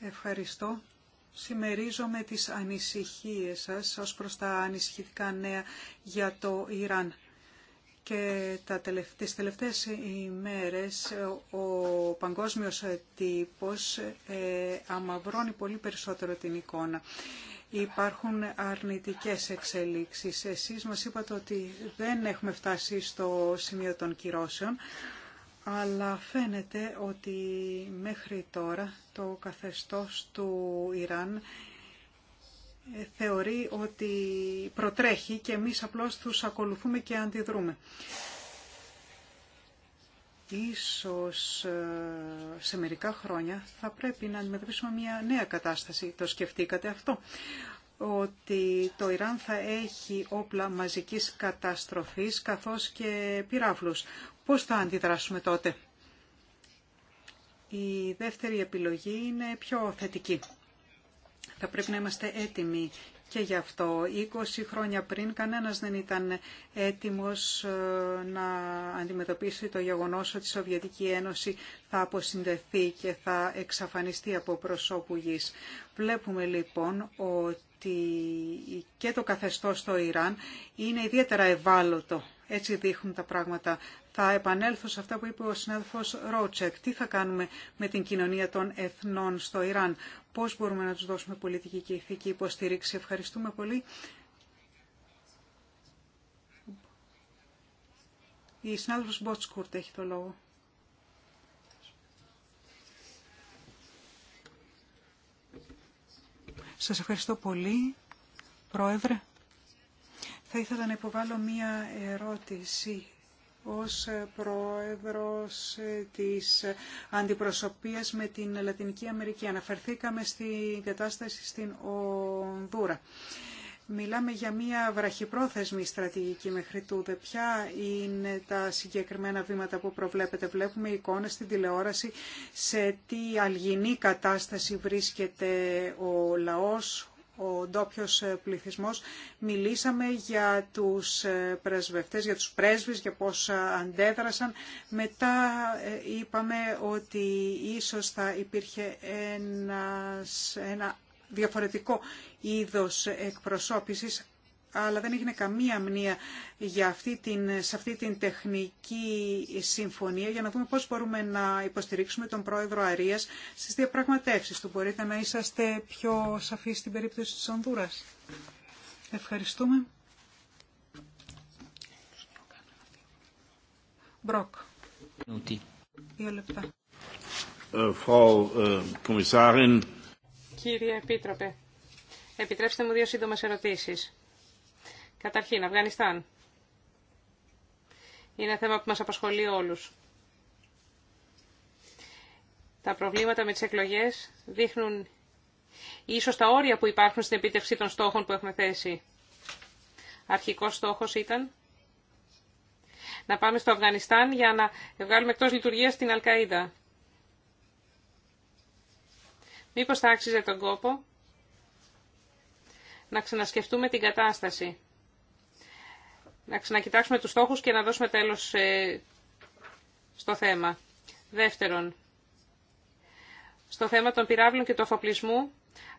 Ευχαριστώ. Σημερίζομαι τις ανησυχίες σας ως προς τα ανησυχητικά νέα για το Ιράν. Και τα τελευ τις τελευταίες ημέρες ο παγκόσμιος τύπος ε, αμαυρώνει πολύ περισσότερο την εικόνα. Υπάρχουν αρνητικές εξελίξεις. Εσείς μας είπατε ότι δεν έχουμε φτάσει στο σημείο των κυρώσεων, αλλά φαίνεται ότι μέχρι τώρα το καθεστώς του Ιράν ε, θεωρεί ότι προτρέχει και εμείς απλώς τους ακολουθούμε και αντιδρούμε. Ίσως ε, σε μερικά χρόνια θα πρέπει να αντιμετωπίσουμε μια νέα κατάσταση. Το σκεφτήκατε αυτό ότι το Ιράν θα έχει όπλα μαζικής καταστροφής καθώς και πυράβλους Πώς θα αντιδράσουμε τότε. Η δεύτερη επιλογή είναι πιο θετική. Θα πρέπει να είμαστε έτοιμοι και γι' αυτό 20 χρόνια πριν κανένας δεν ήταν έτοιμος ε, να αντιμετωπίσει το γεγονός ότι η Σοβιετική Ένωση θα αποσυνδεθεί και θα εξαφανιστεί από προσώπου γης. Βλέπουμε λοιπόν ότι και το καθεστώς στο Ιράν είναι ιδιαίτερα ευάλωτο. Έτσι δείχνουν τα πράγματα. Θα επανέλθω σε αυτά που είπε ο συνάδελφος Ρότσεκ. Τι θα κάνουμε με την κοινωνία των εθνών στο Ιράν. Πώς μπορούμε να τους δώσουμε πολιτική και ηθική υποστήριξη. Ευχαριστούμε πολύ. Η συνάδελφος Μπότσκουρτ έχει το λόγο. Σας ευχαριστώ πολύ, Πρόεδρε. Θα ήθελα να υποβάλω μία ερώτηση ως πρόεδρος της αντιπροσωπείας με την Λατινική Αμερική. Αναφερθήκαμε στην κατάσταση στην Ονδούρα. Μιλάμε για μια βραχυπρόθεσμη στρατηγική μέχρι τούδε. Ποια είναι τα συγκεκριμένα βήματα που προβλέπετε. Βλέπουμε εικόνες στην τηλεόραση σε τι αλγινή κατάσταση βρίσκεται ο λαός, ο ντόπιο ε, πληθυσμό. Μιλήσαμε για τους ε, πρεσβευτέ, για τους πρέσβει, για πώς ε, αντέδρασαν. Μετά είπαμε ότι ίσως θα υπήρχε ένα διαφορετικό είδος εκπροσώπησης αλλά δεν έγινε καμία αμνία για αυτή την, σε αυτή την τεχνική συμφωνία για να δούμε πώς μπορούμε να υποστηρίξουμε τον πρόεδρο Αρίας στις διαπραγματεύσεις του. Μπορείτε να είσαστε πιο σαφείς στην περίπτωση της Ονδούρας. Ευχαριστούμε. Μπροκ. Δύο λεπτά. Ε, ε, Κύριε Επίτροπε, επιτρέψτε μου δύο σύντομες ερωτήσεις. Καταρχήν, Αφγανιστάν. Είναι ένα θέμα που μας απασχολεί όλους. Τα προβλήματα με τις εκλογές δείχνουν ίσως τα όρια που υπάρχουν στην επίτευξη των στόχων που έχουμε θέσει. Αρχικός στόχος ήταν να πάμε στο Αφγανιστάν για να βγάλουμε εκτός λειτουργίας την Αλκαΐδα. Μήπως θα άξιζε τον κόπο να ξανασκεφτούμε την κατάσταση να ξανακοιτάξουμε τους στόχους και να δώσουμε τέλος ε, στο θέμα. Δεύτερον, στο θέμα των πυράβλων και του αφοπλισμού,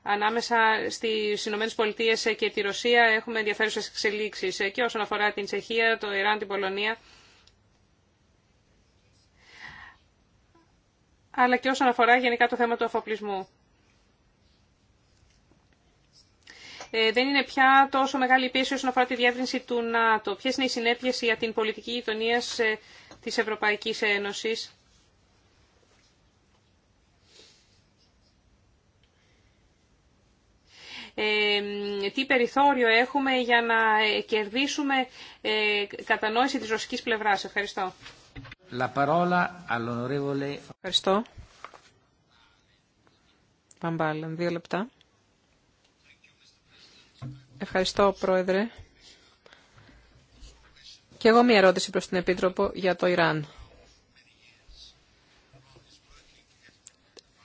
ανάμεσα στις ΗΠΑ και τη Ρωσία έχουμε ενδιαφέρουσες εξελίξεις ε, και όσον αφορά την Τσεχία, το Ιράν, την Πολωνία, αλλά και όσον αφορά γενικά το θέμα του αφοπλισμού. Ε, δεν είναι πια τόσο μεγάλη η πίεση όσον αφορά τη διεύρυνση του ΝΑΤΟ. Ποιες είναι οι συνέπειες για την πολιτική γειτονία ε, της Ευρωπαϊκής Ένωσης. Ε, τι περιθώριο έχουμε για να κερδίσουμε κατανόηση της ρωσικής πλευράς. Ευχαριστώ. La parola Ευχαριστώ. δύο λεπτά. Ευχαριστώ, Πρόεδρε. Και εγώ μία ερώτηση προς την Επίτροπο για το Ιράν.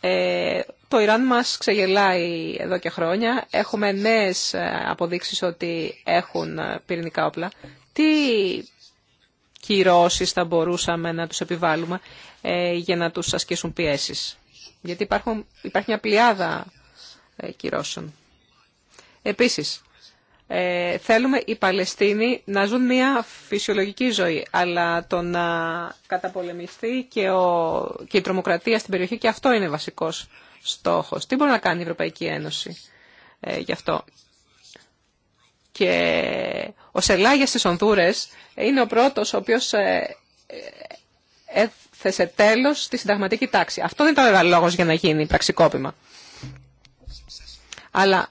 Ε, το Ιράν μας ξεγελάει εδώ και χρόνια. Έχουμε νέες ε, αποδείξεις ότι έχουν ε, πυρηνικά όπλα. Τι κυρώσεις θα μπορούσαμε να τους επιβάλλουμε ε, για να τους ασκήσουν πιέσεις. Γιατί υπάρχουν, υπάρχει μια πλειάδα κυρώσεων. Επίσης, ε, θέλουμε οι Παλαιστίνοι να ζουν μια φυσιολογική ζωή, αλλά το να καταπολεμηθεί και, ο, και η τρομοκρατία στην περιοχή και αυτό είναι βασικός στόχος. Τι μπορεί να κάνει η Ευρωπαϊκή Ένωση ε, γι' αυτό. Και ο Σελάγια στις Ονδούρες είναι ο πρώτος ο οποίος ε, ε, έθεσε τέλος στη συνταγματική τάξη. Αυτό δεν ήταν ο λόγος για να γίνει πραξικόπημα. Αλλά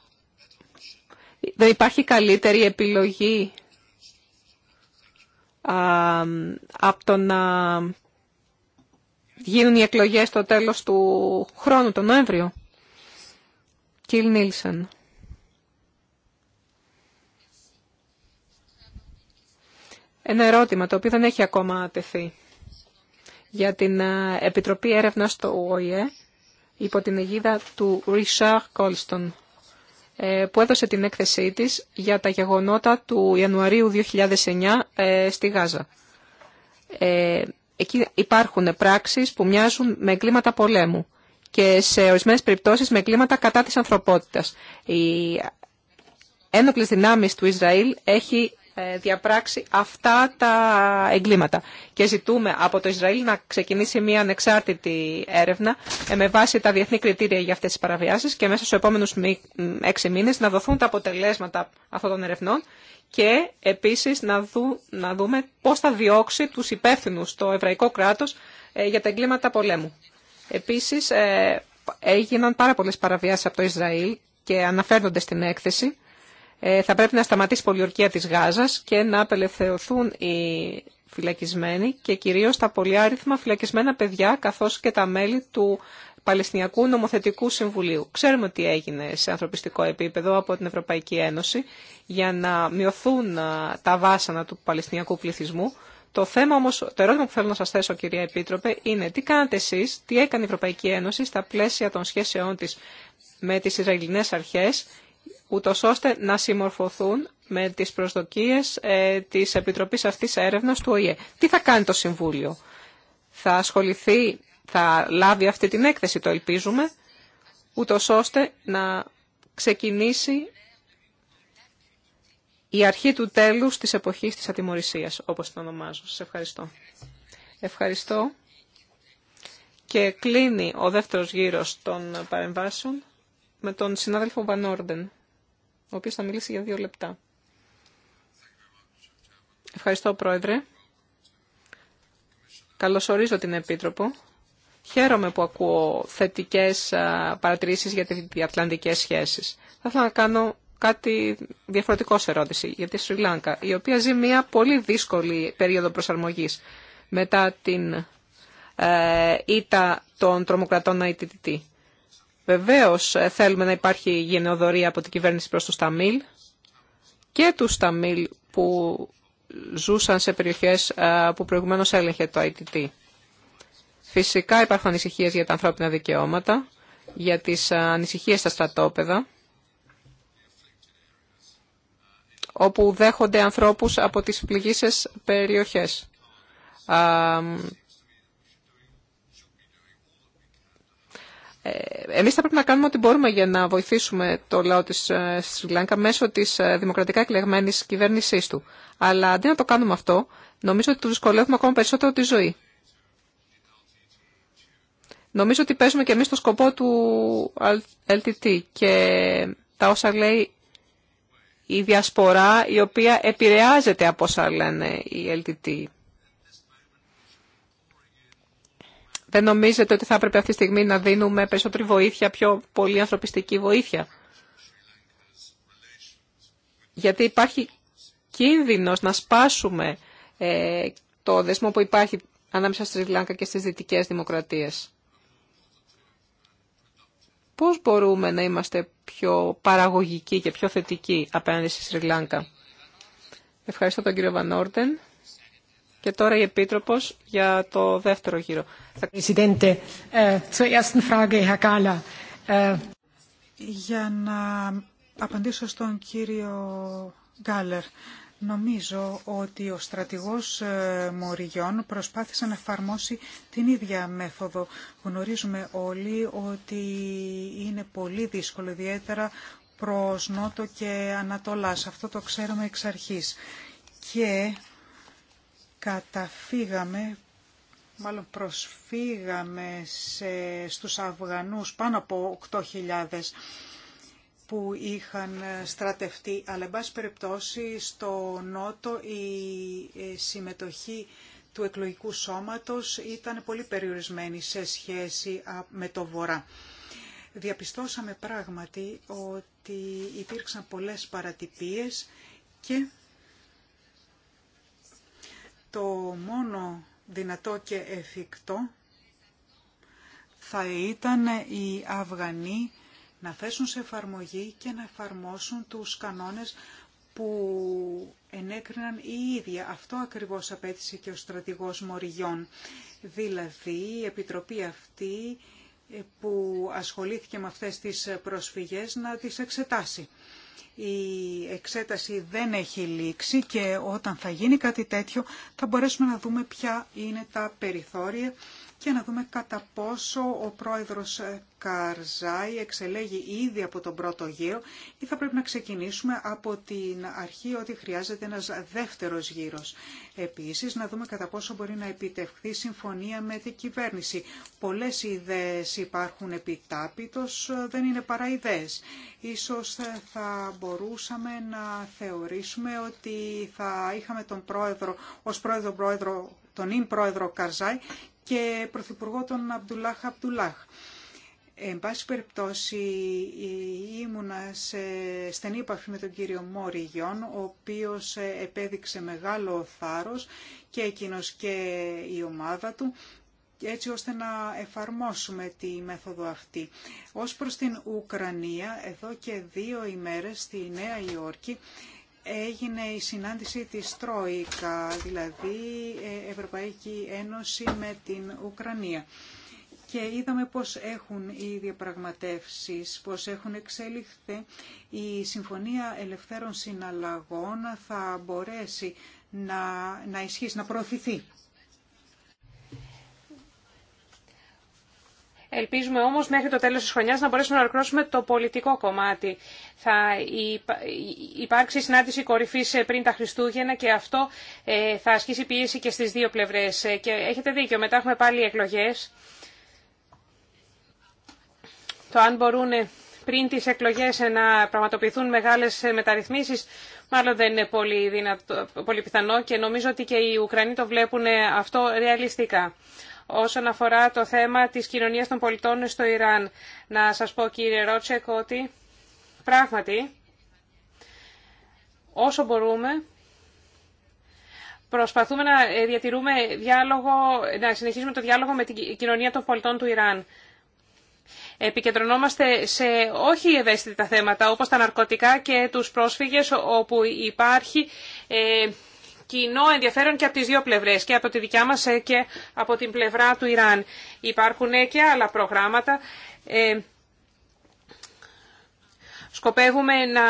δεν υπάρχει καλύτερη επιλογή από το να γίνουν οι εκλογές στο τέλος του χρόνου, τον Νοέμβριο. Κιλ Νίλσεν. Ένα ερώτημα το οποίο δεν έχει ακόμα τεθεί για την Επιτροπή Έρευνας στο ΟΗΕ υπό την αιγίδα του Richard Κόλστον. Ε, που έδωσε την έκθεσή της για τα γεγονότα του Ιανουαρίου 2009 ε, στη Γάζα. Ε, εκεί υπάρχουν πράξεις που μοιάζουν με εγκλήματα πολέμου και σε ορισμένε περιπτώσεις με εγκλήματα κατά της ανθρωπότητας. Οι ένοπλες δυνάμεις του Ισραήλ έχει ε, διαπράξει αυτά τα εγκλήματα. Και ζητούμε από το Ισραήλ να ξεκινήσει μια ανεξάρτητη έρευνα ε, με βάση τα διεθνή κριτήρια για αυτές τις παραβιάσεις και μέσα στους επόμενους έξι μήνες να δοθούν τα αποτελέσματα αυτών των ερευνών και επίσης να, δου, να δούμε πώς θα διώξει τους υπεύθυνους στο εβραϊκό κράτος ε, για τα εγκλήματα πολέμου. Επίσης έγιναν πάρα πολλές παραβιάσεις από το Ισραήλ και αναφέρονται στην έκθεση ε, θα πρέπει να σταματήσει η πολιορκία της Γάζας και να απελευθερωθούν οι φυλακισμένοι και κυρίως τα πολυάριθμα φυλακισμένα παιδιά καθώς και τα μέλη του Παλαιστινιακού Νομοθετικού Συμβουλίου. Ξέρουμε τι έγινε σε ανθρωπιστικό επίπεδο από την Ευρωπαϊκή Ένωση για να μειωθούν τα βάσανα του Παλαιστινιακού πληθυσμού. Το θέμα όμως, το ερώτημα που θέλω να σας θέσω κυρία Επίτροπε είναι τι κάνατε εσείς, τι έκανε η Ευρωπαϊκή Ένωση στα πλαίσια των σχέσεών της με τις Ισραηλινές αρχές ούτως ώστε να συμμορφωθούν με τις προσδοκίες ε, της Επιτροπής αυτής έρευνας του ΟΗΕ. Τι θα κάνει το Συμβούλιο. Θα ασχοληθεί, θα λάβει αυτή την έκθεση, το ελπίζουμε, ούτως ώστε να ξεκινήσει η αρχή του τέλους της εποχής της ατιμορρησίας, όπως την ονομάζω. Σας ευχαριστώ. Ευχαριστώ. Και κλείνει ο δεύτερος γύρος των παρεμβάσεων με τον συνάδελφο Βανόρντεν ο οποίος θα μιλήσει για δύο λεπτά. Ευχαριστώ, Πρόεδρε. Καλωσορίζω την Επίτροπο. Χαίρομαι που ακούω θετικές παρατηρήσεις για τις διατλαντικές σχέσεις. Θα ήθελα να κάνω κάτι διαφορετικό σε ερώτηση για τη Σρι Λάνκα, η οποία ζει μια πολύ δύσκολη περίοδο προσαρμογής μετά την ε, ήττα των τρομοκρατών ITTT. Βεβαίως ε, θέλουμε να υπάρχει γενεοδορία από την κυβέρνηση προς τους Ταμίλ και τους Ταμίλ που ζούσαν σε περιοχές ε, που προηγουμένως έλεγχε το ITT. Φυσικά υπάρχουν ανησυχίε για τα ανθρώπινα δικαιώματα, για τις ε, ανησυχίες στα στρατόπεδα, όπου δέχονται ανθρώπους από τις πληγήσεις περιοχές. Ε, εμείς θα πρέπει να κάνουμε ό,τι μπορούμε για να βοηθήσουμε το λαό της ε, Σρι μέσω της ε, δημοκρατικά εκλεγμένης κυβέρνησής του. Αλλά αντί να το κάνουμε αυτό, νομίζω ότι του δυσκολεύουμε ακόμα περισσότερο τη ζωή. Νομίζω ότι παίζουμε και εμείς το σκοπό του LTT και τα όσα λέει η διασπορά η οποία επηρεάζεται από όσα λένε οι LTT Δεν νομίζετε ότι θα έπρεπε αυτή τη στιγμή να δίνουμε περισσότερη βοήθεια, πιο πολύ ανθρωπιστική βοήθεια. Γιατί υπάρχει κίνδυνος να σπάσουμε ε, το δεσμό που υπάρχει ανάμεσα στη Ριγλάνκα και στις δυτικές δημοκρατίες. Πώς μπορούμε να είμαστε πιο παραγωγικοί και πιο θετικοί απέναντι στη Ριγλάνκα. Ευχαριστώ τον κύριο Βανόρτεν. Και τώρα η Επίτροπος για το δεύτερο γύρο. Ε, ε, για να απαντήσω στον κύριο Γκάλερ. Νομίζω ότι ο στρατηγός ε, Μοριγιών προσπάθησε να εφαρμόσει την ίδια μέθοδο. Γνωρίζουμε όλοι ότι είναι πολύ δύσκολο, ιδιαίτερα προς Νότο και Ανατολάς. Αυτό το ξέρουμε εξ αρχής. Και καταφύγαμε, μάλλον προσφύγαμε σε, στους Αυγανούς πάνω από 8.000 που είχαν στρατευτεί, αλλά εν πάση περιπτώσει στο Νότο η ε, συμμετοχή του εκλογικού σώματος ήταν πολύ περιορισμένη σε σχέση με το Βορρά. Διαπιστώσαμε πράγματι ότι υπήρξαν πολλές παρατυπίες και το μόνο δυνατό και εφικτό θα ήταν οι Αυγανοί να θέσουν σε εφαρμογή και να εφαρμόσουν τους κανόνες που ενέκριναν οι ίδια. Αυτό ακριβώς απέτησε και ο στρατηγός Μοριγιών. Δηλαδή η Επιτροπή αυτή ε, που ασχολήθηκε με αυτές τις προσφυγές να τις εξετάσει. Η εξέταση δεν έχει λήξει και όταν θα γίνει κάτι τέτοιο θα μπορέσουμε να δούμε ποια είναι τα περιθώρια και να δούμε κατά πόσο ο πρόεδρος Καρζάη εξελέγει ήδη από τον πρώτο γύρο ή θα πρέπει να ξεκινήσουμε από την αρχή ότι χρειάζεται ένας δεύτερος γύρος. Επίσης, να δούμε κατά πόσο μπορεί να επιτευχθεί συμφωνία με την κυβέρνηση. Πολλές ιδέες υπάρχουν επιτάπητος, δεν είναι παρά ιδέες. Ίσως θα μπορούσαμε να θεωρήσουμε ότι θα είχαμε τον πρόεδρο, ως πρόεδρο, πρόεδρο τον ίν πρόεδρο Καρζάη και Πρωθυπουργό τον Αμπτουλάχ Αμπτουλάχ. Εν πάση περιπτώσει ήμουνα σε στενή επαφή με τον κύριο Μόρι ο οποίος επέδειξε μεγάλο θάρρος και εκείνος και η ομάδα του έτσι ώστε να εφαρμόσουμε τη μέθοδο αυτή. Ως προς την Ουκρανία, εδώ και δύο ημέρες στη Νέα Υόρκη έγινε η συνάντηση της Τρόικα, δηλαδή ε, Ευρωπαϊκή Ένωση με την Ουκρανία. Και είδαμε πώς έχουν οι διαπραγματεύσεις, πώς έχουν εξέλιχθει. Η Συμφωνία Ελευθέρων Συναλλαγών θα μπορέσει να, να ισχύσει, να προωθηθεί. Ελπίζουμε όμω μέχρι το τέλο τη χρονιάς να μπορέσουμε να ολοκληρώσουμε το πολιτικό κομμάτι. Θα υπάρξει συνάντηση κορυφή ε, πριν τα Χριστούγεννα και αυτό ε, θα ασκήσει πίεση και στι δύο πλευρέ. Ε, και έχετε δίκιο, μετά έχουμε πάλι εκλογέ. Το αν μπορούν πριν τις εκλογές να πραγματοποιηθούν μεγάλες μεταρρυθμίσεις, μάλλον δεν είναι πολύ πιθανό και νομίζω ότι και οι Ουκρανοί το βλέπουν αυτό ρεαλιστικά όσον αφορά το θέμα της κοινωνίας των πολιτών στο Ιράν. Να σας πω κύριε Ρότσεκ ότι πράγματι όσο μπορούμε προσπαθούμε να διατηρούμε διάλογο, να συνεχίζουμε το διάλογο με την κοινωνία των πολιτών του Ιράν. Επικεντρωνόμαστε σε όχι ευαίσθητα θέματα όπως τα ναρκωτικά και τους πρόσφυγες όπου υπάρχει ε, κοινό ενδιαφέρον και από τις δύο πλευρές, και από τη δικιά μας ε, και από την πλευρά του Ιράν. Υπάρχουν ε, και άλλα προγράμματα ε, σκοπεύουμε να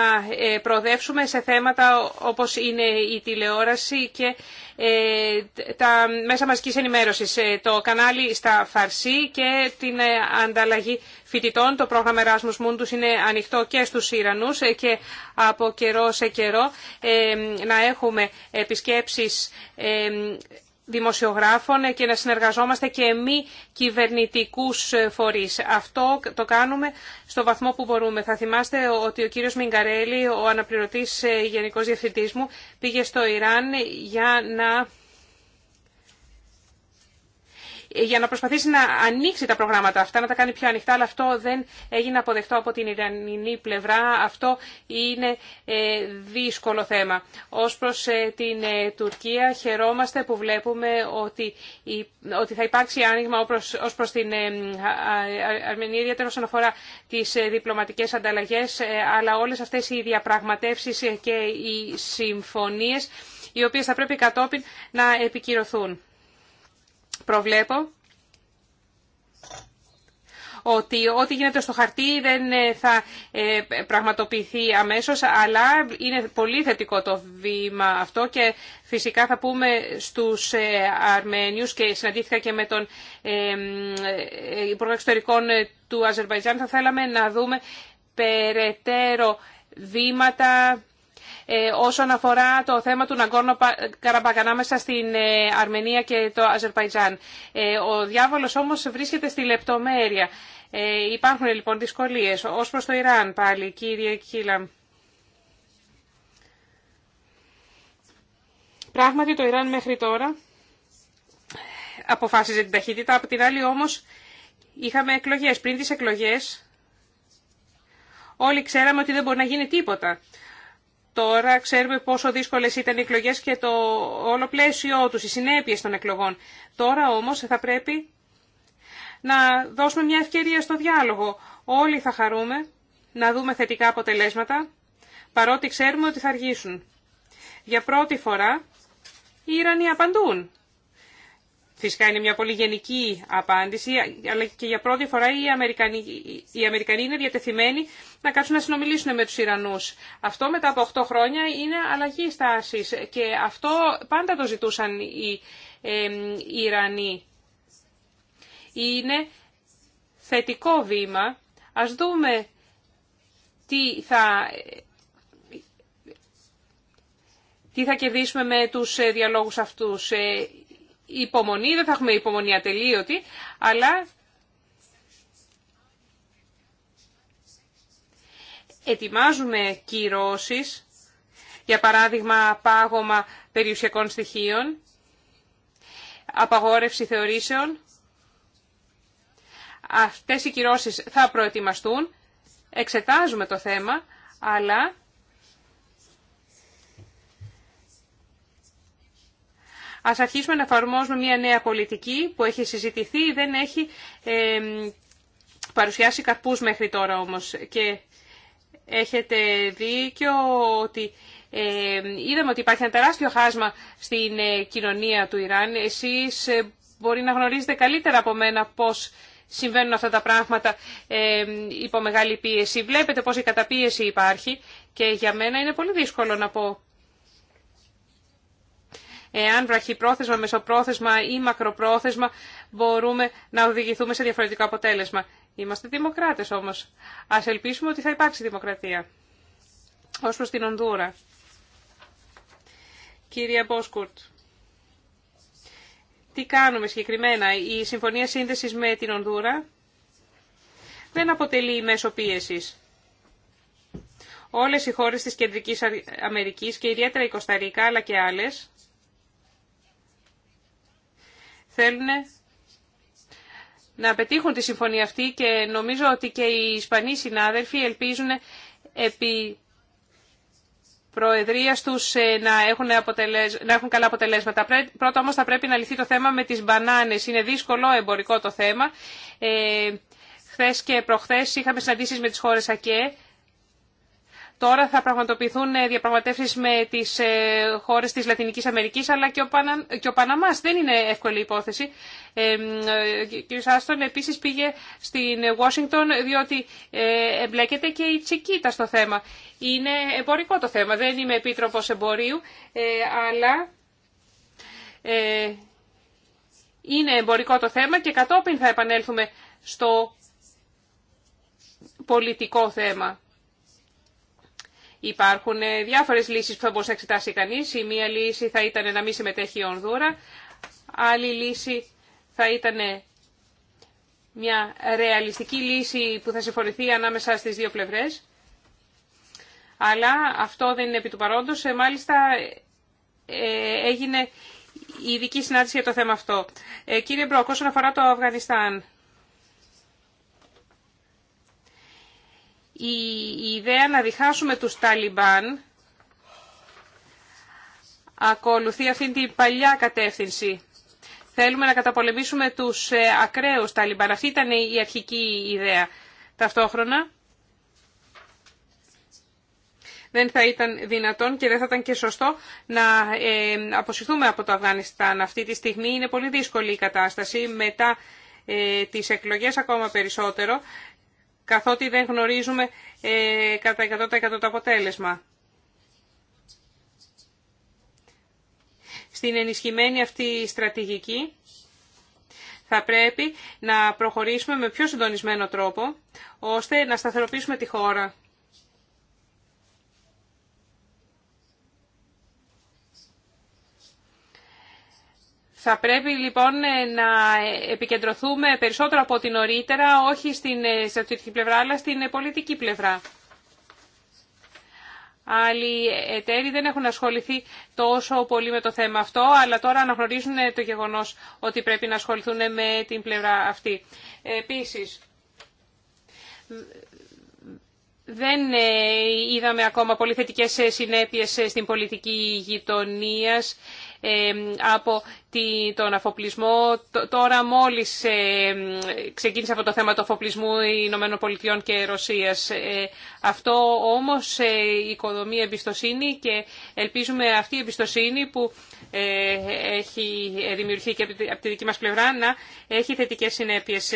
ε, προοδεύσουμε σε θέματα όπως είναι η τηλεόραση και ε, τα μέσα μαζικής ενημέρωσης, ε, το κανάλι στα Φαρσί και την ανταλλαγή φοιτητών. Το πρόγραμμα Erasmus Mundus είναι ανοιχτό και στους Ιρανούς και από καιρό σε καιρό να έχουμε επισκέψεις δημοσιογράφων και να συνεργαζόμαστε και μη κυβερνητικούς φορείς. Αυτό το κάνουμε στο βαθμό που μπορούμε. Θα θυμάστε ότι ο κύριος Μιγκαρέλη, ο αναπληρωτής ε, γενικός διευθυντής μου, πήγε στο Ιράν για να για να προσπαθήσει να ανοίξει τα προγράμματα αυτά, να τα κάνει πιο ανοιχτά, αλλά αυτό δεν έγινε αποδεκτό από την Ιρανινή πλευρά. Αυτό είναι ε, δύσκολο θέμα. Ως προς ε, την ε, Τουρκία χαιρόμαστε που βλέπουμε ότι, ότι θα υπάρξει άνοιγμα ως προς την Αρμενία, ιδιαίτερα όσον αφορά τις διπλωματικές ανταλλαγές, αλλά όλες αυτές οι διαπραγματεύσεις και οι συμφωνίες οι οποίες θα πρέπει κατόπιν να επικυρωθούν προβλέπω ότι ό,τι γίνεται στο χαρτί δεν ε, θα ε, πραγματοποιηθεί αμέσως, αλλά είναι πολύ θετικό το βήμα αυτό και φυσικά θα πούμε στους ε, Αρμένιους και συναντήθηκα και με τον Υπουργό Εξωτερικών του Αζερβαϊτζάν, θα θέλαμε να δούμε περαιτέρω βήματα ε, όσον αφορά το θέμα του Ναγκόρνο Καραμπακ ανάμεσα στην ε, Αρμενία και το Αζερπαϊτζάν. Ε, ο διάβολος όμως βρίσκεται στη λεπτομέρεια. Υπάρχουν λοιπόν δυσκολίες. Ως προς το Ιράν πάλι, κύριε Κίλαμ. Πράγματι το Ιράν μέχρι τώρα αποφάσιζε την ταχύτητα. Από την άλλη όμως είχαμε εκλογές. Πριν τις εκλογές όλοι ξέραμε ότι δεν μπορεί να γίνει τίποτα. Τώρα ξέρουμε πόσο δύσκολε ήταν οι εκλογέ και το όλο πλαίσιο τους, οι συνέπειε των εκλογών. Τώρα όμως θα πρέπει να δώσουμε μια ευκαιρία στο διάλογο. Όλοι θα χαρούμε να δούμε θετικά αποτελέσματα, παρότι ξέρουμε ότι θα αργήσουν. Για πρώτη φορά οι Ιρανοί απαντούν Φυσικά είναι μια πολύ γενική απάντηση, αλλά και για πρώτη φορά οι Αμερικανοί, οι Αμερικανοί είναι διατεθειμένοι να κάτσουν να συνομιλήσουν με τους Ιρανούς. Αυτό μετά από 8 χρόνια είναι αλλαγή στάσης και αυτό πάντα το ζητούσαν οι, Ιρανοί. Είναι θετικό βήμα. Ας δούμε τι θα τι θα κερδίσουμε με τους ε, διαλόγους αυτούς. Ε, υπομονή, δεν θα έχουμε υπομονή ατελείωτη, αλλά ετοιμάζουμε κυρώσεις, για παράδειγμα πάγωμα περιουσιακών στοιχείων, απαγόρευση θεωρήσεων. Αυτές οι κυρώσεις θα προετοιμαστούν, εξετάζουμε το θέμα, αλλά Ας αρχίσουμε να εφαρμόζουμε μια νέα πολιτική που έχει συζητηθεί, δεν έχει παρουσιάσει καρπούς μέχρι τώρα όμως. Και έχετε δίκιο ότι είδαμε ότι υπάρχει ένα τεράστιο χάσμα στην ε, κοινωνία του Ιράν. Εσείς ε, μπορεί να γνωρίζετε καλύτερα από μένα πώς συμβαίνουν αυτά τα πράγματα ε, υπό μεγάλη πίεση. Βλέπετε πώς η καταπίεση υπάρχει και για μένα είναι πολύ δύσκολο να πω εάν βραχυπρόθεσμα, μεσοπρόθεσμα ή μακροπρόθεσμα μπορούμε να οδηγηθούμε σε διαφορετικό αποτέλεσμα. Είμαστε δημοκράτες όμως. Ας ελπίσουμε ότι θα υπάρξει δημοκρατία. Ως προς την Ονδούρα. Κύριε Μπόσκουρτ. Τι κάνουμε συγκεκριμένα. Η συμφωνία σύνδεσης με την Ονδούρα δεν αποτελεί μέσο πίεσης. Όλες οι χώρες της Κεντρικής Αμερικής και ιδιαίτερα η Κωνσταντίνα αλλά και άλλες θέλουν να πετύχουν τη συμφωνία αυτή και νομίζω ότι και οι Ισπανοί συνάδελφοι ελπίζουν επί προεδρίας τους ε, να έχουν, καλά αποτελέσματα. Πρώτα όμως θα πρέπει να λυθεί το θέμα με τις μπανάνες. Είναι δύσκολο εμπορικό το θέμα. Ε, χθες και προχθές είχαμε συναντήσεις με τις χώρες ΑΚΕ Τώρα θα πραγματοποιηθούν ε, διαπραγματεύσεις με τις ε, χώρες της Λατινικής Αμερικής, αλλά και ο, Πανα... και ο Παναμάς δεν είναι εύκολη υπόθεση. Ο ε, κ. Άστον επίσης πήγε στην Ουάσιγκτον διότι εμπλέκεται και η Τσικίτα στο θέμα. Είναι εμπορικό το θέμα, δεν είμαι επίτροπο εμπορίου, αλλά είναι εμπορικό το θέμα και κατόπιν θα επανέλθουμε στο πολιτικό θέμα. Υπάρχουν ε, διάφορες λύσεις που θα μπορούσε να εξετάσει κανεί. Η μία λύση θα ήταν να μην συμμετέχει η Ονδούρα. Άλλη λύση θα ήταν μια ρεαλιστική λύση που θα συμφωνηθεί ανάμεσα στις δύο πλευρέ, Αλλά αυτό δεν είναι επί του παρόντος. Ε, μάλιστα ε, έγινε η ειδική συνάντηση για το θέμα αυτό. κύριε Μπρόκ, όσον αφορά το Αφγανιστάν, η ιδέα να διχάσουμε τους Ταλιμπάν ακολουθεί αυτήν την παλιά κατεύθυνση. Θέλουμε να καταπολεμήσουμε τους ε, ακραίους Ταλιμπάν. Αυτή ήταν η αρχική ιδέα. Ταυτόχρονα δεν θα ήταν δυνατόν και δεν θα ήταν και σωστό να ε, αποσυρθούμε από το Αφγανιστάν. Αυτή τη στιγμή είναι πολύ δύσκολη η κατάσταση. Μετά ε, τις εκλογές ακόμα περισσότερο καθότι δεν γνωρίζουμε ε, κατά 100% το αποτέλεσμα. Στην ενισχυμένη αυτή στρατηγική θα πρέπει να προχωρήσουμε με πιο συντονισμένο τρόπο, ώστε να σταθεροποιήσουμε τη χώρα. Θα πρέπει λοιπόν ε, να επικεντρωθούμε περισσότερο από την νωρίτερα, όχι στην ε, στρατιωτική πλευρά, αλλά στην ε, πολιτική πλευρά. Άλλοι εταίροι δεν έχουν ασχοληθεί τόσο πολύ με το θέμα αυτό, αλλά τώρα αναγνωρίζουν το γεγονός ότι πρέπει να ασχοληθούν με την πλευρά αυτή. Επίσης, δεν ε, είδαμε ακόμα πολύ θετικές ε, συνέπειες ε, στην πολιτική γειτονία από τον αφοπλισμό. Τώρα μόλις ξεκίνησε αυτό το θέμα του αφοπλισμού Ηνωμένων Πολιτειών και Ρωσίας. Αυτό όμως οικοδομεί εμπιστοσύνη και ελπίζουμε αυτή η εμπιστοσύνη που έχει δημιουργηθεί και από τη δική μας πλευρά να έχει θετικές συνέπειες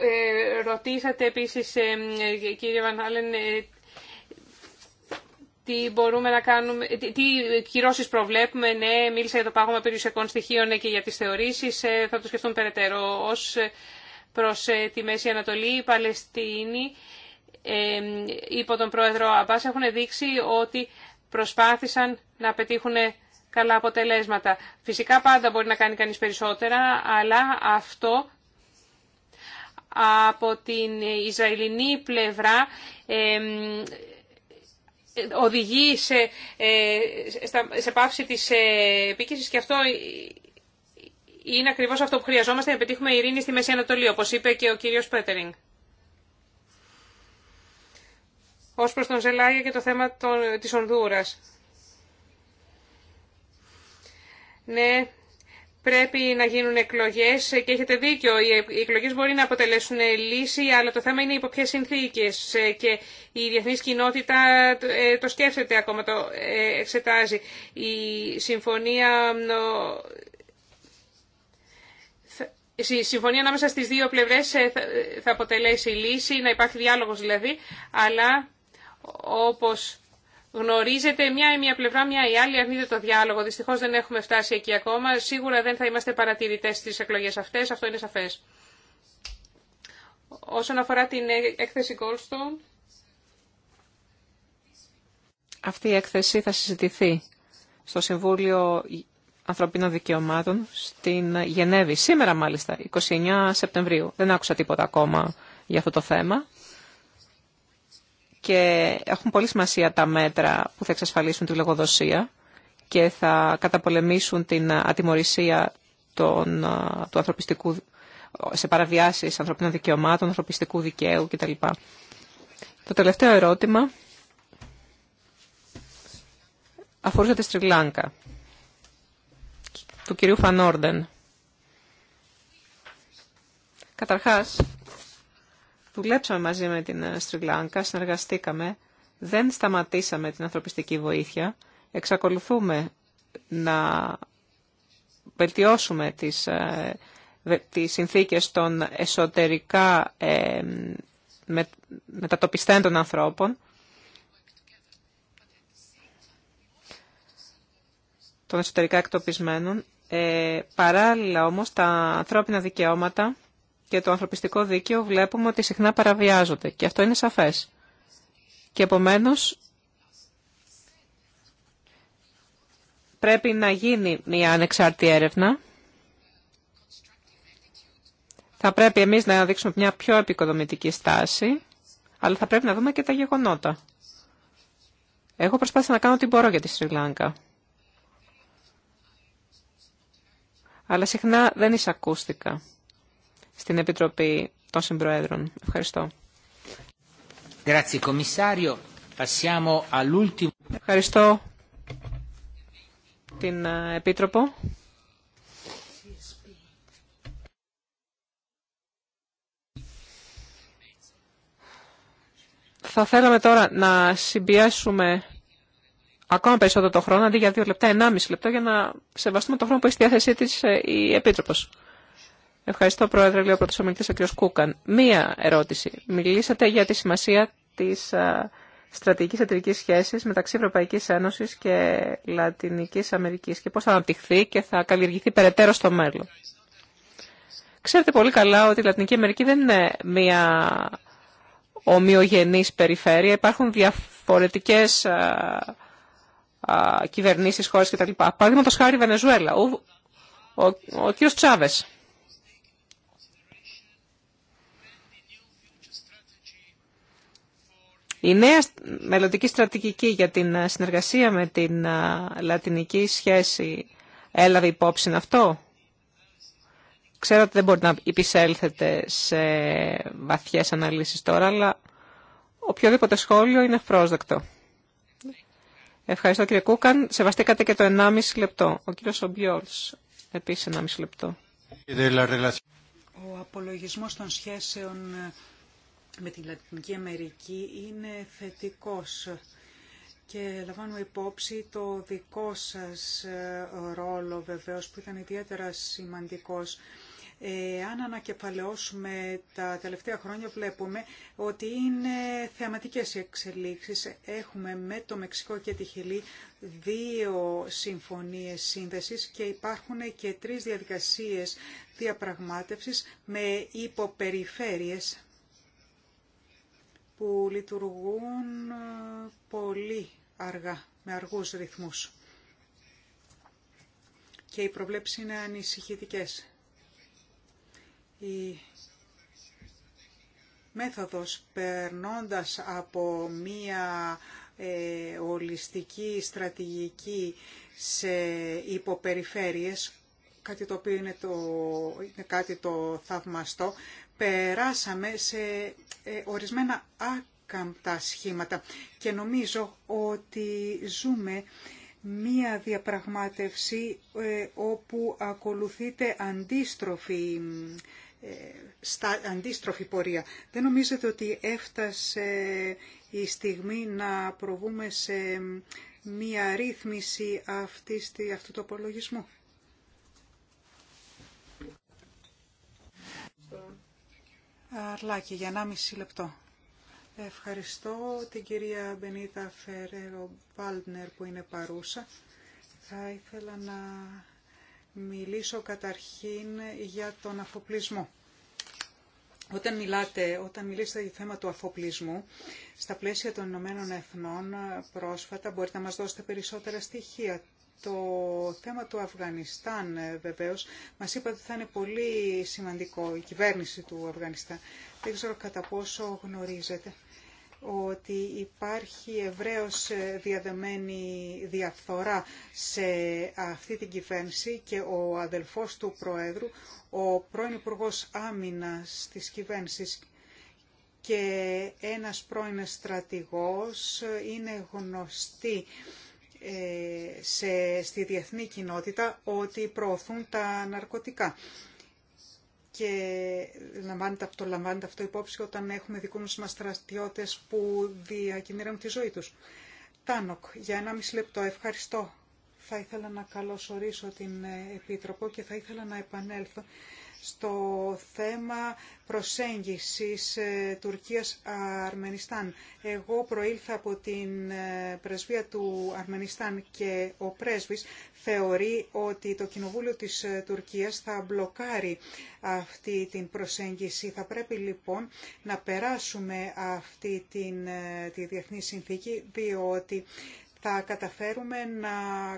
ε, ρωτήσατε επίσης, ε, κύριε Βανάλεν, ε, τι μπορούμε να κάνουμε, τι, τι κυρώσεις προβλέπουμε. Ναι, μίλησα για το πάγωμα περιουσιακών στοιχείων ναι, και για τις θεωρήσεις. Θα το σκεφτούμε περαιτέρω. Ως προς τη Μέση Ανατολή, οι Παλαιστίνη, ε, υπό τον πρόεδρο Αμπάς έχουν δείξει ότι προσπάθησαν να πετύχουν καλά αποτελέσματα. Φυσικά πάντα μπορεί να κάνει κανείς περισσότερα, αλλά αυτό από την Ισραηλινή πλευρά οδηγεί σε, ε, σε πάυση της ε, επίκησης και αυτό είναι ακριβώς αυτό που χρειαζόμαστε να πετύχουμε ειρήνη στη Μέση Ανατολή, όπως είπε και ο κύριος Πέτερινγκ. Ως προς τον Ζελάγια και το θέμα των, της Ονδούρας. Ναι, πρέπει να γίνουν εκλογές και έχετε δίκιο, οι εκλογές μπορεί να αποτελέσουν λύση, αλλά το θέμα είναι υπό ποιε συνθήκε. Ε, και η διεθνή κοινότητα ε, το σκέφτεται ακόμα, το ε, εξετάζει. Η συμφωνία... Η συμφωνία ανάμεσα στις δύο πλευρές θα αποτελέσει λύση, να υπάρχει διάλογος δηλαδή, αλλά όπως γνωρίζετε μια ή μια πλευρά, μια ή άλλη αρνείται το διάλογο. Δυστυχώ δεν έχουμε φτάσει εκεί ακόμα. Σίγουρα δεν θα είμαστε παρατηρητέ στι εκλογέ αυτέ, αυτό είναι σαφέ. Όσον αφορά την έκθεση Goldstone. Αυτή η έκθεση θα συζητηθεί στο Συμβούλιο Ανθρωπίνων Δικαιωμάτων στην Γενέβη. Σήμερα μάλιστα, 29 Σεπτεμβρίου. Δεν άκουσα τίποτα ακόμα για αυτό το θέμα και έχουν πολύ σημασία τα μέτρα που θα εξασφαλίσουν τη λογοδοσία και θα καταπολεμήσουν την ατιμορρησία των, του ανθρωπιστικού, σε παραβιάσεις ανθρωπίνων δικαιωμάτων, ανθρωπιστικού δικαίου κτλ. Το τελευταίο ερώτημα αφορούσε τη Στριλάνκα του κυρίου Φανόρντεν. Καταρχάς, δουλέψαμε μαζί με την ε, Στριγλάνκα, συνεργαστήκαμε, δεν σταματήσαμε την ανθρωπιστική βοήθεια, εξακολουθούμε να βελτιώσουμε τις, ε, τις συνθήκες των εσωτερικά ε, με, μετατοπιστέντων ανθρώπων, των εσωτερικά εκτοπισμένων. Ε, παράλληλα όμως τα ανθρώπινα δικαιώματα και το ανθρωπιστικό δίκαιο βλέπουμε ότι συχνά παραβιάζονται και αυτό είναι σαφές. Και επομένως πρέπει να γίνει μια ανεξάρτητη έρευνα. Θα πρέπει εμείς να δείξουμε μια πιο επικοδομητική στάση, αλλά θα πρέπει να δούμε και τα γεγονότα. Έχω προσπάθει να κάνω ό,τι μπορώ για τη Σρι Λάγκα. Αλλά συχνά δεν εισακούστηκα στην Επιτροπή των Συμπροέδρων. Ευχαριστώ. Ευχαριστώ την ε, Επίτροπο. Θα θέλαμε τώρα να συμπιέσουμε ακόμα περισσότερο το χρόνο, αντί για δύο λεπτά, ενάμιση λεπτό, για να σεβαστούμε το χρόνο που έχει στη διάθεσή της ε, η Επίτροπος. Ευχαριστώ, Πρόεδρε. Λέω πρώτος ομιλητής ο κ. Κούκαν. Μία ερώτηση. Μιλήσατε για τη σημασία τη στρατηγική εταιρική σχέση μεταξύ Ευρωπαϊκή Ένωση και Λατινική Αμερική και πώ θα αναπτυχθεί και θα καλλιεργηθεί περαιτέρω στο μέλλον. Ξέρετε πολύ καλά ότι η Λατινική Αμερική δεν είναι μία ομοιογενή περιφέρεια. Υπάρχουν διαφορετικέ κυβερνήσει, χώρε κτλ. Παραδείγματο χάρη Βενεζουέλα. Ο, ο, ο Η νέα μελλοντική στρατηγική για την ε, συνεργασία με την ε, λατινική σχέση έλαβε υπόψη αυτό. Ξέρω ότι δεν μπορεί να υπησέλθετε σε βαθιές αναλύσεις τώρα, αλλά οποιοδήποτε σχόλιο είναι πρόσδεκτο. Ευχαριστώ κύριε Κούκαν. Σεβαστήκατε και το 1,5 λεπτό. Ο κύριος Ομπιόλς, επίσης 1,5 λεπτό. Ο απολογισμός των σχέσεων ε, με την Λατινική Αμερική είναι θετικός και λαμβάνουμε υπόψη το δικό σας ε, ρόλο βεβαίως που ήταν ιδιαίτερα σημαντικός. Ε, αν ανακεφαλαιώσουμε τα τελευταία χρόνια βλέπουμε ότι είναι θεαματικές οι εξελίξεις. Έχουμε με το Μεξικό και τη Χιλή δύο συμφωνίες σύνδεσης και υπάρχουν και τρεις διαδικασίες διαπραγμάτευσης με υποπεριφέρειες που λειτουργούν ε, πολύ αργά, με αργούς ρυθμούς. Και οι προβλέψεις είναι ανησυχητικές. Η μέθοδος περνώντας από μία ε, ολιστική στρατηγική σε υποπεριφέρειες, κάτι το οποίο είναι, είναι κάτι το θαυμαστό, περάσαμε σε ε, ορισμένα άκαμπτα σχήματα και νομίζω ότι ζούμε μία διαπραγμάτευση ε, όπου ακολουθείται αντίστροφη ε, στα αντίστροφη πορεία. Δεν νομίζετε ότι έφτασε η στιγμή να προβούμε σε μία ρύθμιση αυτής, αυτού του απολογισμού. Αρλάκη για 1,5 λεπτό. Ευχαριστώ την κυρία Μπενίτα Φερέρο Μπάλτνερ που είναι παρούσα. Θα ήθελα να μιλήσω καταρχήν για τον αφοπλισμό. Όταν μιλάτε, όταν μιλήσετε για το θέμα του αφοπλισμού, στα πλαίσια των Ηνωμένων Εθνών πρόσφατα μπορείτε να μας δώσετε περισσότερα στοιχεία το θέμα του Αφγανιστάν ε, βεβαίως μας είπατε ότι θα είναι πολύ σημαντικό η κυβέρνηση του Αφγανιστάν. Δεν ξέρω κατά πόσο γνωρίζετε ότι υπάρχει ευρέως ε, διαδεμένη διαφθορά σε αυτή την κυβέρνηση και ο αδελφός του Προέδρου, ο πρώην Υπουργό Άμυνας της κυβέρνησης και ένας πρώην στρατηγός ε, είναι γνωστοί σε, στη διεθνή κοινότητα ότι προωθούν τα ναρκωτικά. Και λαμβάνεται αυτό, λαμβάνεται αυτό υπόψη όταν έχουμε δικούς μας στρατιώτες που διακινήραν τη ζωή τους. Τάνοκ, για ένα μισή λεπτό, ευχαριστώ. Θα ήθελα να καλωσορίσω την ε, Επίτροπο και θα ήθελα να επανέλθω στο θέμα προσέγγισης ε, Τουρκίας-Αρμενιστάν. Εγώ προήλθα από την ε, πρεσβεία του Αρμενιστάν και ο πρέσβης θεωρεί ότι το Κοινοβούλιο της ε, Τουρκίας θα μπλοκάρει αυτή την προσέγγιση. Θα πρέπει λοιπόν να περάσουμε αυτή την, τη διεθνή συνθήκη διότι θα καταφέρουμε να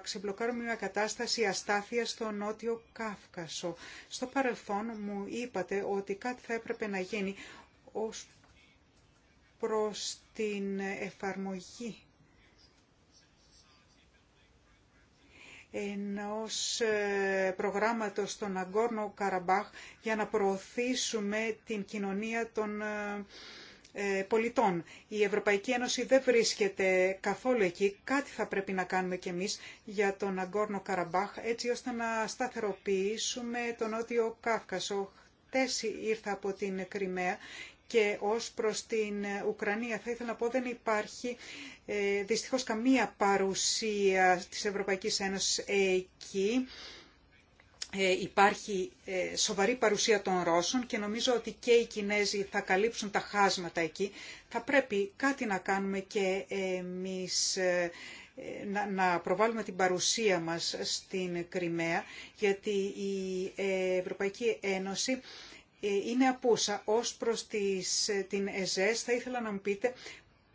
ξεμπλοκάρουμε μια κατάσταση αστάθειας στο Νότιο Κάφκασο. Στο παρελθόν μου είπατε ότι κάτι θα έπρεπε να γίνει ως προς την εφαρμογή ενός ε, προγράμματος στον Αγκόρνο Καραμπάχ για να προωθήσουμε την κοινωνία των ε, ε, πολιτών. Η Ευρωπαϊκή Ένωση δεν βρίσκεται καθόλου εκεί. Κάτι θα πρέπει να κάνουμε κι εμείς για τον Αγκόρνο Καραμπάχ έτσι ώστε να σταθεροποιήσουμε τον Νότιο Κάφκασο. Χτες ήρθα από την Κρυμαία και ως προς την Ουκρανία θα ήθελα να πω δεν υπάρχει ε, δυστυχώς καμία παρουσία της Ευρωπαϊκής Ένωσης εκεί ε, υπάρχει ε, σοβαρή παρουσία των Ρώσων και νομίζω ότι και οι Κινέζοι θα καλύψουν τα χάσματα εκεί. Θα πρέπει κάτι να κάνουμε και εμείς ε, να προβάλλουμε την παρουσία μας στην Κρυμαία, γιατί η Ευρωπαϊκή Ένωση είναι απούσα ως προς την ΕΖΕΣ. Θα ήθελα να μου πείτε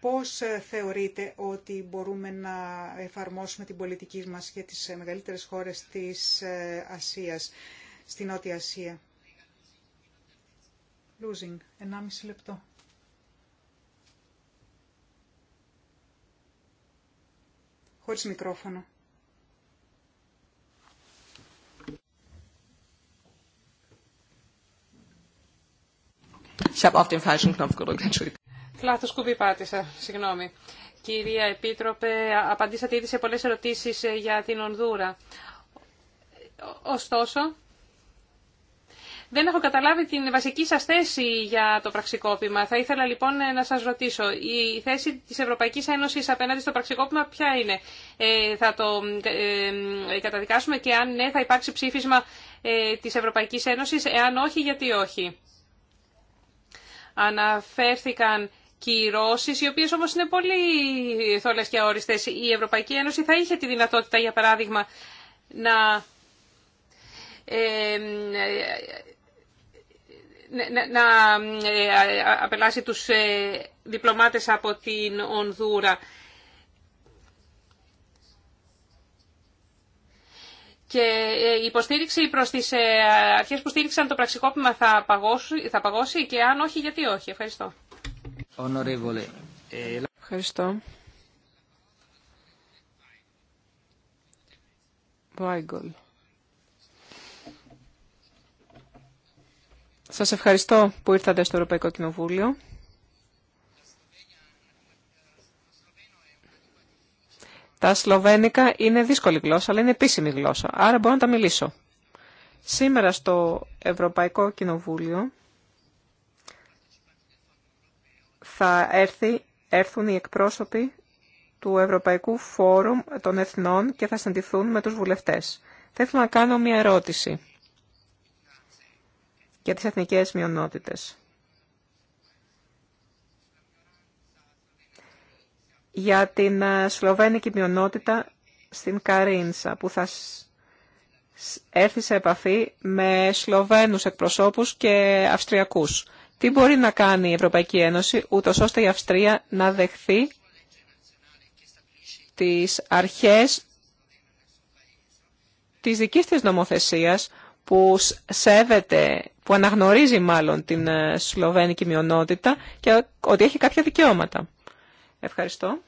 πώς ε, θεωρείτε ότι μπορούμε να εφαρμόσουμε την πολιτική μας για τις ε, μεγαλύτερες χώρες της ε, Ασίας, στην Νότια Ασία. Losing, 1,5 λεπτό. Χωρίς μικρόφωνο. Ich habe auf den falschen Knopf gedrückt, Entschuldigung. Λάθο κουμπί πάτησα, συγγνώμη. Κυρία Επίτροπε, απαντήσατε ήδη σε πολλέ ερωτήσει ε, για την Ονδούρα. Ωστόσο, δεν έχω καταλάβει την βασική σας θέση για το πραξικόπημα. Θα ήθελα λοιπόν ε, να σας ρωτήσω, η θέση της Ευρωπαϊκής Ένωσης απέναντι στο πραξικόπημα ποια είναι. Ε, θα το ε, καταδικάσουμε και αν ναι θα υπάρξει ψήφισμα ε, της Ευρωπαϊκής Ένωσης, εάν όχι γιατί όχι. Αναφέρθηκαν κυρώσεις, οι οποίες όμως είναι πολύ θόλες και αόριστες. Η Ευρωπαϊκή Ένωση θα είχε τη δυνατότητα, για παράδειγμα, να... Ε, να ε, απελάσει τους ε, διπλωμάτες από την Ονδούρα. Και ε, η υποστήριξη προς τις αρχές που στήριξαν το πραξικόπημα θα θα παγώσει και αν όχι γιατί όχι. Ευχαριστώ. Ευχαριστώ. Βάιγκολ. Σας ευχαριστώ που ήρθατε στο Ευρωπαϊκό Κοινοβούλιο. Τα σλοβένικα είναι δύσκολη γλώσσα, αλλά είναι επίσημη γλώσσα, άρα μπορώ να τα μιλήσω. Σήμερα στο Ευρωπαϊκό Κοινοβούλιο θα έρθει, έρθουν οι εκπρόσωποι του Ευρωπαϊκού Φόρουμ των Εθνών και θα συντηθούν με τους βουλευτές. Θα ήθελα να κάνω μια ερώτηση για τις εθνικές μειονότητες. Για την ε, σλοβένικη μειονότητα στην Καρίνσα που θα έρθει σε επαφή με σλοβένους εκπροσώπους και αυστριακούς. Τι μπορεί να κάνει η Ευρωπαϊκή Ένωση ούτως ώστε η Αυστρία να δεχθεί τις αρχές της δικής της νομοθεσίας που σέβεται, που αναγνωρίζει μάλλον την ε, σλοβένικη μειονότητα και ότι έχει κάποια δικαιώματα. Ευχαριστώ.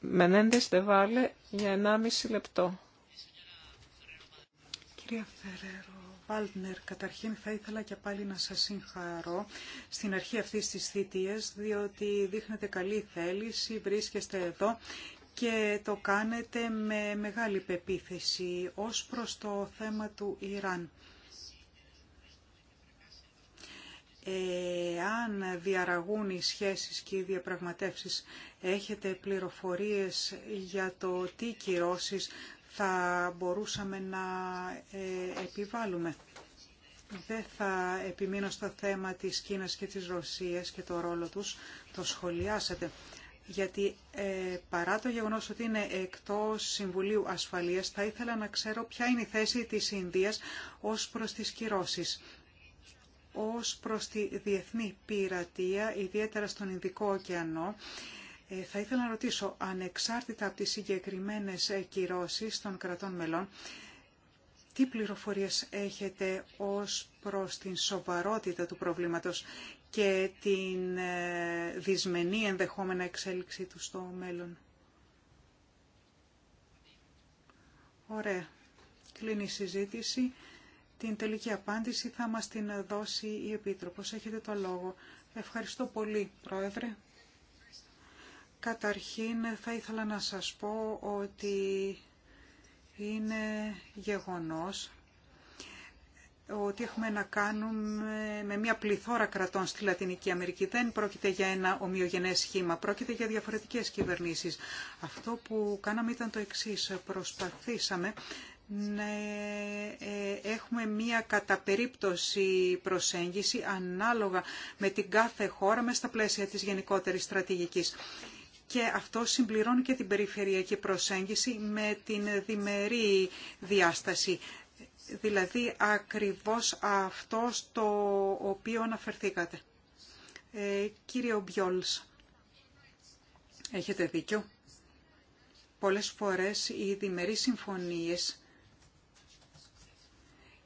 Μενέντες βάλε για 1,5 λεπτό. Κυρία Φεραίρο Βάλτνερ, καταρχήν θα ήθελα και πάλι να σας συγχαρώ στην αρχή αυτής της θητείας, διότι δείχνετε καλή θέληση, βρίσκεστε εδώ και το κάνετε με μεγάλη πεποίθηση ως προς το θέμα του Ιράν. αν διαραγούν οι σχέσεις και οι διαπραγματεύσεις, έχετε πληροφορίες για το τι κυρώσεις θα μπορούσαμε να ε, επιβάλλουμε. Δεν θα επιμείνω στο θέμα της Κίνας και της Ρωσίας και το ρόλο τους, το σχολιάσατε. Γιατί ε, παρά το γεγονός ότι είναι εκτός Συμβουλίου Ασφαλείας, θα ήθελα να ξέρω ποια είναι η θέση της Ινδίας ως προς τις κυρώσεις. Ως προς τη διεθνή πειρατεία, ιδιαίτερα στον Ινδικό ωκεανό, ε, θα ήθελα να ρωτήσω, ανεξάρτητα από τις συγκεκριμένες ε, κυρώσεις των κρατών μελών, τι πληροφορίες έχετε ως προς την σοβαρότητα του προβλήματος και την ε, δυσμενή ενδεχόμενα εξέλιξη του στο μέλλον. Ωραία. Κλείνει η συζήτηση. Την τελική απάντηση θα μας την δώσει η Επίτροπος. Έχετε το λόγο. Ευχαριστώ πολύ, Πρόεδρε. Καταρχήν θα ήθελα να σας πω ότι είναι γεγονός ότι έχουμε να κάνουμε με μια πληθώρα κρατών στη Λατινική Αμερική. Δεν πρόκειται για ένα ομοιογενές σχήμα, πρόκειται για διαφορετικές κυβερνήσεις. Αυτό που κάναμε ήταν το εξής. Προσπαθήσαμε να ε, έχουμε μία κατά περίπτωση προσέγγιση ανάλογα με την κάθε χώρα μέσα στα πλαίσια της γενικότερης στρατηγικής και αυτό συμπληρώνει και την περιφερειακή προσέγγιση με την διμερή διάσταση. Δηλαδή ακριβώς αυτό στο οποίο αναφερθήκατε. Ε, κύριο Μπιόλς, έχετε δίκιο. Πολλές φορές οι διμερείς συμφωνίες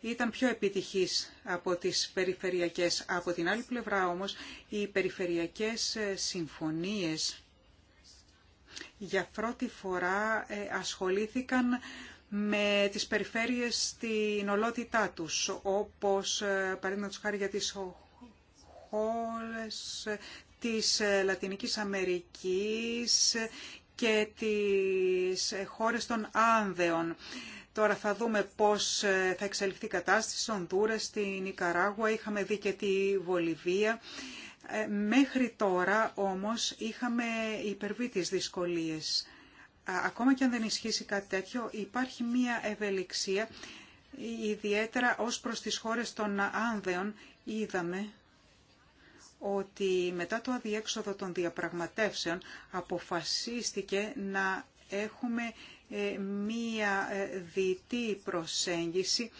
ήταν πιο επιτυχής από τις περιφερειακές. Από την άλλη πλευρά όμως, οι περιφερειακές ε, συμφωνίες για πρώτη φορά ε, ασχολήθηκαν με τις περιφέρειες στην ολότητά τους, όπως ε, παραδείγματος χάρη για τις χώρες της ε, Λατινικής Αμερικής και τις χώρες των Άνδεων. Τώρα θα δούμε πώς θα εξελιχθεί η κατάσταση στον Δούρα, στην Ικαράγουα, είχαμε δει και τη Βολιβία ε, μέχρι τώρα όμως είχαμε υπερβεί τις δυσκολίες. Ακόμα και αν δεν ισχύσει κάτι τέτοιο υπάρχει μία ευελιξία ιδιαίτερα ως προς τις χώρες των Άνδεων είδαμε ότι μετά το αδιέξοδο των διαπραγματεύσεων αποφασίστηκε να έχουμε ε, μία ε, διτή προσέγγιση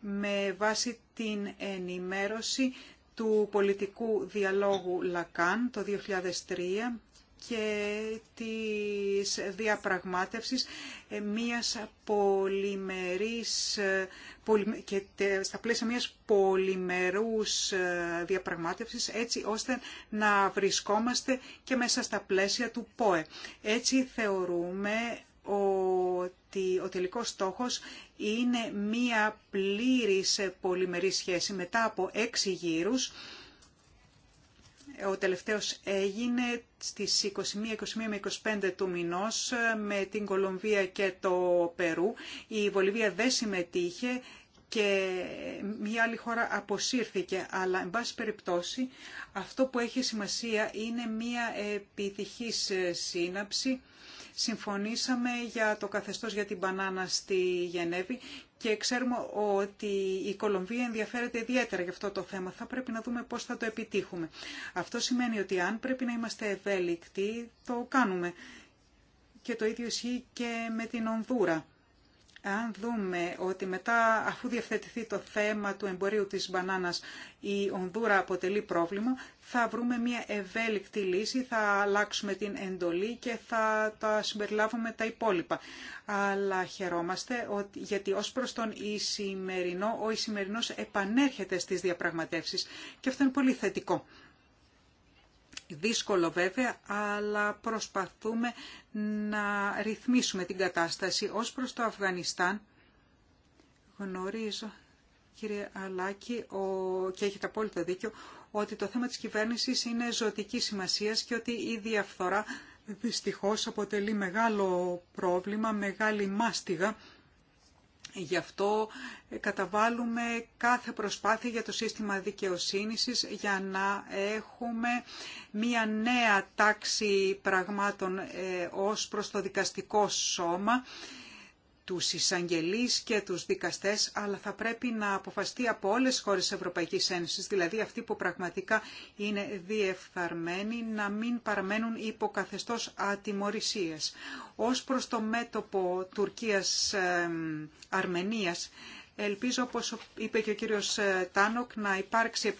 με βάση την ενημέρωση του πολιτικού διαλόγου Λακάν το 2003 και της διαπραγμάτευσης ε, μιας πολυμερής, ε, και στα πλαίσια μιας πολυμερούς ε, διαπραγμάτευσης έτσι ώστε να βρισκόμαστε και μέσα στα πλαίσια του ΠΟΕ. Έτσι θεωρούμε ότι ότι ο τελικός στόχος είναι μία πλήρης πολυμερή σχέση μετά από έξι γύρους. Ο τελευταίος έγινε στις 21, 21 25 του μηνός με την Κολομβία και το Περού. Η Βολιβία δεν συμμετείχε και μια άλλη χώρα αποσύρθηκε. Αλλά, εν πάση περιπτώσει, αυτό που έχει σημασία είναι μια επιτυχής σύναψη συμφωνήσαμε για το καθεστώς για την μπανάνα στη Γενέβη και ξέρουμε ότι η Κολομβία ενδιαφέρεται ιδιαίτερα για αυτό το θέμα. Θα πρέπει να δούμε πώς θα το επιτύχουμε. Αυτό σημαίνει ότι αν πρέπει να είμαστε ευέλικτοι, το κάνουμε. Και το ίδιο ισχύει και με την Ονδούρα αν δούμε ότι μετά αφού διευθετηθεί το θέμα του εμπορίου της μπανάνας η ονδούρα αποτελεί πρόβλημα, θα βρούμε μια ευέλικτη λύση, θα αλλάξουμε την εντολή και θα τα συμπεριλάβουμε τα υπόλοιπα. Αλλά χαιρόμαστε ότι, γιατί ως προς τον Ισημερινό, ο Ισημερινός επανέρχεται στις διαπραγματεύσεις και αυτό είναι πολύ θετικό. Δύσκολο βέβαια, αλλά προσπαθούμε να ρυθμίσουμε την κατάσταση. Ως προς το Αφγανιστάν, γνωρίζω, κύριε Αλάκη, ο... και έχετε απόλυτο δίκιο, ότι το θέμα της κυβέρνησης είναι ζωτική σημασίας και ότι η διαφθορά δυστυχώς αποτελεί μεγάλο πρόβλημα, μεγάλη μάστιγα Γι' αυτό ε, καταβάλουμε κάθε προσπάθεια για το σύστημα δικαιοσύνης για να έχουμε μία νέα τάξη πραγμάτων ε, ως προς το δικαστικό σώμα τους εισαγγελείς και τους δικαστές, αλλά θα πρέπει να αποφαστεί από όλες τις χώρες της Ευρωπαϊκής Ένωσης, δηλαδή αυτοί που πραγματικά είναι διεφθαρμένοι, να μην παραμένουν καθεστώς ατιμορρησίες. Ως προς το μέτωπο Τουρκίας-Αρμενίας, Ελπίζω, όπως είπε και ο κύριος ε, Τάνοκ, να υπάρξει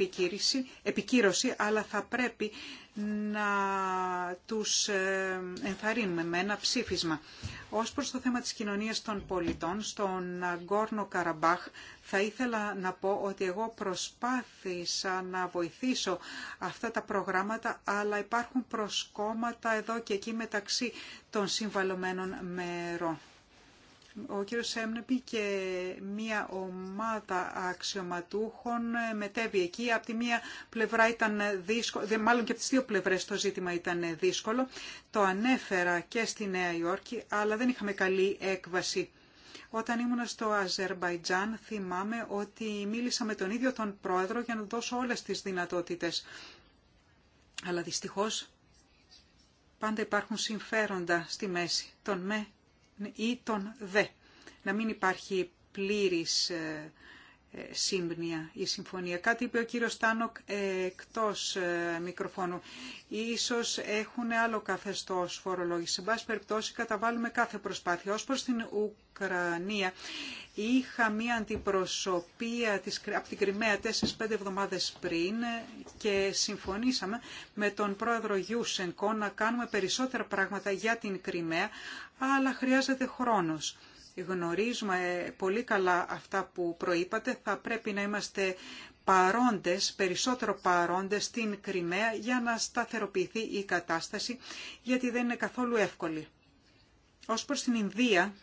επικύρωση, αλλά θα πρέπει να τους ε, ενθαρρύνουμε με ένα ψήφισμα. Ως προς το θέμα της κοινωνίας των πολιτών, στον Γκόρνο Καραμπάχ, θα ήθελα να πω ότι εγώ προσπάθησα να βοηθήσω αυτά τα προγράμματα, αλλά υπάρχουν προσκόμματα εδώ και εκεί μεταξύ των συμβαλωμένων μερών ο κύριος Σέμνεπη και μία ομάδα αξιωματούχων μετέβη εκεί. Από τη μία πλευρά ήταν δύσκολο, μάλλον και από τις δύο πλευρές το ζήτημα ήταν δύσκολο. Το ανέφερα και στη Νέα Υόρκη, αλλά δεν είχαμε καλή έκβαση. Όταν ήμουν στο Αζερμπαϊτζάν θυμάμαι ότι μίλησα με τον ίδιο τον πρόεδρο για να δώσω όλες τις δυνατότητες. Αλλά δυστυχώς πάντα υπάρχουν συμφέροντα στη μέση των με ή τον δε. Να μην υπάρχει πλήρης ε, ε, σύμπνοια ή συμφωνία. Κάτι είπε ο κύριος Τάνοκ ε, εκτός μικροφώνου. Ίσως έχουν άλλο καθεστώς φορολόγηση. Σε πάση περιπτώσει καταβάλουμε κάθε προσπάθεια. Ως προς την Ουκρανία είχα μία αντιπροσωπεία από την Κρυμαία τέσσερις-πέντε εβδομάδες πριν και συμφωνήσαμε με τον πρόεδρο Γιούσενκο να κάνουμε περισσότερα πράγματα για την Κρυμαία αλλά χρειάζεται χρόνος. Γνωρίζουμε πολύ καλά αυτά που προείπατε. Θα πρέπει να είμαστε παρόντες, περισσότερο παρόντες στην Κρυμαία για να σταθεροποιηθεί η κατάσταση, γιατί δεν είναι καθόλου εύκολη. Ως προς την Ινδία,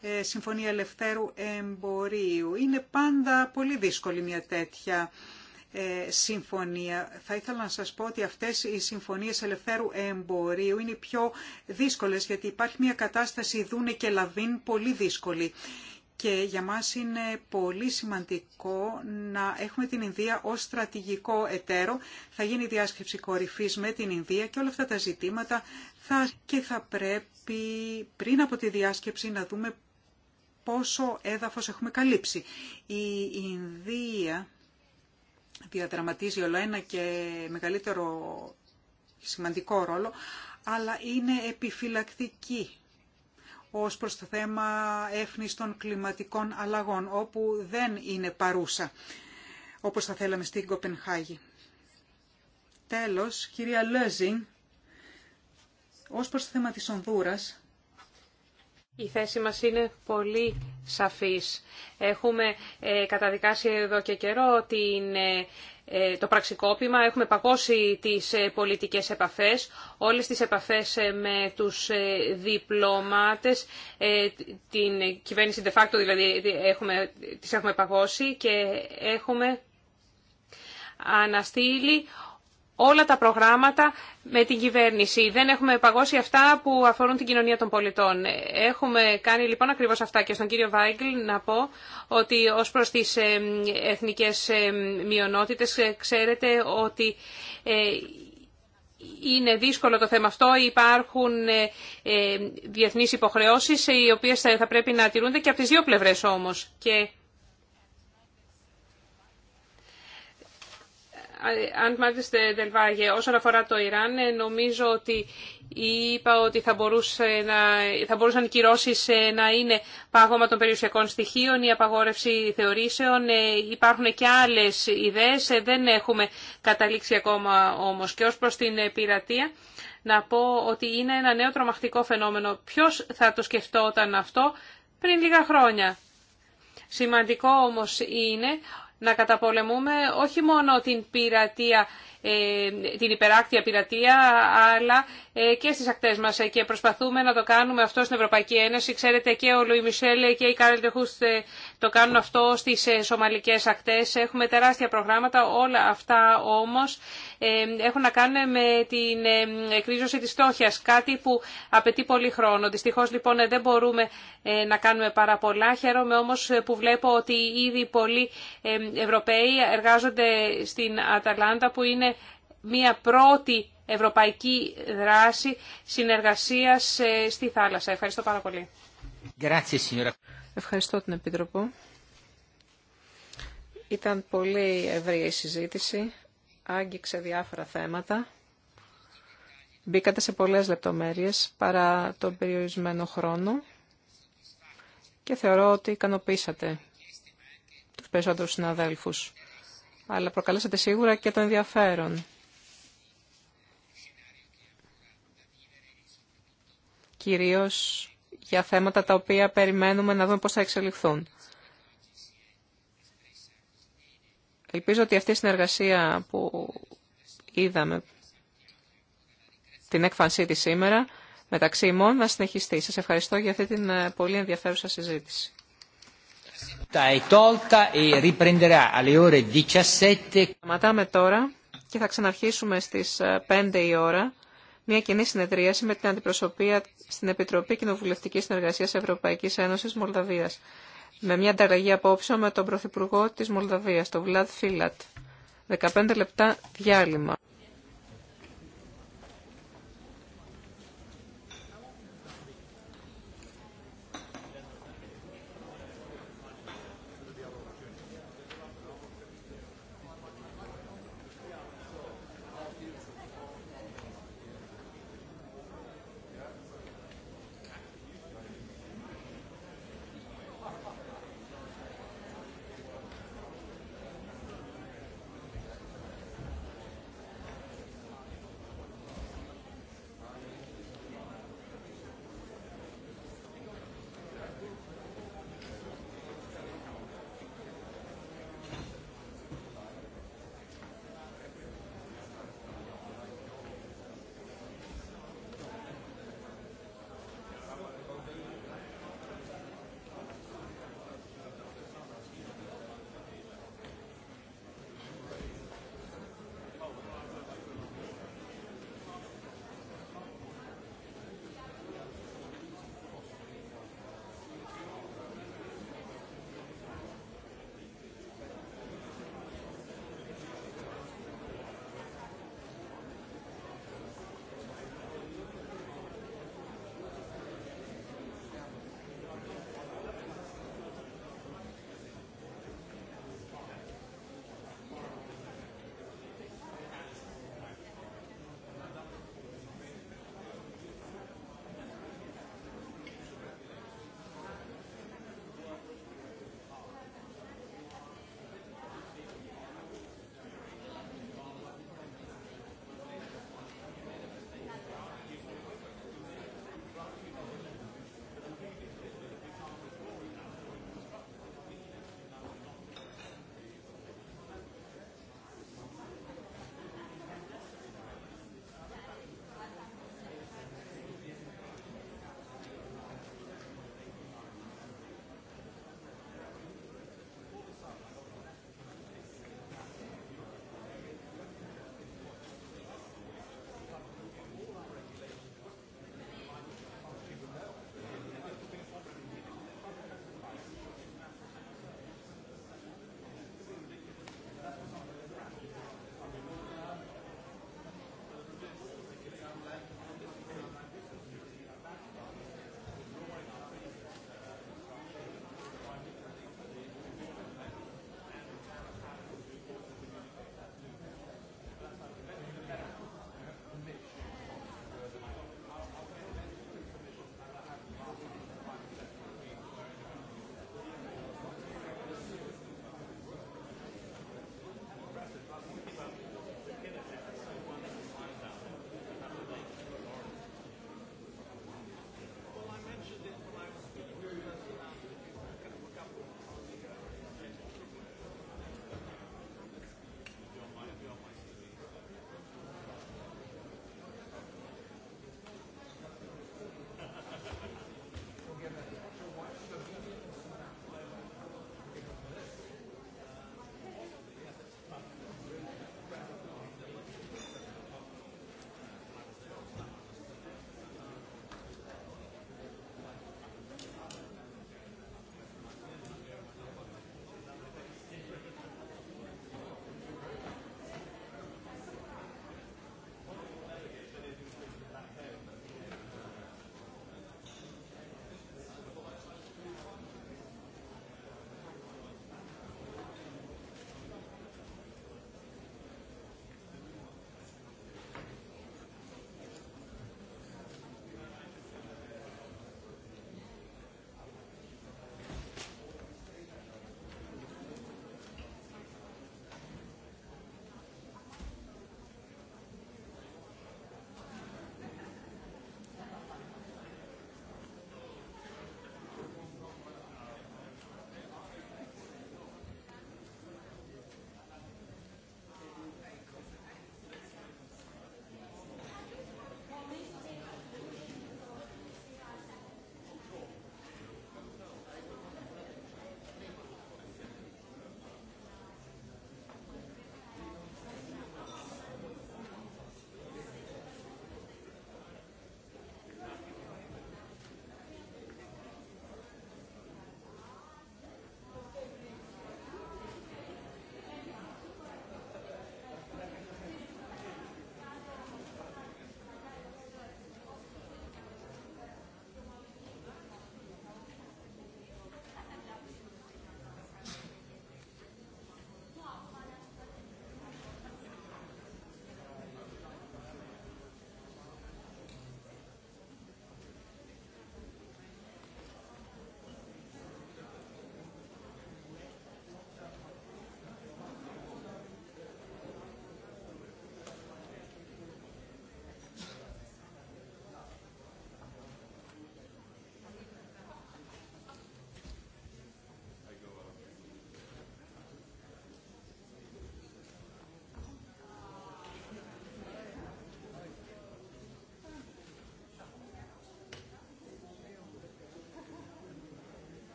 ε, Συμφωνία Ελευθέρου Εμπορίου, είναι πάντα πολύ δύσκολη μια τέτοια ε, συμφωνία. Θα ήθελα να σας πω ότι αυτές οι συμφωνίες ελευθέρου εμπορίου είναι πιο δύσκολες γιατί υπάρχει μια κατάσταση δούνε και λαβίν πολύ δύσκολη. Και για μας είναι πολύ σημαντικό να έχουμε την Ινδία ως στρατηγικό εταίρο. Θα γίνει διάσκεψη κορυφής με την Ινδία και όλα αυτά τα ζητήματα θα και θα πρέπει πριν από τη διάσκεψη να δούμε πόσο έδαφος έχουμε καλύψει. Η Ινδία διαδραματίζει όλο ένα και μεγαλύτερο σημαντικό ρόλο, αλλά είναι επιφυλακτική ως προς το θέμα έφνης των κλιματικών αλλαγών, όπου δεν είναι παρούσα, όπως θα θέλαμε στην Κοπενχάγη. Τέλος, κυρία Λέζιν, ως προς το θέμα της Ονδούρας, η θέση μας είναι πολύ σαφής. Έχουμε ε, καταδικάσει εδώ και καιρό την, ε, ε, το πραξικόπημα, έχουμε παγώσει τις ε, πολιτικές επαφές, όλες τις επαφές με τους διπλωμάτες, την κυβέρνηση de facto δηλαδή έχουμε, τις έχουμε παγώσει και έχουμε αναστείλει όλα τα προγράμματα με την κυβέρνηση. Δεν έχουμε παγώσει αυτά που αφορούν την κοινωνία των πολιτών. Έχουμε κάνει λοιπόν ακριβώς αυτά και στον κύριο Βάγκλ να πω ότι ως προς τις ε, εθνικές ε, μειονότητες ε, ξέρετε ότι είναι δύσκολο το θέμα αυτό. Υπάρχουν διεθνείς υποχρεώσεις οι οποίες θα πρέπει να τηρούνται και από τις δύο πλευρές όμως. Και Αν μάλιστα Δελβάγε, όσον αφορά το Ιράν, νομίζω ότι είπα ότι θα, μπορούσε να, θα μπορούσαν οι ε, να είναι πάγωμα των περιουσιακών στοιχείων, η απαγόρευση θεωρήσεων. Ε, υπάρχουν και άλλες ιδέες, ε, δεν έχουμε καταλήξει ακόμα όμως. Και ω προς την πειρατεία, να πω ότι είναι ένα νέο τρομακτικό φαινόμενο. Ποιο θα το σκεφτόταν αυτό πριν λίγα χρόνια. Σημαντικό όμως είναι να καταπολεμούμε όχι μόνο την πειρατεία ε, την υπεράκτια πειρατεία, αλλά ε, και στις ακτές μας ε, και προσπαθούμε να το κάνουμε αυτό στην Ευρωπαϊκή Ένωση. Ξέρετε και ο Λουί Μισελ και η Κάρελ Τεχούστ το κάνουν αυτό στις σομαλικές ακτές. Έχουμε τεράστια προγράμματα, όλα αυτά όμως έχουν να κάνουν με την εκρίζωση της στόχιας, κάτι που απαιτεί πολύ χρόνο. Δυστυχώς λοιπόν δεν μπορούμε να κάνουμε πάρα πολλά. Χαίρομαι όμως που βλέπω ότι ήδη πολλοί Ευρωπαίοι εργάζονται στην Αταλάντα που είναι μία πρώτη ευρωπαϊκή δράση συνεργασίας ε, στη θάλασσα. Ευχαριστώ πάρα πολύ. Ευχαριστώ την Επίτροπο. Ήταν πολύ ευρία η συζήτηση, άγγιξε διάφορα θέματα. Μπήκατε σε πολλές λεπτομέρειες παρά τον περιορισμένο χρόνο και θεωρώ ότι ικανοποίησατε τους περισσότερους συναδέλφους. Αλλά προκαλέσατε σίγουρα και τον ενδιαφέρον κυρίως για θέματα τα οποία περιμένουμε να δούμε πώς θα εξελιχθούν. Ελπίζω ότι αυτή η συνεργασία που είδαμε την έκφανσή της σήμερα μεταξύ ημών να συνεχιστεί. Σας ευχαριστώ για αυτή την ε, πολύ ενδιαφέρουσα συζήτηση. Ε, Σταματάμε τώρα και θα ξαναρχίσουμε στις 5 ε, η ώρα μια κοινή συνεδρίαση με την αντιπροσωπεία στην Επιτροπή Κοινοβουλευτική Συνεργασία Ευρωπαϊκή Ένωση Μολδαβία. Με μια ανταλλαγή απόψεων με τον Πρωθυπουργό τη Μολδαβία, τον Βλαντ Φίλατ. 15 λεπτά διάλειμμα.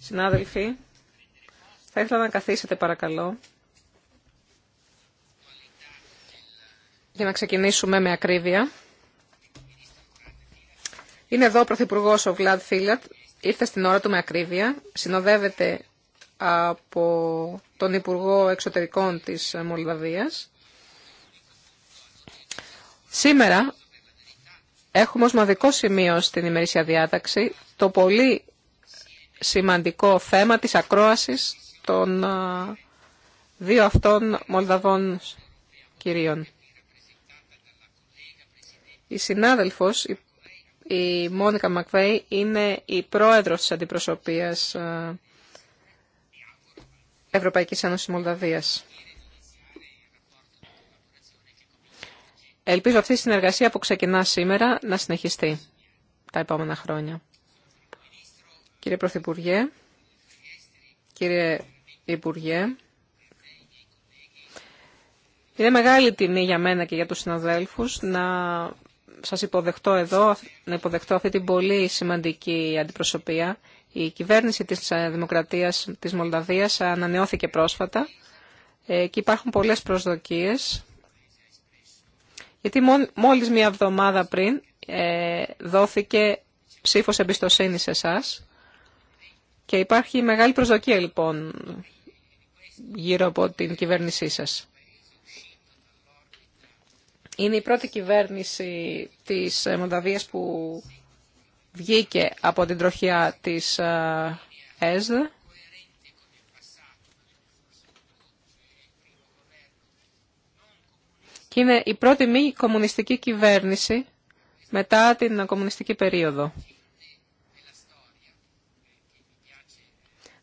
Συνάδελφοι, θα ήθελα να καθίσετε παρακαλώ για να ξεκινήσουμε με ακρίβεια. Είναι εδώ ο Πρωθυπουργό ο Βλάντ Φίλατ. Ήρθε στην ώρα του με ακρίβεια. Συνοδεύεται από τον Υπουργό Εξωτερικών της Μολδαβίας. Σήμερα Έχουμε ως μαδικό σημείο στην ημερήσια διάταξη το πολύ σημαντικό θέμα της ακρόασης των δύο αυτών Μολδαβών κυρίων. Η συνάδελφος, η Μόνικα Μακβέη, είναι η πρόεδρος της αντιπροσωπείας Ευρωπαϊκής Ένωσης Μολδαβίας. Ελπίζω αυτή η συνεργασία που ξεκινά σήμερα να συνεχιστεί τα επόμενα χρόνια. Κύριε Πρωθυπουργέ, κύριε Υπουργέ, είναι μεγάλη τιμή για μένα και για τους συναδέλφους να σας υποδεχτώ εδώ, να υποδεχτώ αυτή την πολύ σημαντική αντιπροσωπεία. Η κυβέρνηση της Δημοκρατίας της Μολδαβίας ανανεώθηκε πρόσφατα ε, και υπάρχουν πολλές προσδοκίες γιατί μόλις μία εβδομάδα πριν ε, δόθηκε ψήφος εμπιστοσύνη σε εσά και υπάρχει μεγάλη προσδοκία λοιπόν γύρω από την κυβέρνησή σας. Είναι η πρώτη κυβέρνηση της ε, Μονταβίας που βγήκε από την τροχιά της ε, ΕΣΔ. και είναι η πρώτη μη κομμουνιστική κυβέρνηση μετά την κομμουνιστική περίοδο.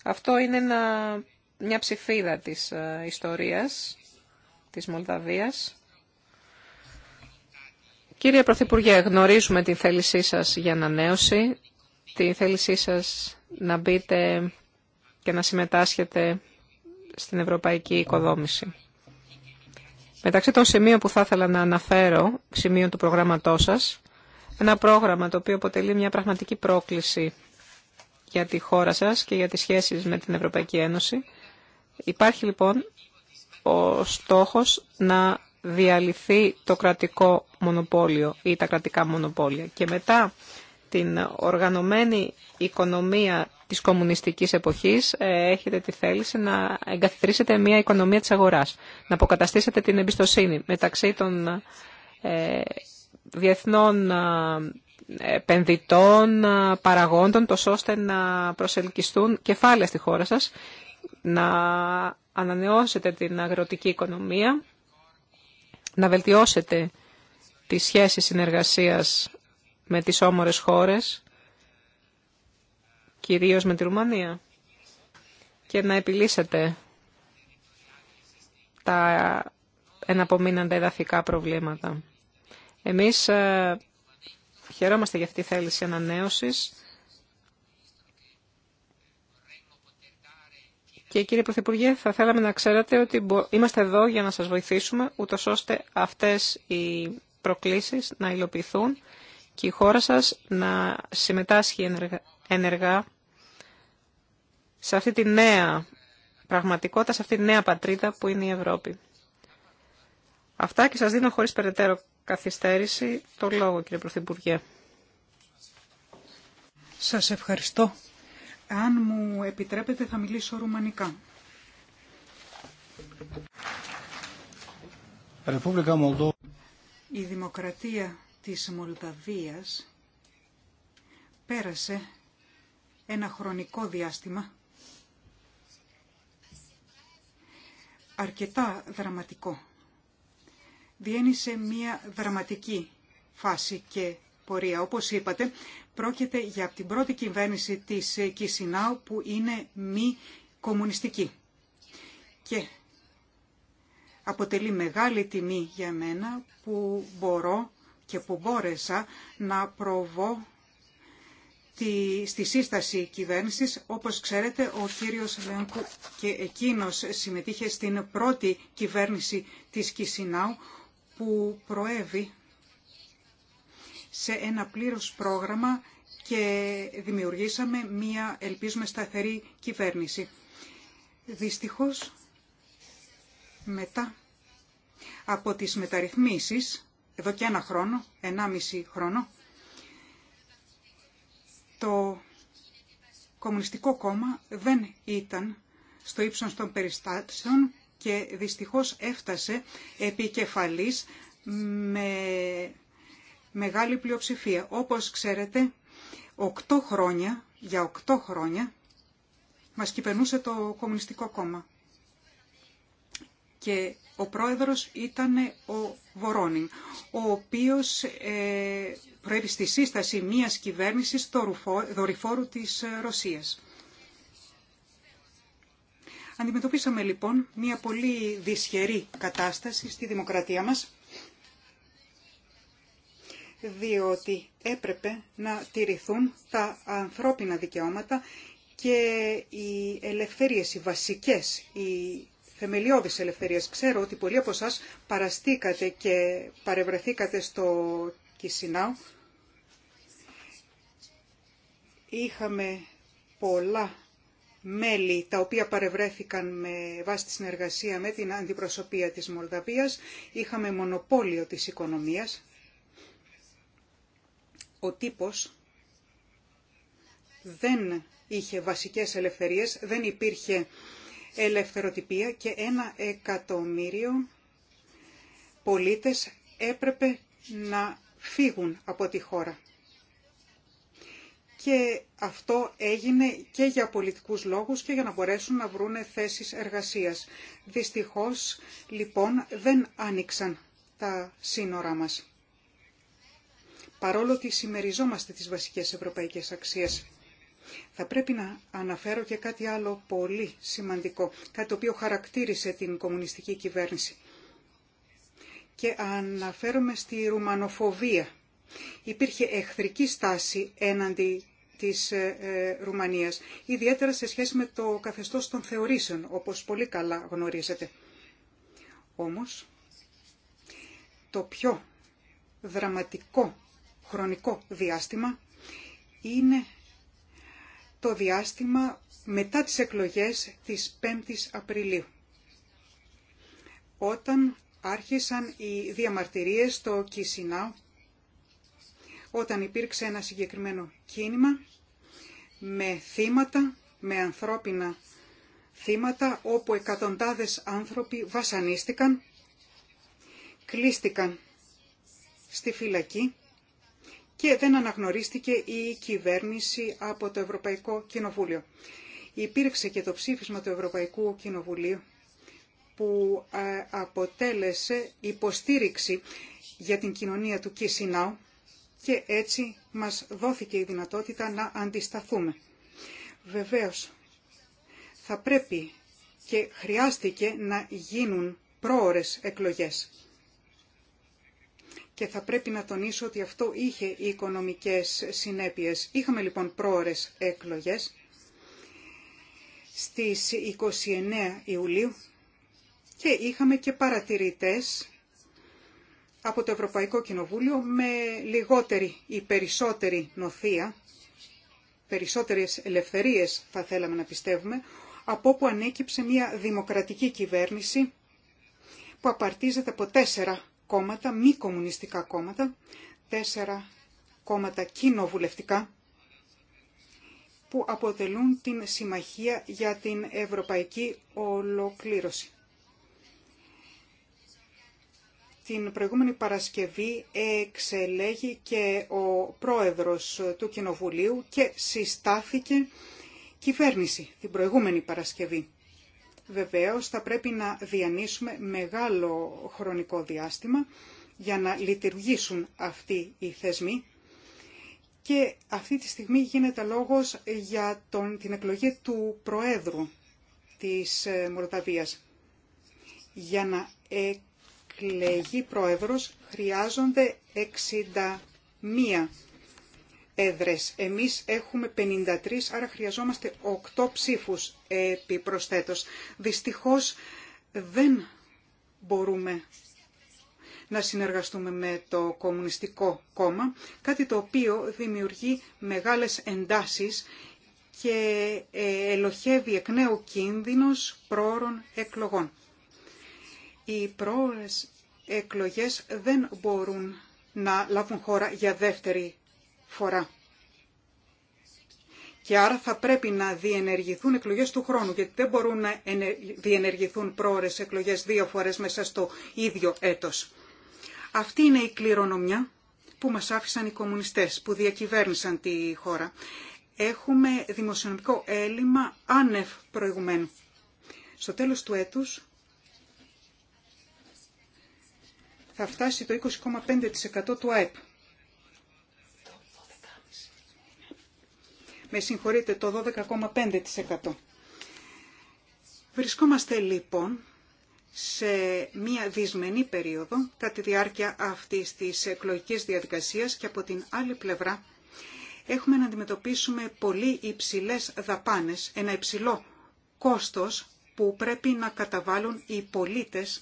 Αυτό είναι μια ψηφίδα της ε, ιστορίας της Μολδαβίας. Κύριε Πρωθυπουργέ, γνωρίζουμε την θέλησή σας για ανανέωση, την θέλησή σας να μπείτε και να συμμετάσχετε στην ευρωπαϊκή οικοδόμηση. Μεταξύ των σημείων που θα ήθελα να αναφέρω, σημείων του προγράμματός σας, ένα πρόγραμμα το οποίο αποτελεί μια πραγματική πρόκληση για τη χώρα σας και για τις σχέσεις με την Ευρωπαϊκή Ένωση. Υπάρχει λοιπόν ο στόχος να διαλυθεί το κρατικό μονοπόλιο ή τα κρατικά μονοπόλια. Και μετά την οργανωμένη οικονομία της κομμουνιστικής εποχής ε, έχετε τη θέληση να εγκαθιδρύσετε μια οικονομία της αγοράς, να αποκαταστήσετε την εμπιστοσύνη μεταξύ των ε, διεθνών ε, επενδυτών, παραγόντων, τόσο ώστε να προσελκυστούν κεφάλαια στη χώρα σας, να ανανεώσετε την αγροτική οικονομία, να βελτιώσετε τις σχέσεις συνεργασίας με τις όμορες χώρες, κυρίως με τη Ρουμανία, και να επιλύσετε τα εναπομείναντα εδαφικά προβλήματα. Εμείς ε, χαιρόμαστε για αυτή τη θέληση ανανέωσης και κύριε Πρωθυπουργέ θα θέλαμε να ξέρετε ότι είμαστε εδώ για να σας βοηθήσουμε ούτως ώστε αυτές οι προκλήσεις να υλοποιηθούν και η χώρα σας να συμμετάσχει ενεργά σε αυτή τη νέα πραγματικότητα, σε αυτή τη νέα πατρίδα που είναι η Ευρώπη. Αυτά και σας δίνω χωρίς περαιτέρω καθυστέρηση το λόγο κύριε Πρωθυπουργέ. Σας ευχαριστώ. Αν μου επιτρέπετε θα μιλήσω ρουμανικά. Η Δημοκρατία της Μολδαβίας πέρασε ένα χρονικό διάστημα αρκετά δραματικό. Διένυσε μία δραματική φάση και πορεία. Όπως είπατε, πρόκειται για την πρώτη κυβέρνηση της Κισινάου που είναι μη κομμουνιστική. Και αποτελεί μεγάλη τιμή για μένα που μπορώ και που μπόρεσα να προβώ τη, στη σύσταση κυβέρνησης. Όπως ξέρετε, ο κύριος Λέγκου και εκείνος συμμετείχε στην πρώτη κυβέρνηση της Κισινάου που προέβη σε ένα πλήρως πρόγραμμα και δημιουργήσαμε μία, ελπίζουμε, σταθερή κυβέρνηση. Δυστυχώς, μετά από τις μεταρρυθμίσεις εδώ και ένα χρόνο, ενάμιση χρόνο, το Κομμουνιστικό Κόμμα δεν ήταν στο ύψος των περιστάσεων και δυστυχώς έφτασε επικεφαλής με μεγάλη πλειοψηφία. Όπως ξέρετε, οκτώ χρόνια, για οκτώ χρόνια, μας κυβερνούσε το Κομμουνιστικό Κόμμα και ο πρόεδρος ήταν ο Βορόνιν, ο οποίος ε, προέβη στη σύσταση μιας κυβέρνησης δορυφόρου της ε, Ρωσίας. Αντιμετωπίσαμε λοιπόν μια πολύ δυσχερή κατάσταση στη δημοκρατία μας, διότι έπρεπε να τηρηθούν τα ανθρώπινα δικαιώματα και οι ελευθερίες, οι βασικές, οι θεμελιώδεις ελευθερίες. Ξέρω ότι πολλοί από εσά παραστήκατε και παρευρεθήκατε στο Κισινάου. Είχαμε πολλά μέλη τα οποία παρευρέθηκαν με βάση τη συνεργασία με την αντιπροσωπεία της Μολδαβίας. Είχαμε μονοπόλιο της οικονομίας. Ο τύπος δεν είχε βασικές ελευθερίες, δεν υπήρχε ελευθεροτυπία και ένα εκατομμύριο πολίτες έπρεπε να φύγουν από τη χώρα. Και αυτό έγινε και για πολιτικούς λόγους και για να μπορέσουν να βρουν θέσεις εργασίας. Δυστυχώς, λοιπόν, δεν άνοιξαν τα σύνορά μας. Παρόλο ότι συμμεριζόμαστε τις βασικές ευρωπαϊκές αξίες. Θα πρέπει να αναφέρω και κάτι άλλο πολύ σημαντικό, κάτι το οποίο χαρακτήρισε την κομμουνιστική κυβέρνηση. Και αναφέρομαι στη ρουμανοφοβία. Υπήρχε εχθρική στάση έναντι της ε, ε, Ρουμανίας, ιδιαίτερα σε σχέση με το καθεστώς των θεωρήσεων, όπως πολύ καλά γνωρίζετε. Όμως, το πιο δραματικό χρονικό διάστημα είναι το διάστημα μετά τις εκλογές της 5ης Απριλίου, όταν άρχισαν οι διαμαρτυρίες στο Κισινάου, όταν υπήρξε ένα συγκεκριμένο κίνημα με θύματα, με ανθρώπινα θύματα, όπου εκατοντάδες άνθρωποι βασανίστηκαν, κλείστηκαν στη φυλακή και δεν αναγνωρίστηκε η κυβέρνηση από το Ευρωπαϊκό Κοινοβούλιο. Υπήρξε και το ψήφισμα του Ευρωπαϊκού Κοινοβουλίου που ε, αποτέλεσε υποστήριξη για την κοινωνία του Κισινάου και έτσι μας δόθηκε η δυνατότητα να αντισταθούμε. Βεβαίως, θα πρέπει και χρειάστηκε να γίνουν πρόορες εκλογές και θα πρέπει να τονίσω ότι αυτό είχε οικονομικές συνέπειες. Είχαμε λοιπόν πρόορες εκλογές στις 29 Ιουλίου και είχαμε και παρατηρητές από το Ευρωπαϊκό Κοινοβούλιο με λιγότερη ή περισσότερη νοθεία, περισσότερες ελευθερίες θα θέλαμε να πιστεύουμε, από όπου ανέκυψε μια δημοκρατική κυβέρνηση που απαρτίζεται από τέσσερα κόμματα, μη κομμουνιστικά κόμματα, τέσσερα κόμματα κοινοβουλευτικά που αποτελούν την Συμμαχία για την Ευρωπαϊκή Ολοκλήρωση. Την προηγούμενη Παρασκευή εξελέγει και ο πρόεδρος του Κοινοβουλίου και συστάθηκε κυβέρνηση την προηγούμενη Παρασκευή. Βεβαίως θα πρέπει να διανύσουμε μεγάλο χρονικό διάστημα για να λειτουργήσουν αυτοί οι θεσμοί και αυτή τη στιγμή γίνεται λόγος για τον, την εκλογή του Προέδρου της ε, Μορδαβίας. Για να εκλεγεί Πρόεδρος χρειάζονται 61 έδρες. Εμείς έχουμε 53, άρα χρειαζόμαστε 8 ψήφους επιπροσθέτως. Δυστυχώς δεν μπορούμε να συνεργαστούμε με το Κομμουνιστικό Κόμμα, κάτι το οποίο δημιουργεί μεγάλες εντάσεις και ε, ελοχεύει εκ νέου κίνδυνος πρόωρων εκλογών. Οι πρόωρες εκλογές δεν μπορούν να λάβουν χώρα για δεύτερη φορά. Και άρα θα πρέπει να διενεργηθούν εκλογές του χρόνου, γιατί δεν μπορούν να διενεργηθούν πρόορες εκλογές δύο φορές μέσα στο ίδιο έτος. Αυτή είναι η κληρονομιά που μας άφησαν οι κομμουνιστές, που διακυβέρνησαν τη χώρα. Έχουμε δημοσιονομικό έλλειμμα άνευ προηγουμένου. Στο τέλος του έτους θα φτάσει το 20,5% του ΑΕΠ. με συγχωρείτε, το 12,5%. Βρισκόμαστε λοιπόν σε μία δυσμενή περίοδο κατά τη διάρκεια αυτής της εκλογικής διαδικασίας και από την άλλη πλευρά έχουμε να αντιμετωπίσουμε πολύ υψηλές δαπάνες, ένα υψηλό κόστος που πρέπει να καταβάλουν οι πολίτες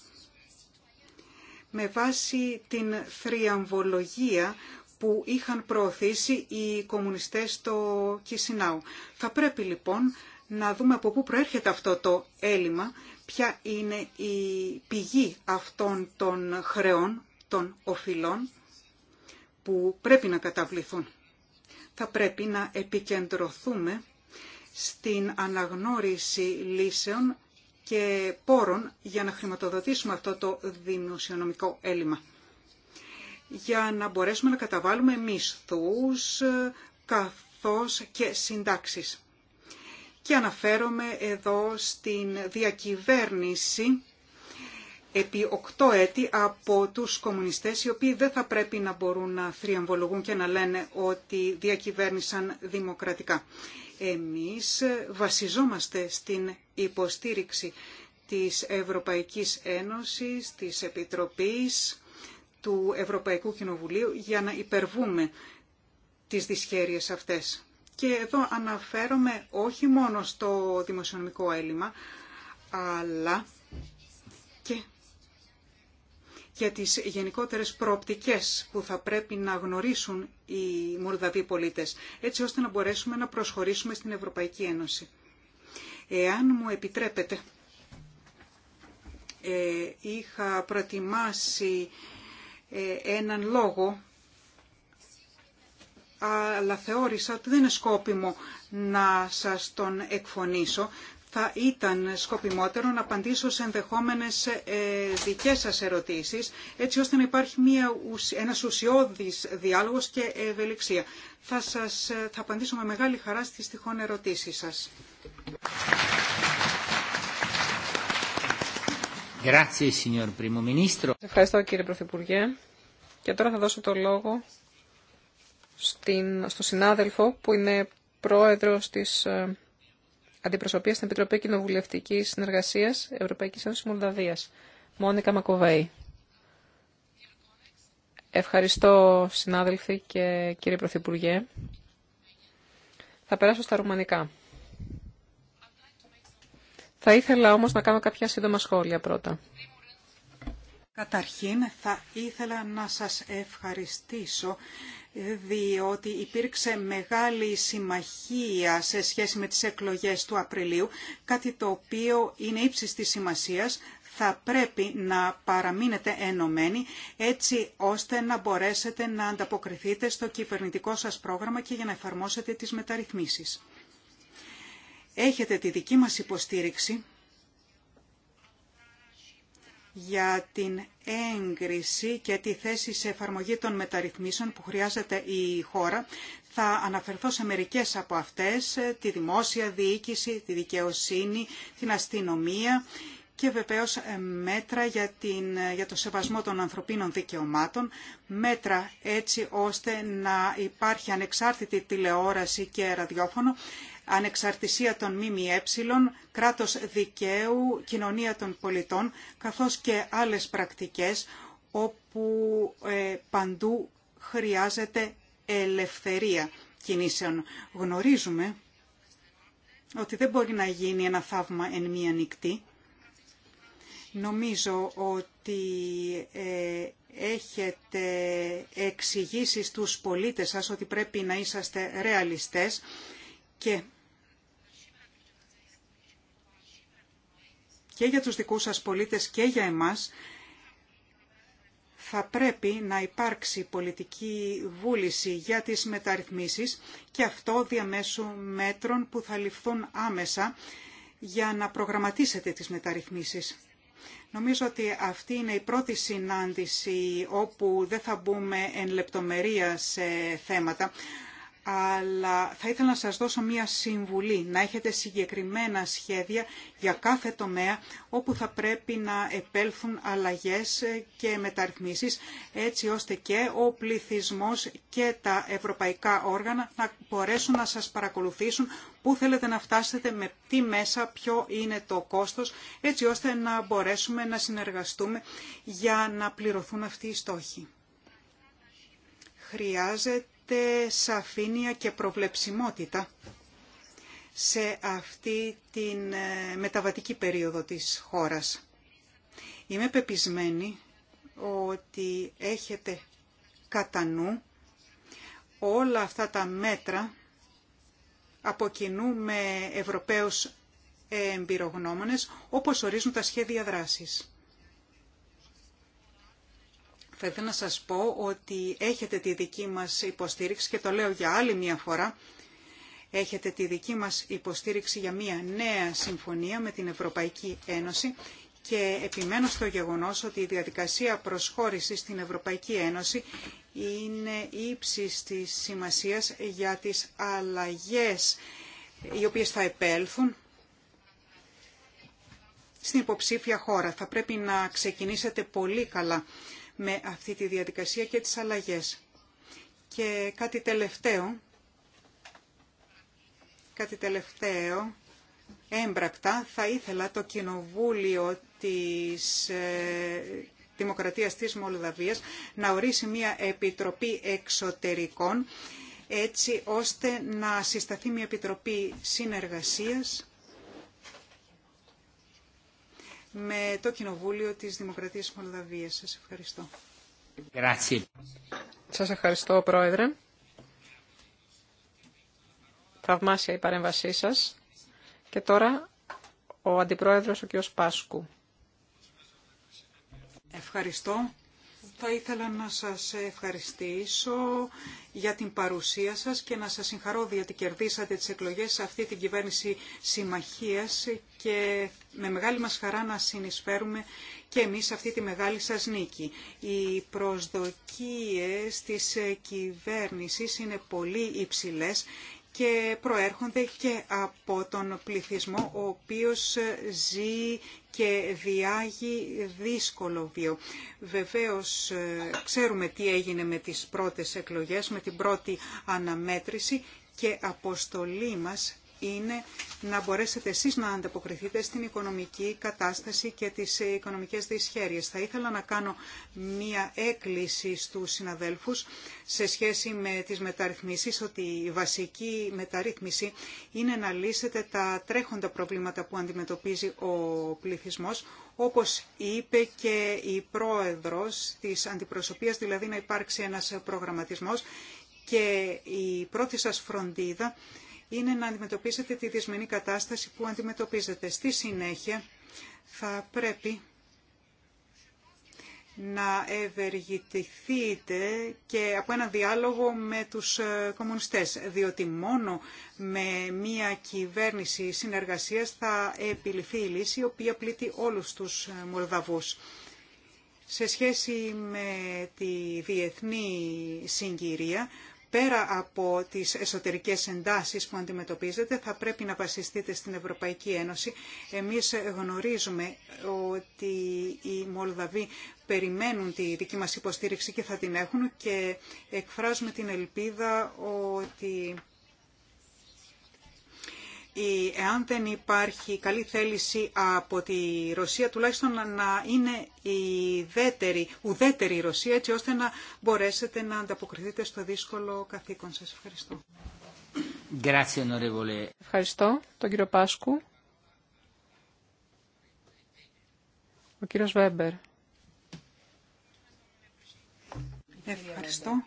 με βάση την θριαμβολογία που είχαν προωθήσει οι κομμουνιστές στο Κισινάου. Θα πρέπει λοιπόν να δούμε από πού προέρχεται αυτό το έλλειμμα, ποια είναι η πηγή αυτών των χρεών, των οφειλών που πρέπει να καταβληθούν. Θα πρέπει να επικεντρωθούμε στην αναγνώριση λύσεων και πόρων για να χρηματοδοτήσουμε αυτό το δημοσιονομικό έλλειμμα για να μπορέσουμε να καταβάλουμε μισθούς ε, καθώς και συντάξεις. Και αναφέρομαι εδώ στην διακυβέρνηση επί 8 έτη από τους κομμουνιστές οι οποίοι δεν θα πρέπει να μπορούν να θριαμβολογούν και να λένε ότι διακυβέρνησαν δημοκρατικά. Εμείς βασιζόμαστε στην υποστήριξη της Ευρωπαϊκής Ένωσης, της Επιτροπής του Ευρωπαϊκού Κοινοβουλίου για να υπερβούμε τις δυσχέρειες αυτές. Και εδώ αναφέρομαι όχι μόνο στο δημοσιονομικό έλλειμμα, αλλά και για τις γενικότερες προοπτικές που θα πρέπει να γνωρίσουν οι Μολδαβοί πολίτες, έτσι ώστε να μπορέσουμε να προσχωρήσουμε στην Ευρωπαϊκή Ένωση. Εάν μου επιτρέπετε, ε, είχα προετοιμάσει ε, έναν λόγο, αλλά θεώρησα ότι δεν είναι σκόπιμο να σας τον εκφωνήσω. Θα ήταν σκοπιμότερο να απαντήσω σε ενδεχόμενες ε, δικές σας ερωτήσεις, έτσι ώστε να υπάρχει μια, ένας ουσιώδης διάλογος και ευελιξία. Θα, σας, ε, θα απαντήσω με μεγάλη χαρά στις τυχόν ερωτήσεις σας. Ευχαριστώ κύριε Πρωθυπουργέ. Και τώρα θα δώσω το λόγο στον στο συνάδελφο που είναι πρόεδρος της ε, Αντιπροσωπείας στην Επιτροπή Κοινοβουλευτικής Συνεργασίας Ευρωπαϊκής Ένωσης Μολδαβίας, Μόνικα Μακοβέη. Ευχαριστώ συνάδελφοι και κύριε Πρωθυπουργέ. Θα περάσω στα ρουμανικά. Θα ήθελα όμως να κάνω κάποια σύντομα σχόλια πρώτα. Καταρχήν θα ήθελα να σας ευχαριστήσω διότι υπήρξε μεγάλη συμμαχία σε σχέση με τις εκλογές του Απριλίου, κάτι το οποίο είναι ύψης της σημασίας, θα πρέπει να παραμείνετε ενωμένοι έτσι ώστε να μπορέσετε να ανταποκριθείτε στο κυβερνητικό σας πρόγραμμα και για να εφαρμόσετε τις μεταρρυθμίσεις έχετε τη δική μας υποστήριξη για την έγκριση και τη θέση σε εφαρμογή των μεταρρυθμίσεων που χρειάζεται η χώρα. Θα αναφερθώ σε μερικές από αυτές, τη δημόσια διοίκηση, τη δικαιοσύνη, την αστυνομία και βεβαίως μέτρα για, την, για το σεβασμό των ανθρωπίνων δικαιωμάτων, μέτρα έτσι ώστε να υπάρχει ανεξάρτητη τηλεόραση και ραδιόφωνο, ανεξαρτησία των ΜΜΕ, κράτος δικαίου, κοινωνία των πολιτών, καθώς και άλλες πρακτικές όπου ε, παντού χρειάζεται ελευθερία κινήσεων. Γνωρίζουμε ότι δεν μπορεί να γίνει ένα θαύμα εν μία νυχτή. Νομίζω ότι ε, έχετε εξηγήσει στους πολίτες σας ότι πρέπει να είσαστε ρεαλιστές και και για τους δικούς σας πολίτες και για εμάς, θα πρέπει να υπάρξει πολιτική βούληση για τις μεταρρυθμίσεις και αυτό διαμέσου μέτρων που θα ληφθούν άμεσα για να προγραμματίσετε τις μεταρρυθμίσεις. Νομίζω ότι αυτή είναι η πρώτη συνάντηση όπου δεν θα μπούμε εν λεπτομερία σε θέματα, αλλά θα ήθελα να σας δώσω μία συμβουλή, να έχετε συγκεκριμένα σχέδια για κάθε τομέα όπου θα πρέπει να επέλθουν αλλαγές και μεταρρυθμίσεις, έτσι ώστε και ο πληθυσμός και τα ευρωπαϊκά όργανα να μπορέσουν να σας παρακολουθήσουν πού θέλετε να φτάσετε, με τι μέσα, ποιο είναι το κόστος, έτσι ώστε να μπορέσουμε να συνεργαστούμε για να πληρωθούν αυτοί οι στόχοι χρειάζεται χρειάζεται σαφήνεια και προβλεψιμότητα σε αυτή την ε, μεταβατική περίοδο της χώρας. Είμαι πεπισμένη ότι έχετε κατά νου όλα αυτά τα μέτρα από κοινού με Ευρωπαίους εμπειρογνώμονες, όπως ορίζουν τα σχέδια δράσης. Θα ήθελα να σας πω ότι έχετε τη δική μας υποστήριξη και το λέω για άλλη μια φορά. Έχετε τη δική μας υποστήριξη για μια νέα συμφωνία με την Ευρωπαϊκή Ένωση και επιμένω στο γεγονός ότι η διαδικασία προσχώρησης στην Ευρωπαϊκή Ένωση είναι ύψη της σημασίας για τις αλλαγές οι οποίες θα επέλθουν στην υποψήφια χώρα. Θα πρέπει να ξεκινήσετε πολύ καλά με αυτή τη διαδικασία και τις αλλαγές. Και κάτι τελευταίο, κάτι τελευταίο, έμπρακτα, θα ήθελα το Κοινοβούλιο της ε, Δημοκρατίας της Μολδαβίας να ορίσει μια επιτροπή εξωτερικών έτσι ώστε να συσταθεί μια επιτροπή συνεργασίας με το Κοινοβούλιο της Δημοκρατίας της Μολδαβίας. Σας ευχαριστώ. Σας ευχαριστώ, Πρόεδρε. Θαυμάσια η παρέμβασή σας. Και τώρα ο Αντιπρόεδρος, ο κ. Πάσκου. Ευχαριστώ θα ήθελα να σας ευχαριστήσω για την παρουσία σας και να σας συγχαρώ διότι κερδίσατε τις εκλογές σε αυτή την κυβέρνηση συμμαχίας και με μεγάλη μας χαρά να συνεισφέρουμε και εμείς αυτή τη μεγάλη σας νίκη. Οι προσδοκίες της κυβέρνησης είναι πολύ υψηλές και προέρχονται και από τον πληθυσμό ο οποίος ζει και διάγει δύσκολο βίο. Βεβαίως ε, ξέρουμε τι έγινε με τις πρώτες εκλογές, με την πρώτη αναμέτρηση και αποστολή μας είναι να μπορέσετε εσείς να ανταποκριθείτε στην οικονομική κατάσταση και τις ε, οικονομικές δυσχέρειες. Θα ήθελα να κάνω μία έκκληση στους συναδέλφους σε σχέση με τις μεταρρυθμίσεις, ότι η βασική μεταρρύθμιση είναι να λύσετε τα τρέχοντα προβλήματα που αντιμετωπίζει ο πληθυσμός, όπως είπε και η πρόεδρος της αντιπροσωπείας, δηλαδή να υπάρξει ένας προγραμματισμός και η πρώτη σας φροντίδα είναι να αντιμετωπίσετε τη δυσμενή κατάσταση που αντιμετωπίζετε. Στη συνέχεια θα πρέπει να ευεργητηθείτε και από ένα διάλογο με τους ε, κομμουνιστές, διότι μόνο με μια κυβέρνηση συνεργασίας θα επιληθεί η λύση, η οποία πλήττει όλους τους ε, Μολδαβούς. Σε σχέση με τη διεθνή συγκυρία, πέρα από τις εσωτερικές εντάσεις που αντιμετωπίζετε, θα πρέπει να βασιστείτε στην Ευρωπαϊκή Ένωση. Εμείς γνωρίζουμε ότι οι Μολδαβοί περιμένουν τη δική μας υποστήριξη και θα την έχουν και εκφράζουμε την ελπίδα ότι εάν δεν υπάρχει καλή θέληση από τη Ρωσία, τουλάχιστον να είναι η δέτερη, ουδέτερη η Ρωσία, έτσι ώστε να μπορέσετε να ανταποκριθείτε στο δύσκολο καθήκον σας. Ευχαριστώ. Ευχαριστώ τον κύριο Πάσκου. Ο κύριος Βέμπερ. Ευχαριστώ.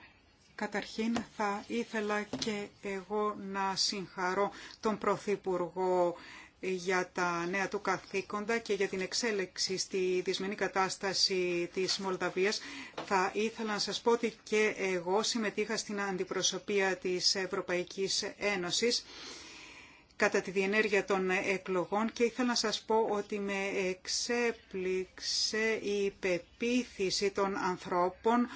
Καταρχήν θα ήθελα και εγώ να συγχαρώ τον Πρωθυπουργό για τα νέα του καθήκοντα και για την εξέλιξη στη δυσμενή κατάσταση της Μολδαβίας. Θα ήθελα να σας πω ότι και εγώ συμμετείχα στην αντιπροσωπεία της Ευρωπαϊκής Ένωσης κατά τη διενέργεια των εκλογών και ήθελα να σας πω ότι με εξέπληξε η υπεποίθηση των ανθρώπων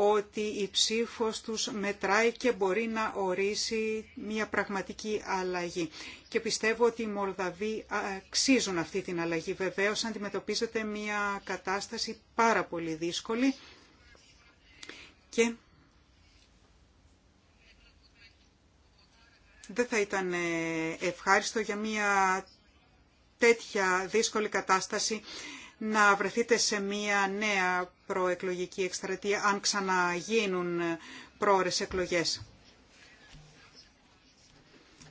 ότι η ψήφος τους μετράει και μπορεί να ορίσει μια πραγματική αλλαγή. Και πιστεύω ότι οι Μολδαβοί αξίζουν αυτή την αλλαγή. Βεβαίως αντιμετωπίζεται μια κατάσταση πάρα πολύ δύσκολη και δεν θα ήταν ε, ευχάριστο για μια τέτοια δύσκολη κατάσταση να βρεθείτε σε μία νέα προεκλογική εκστρατεία αν ξαναγίνουν πρόορες εκλογές.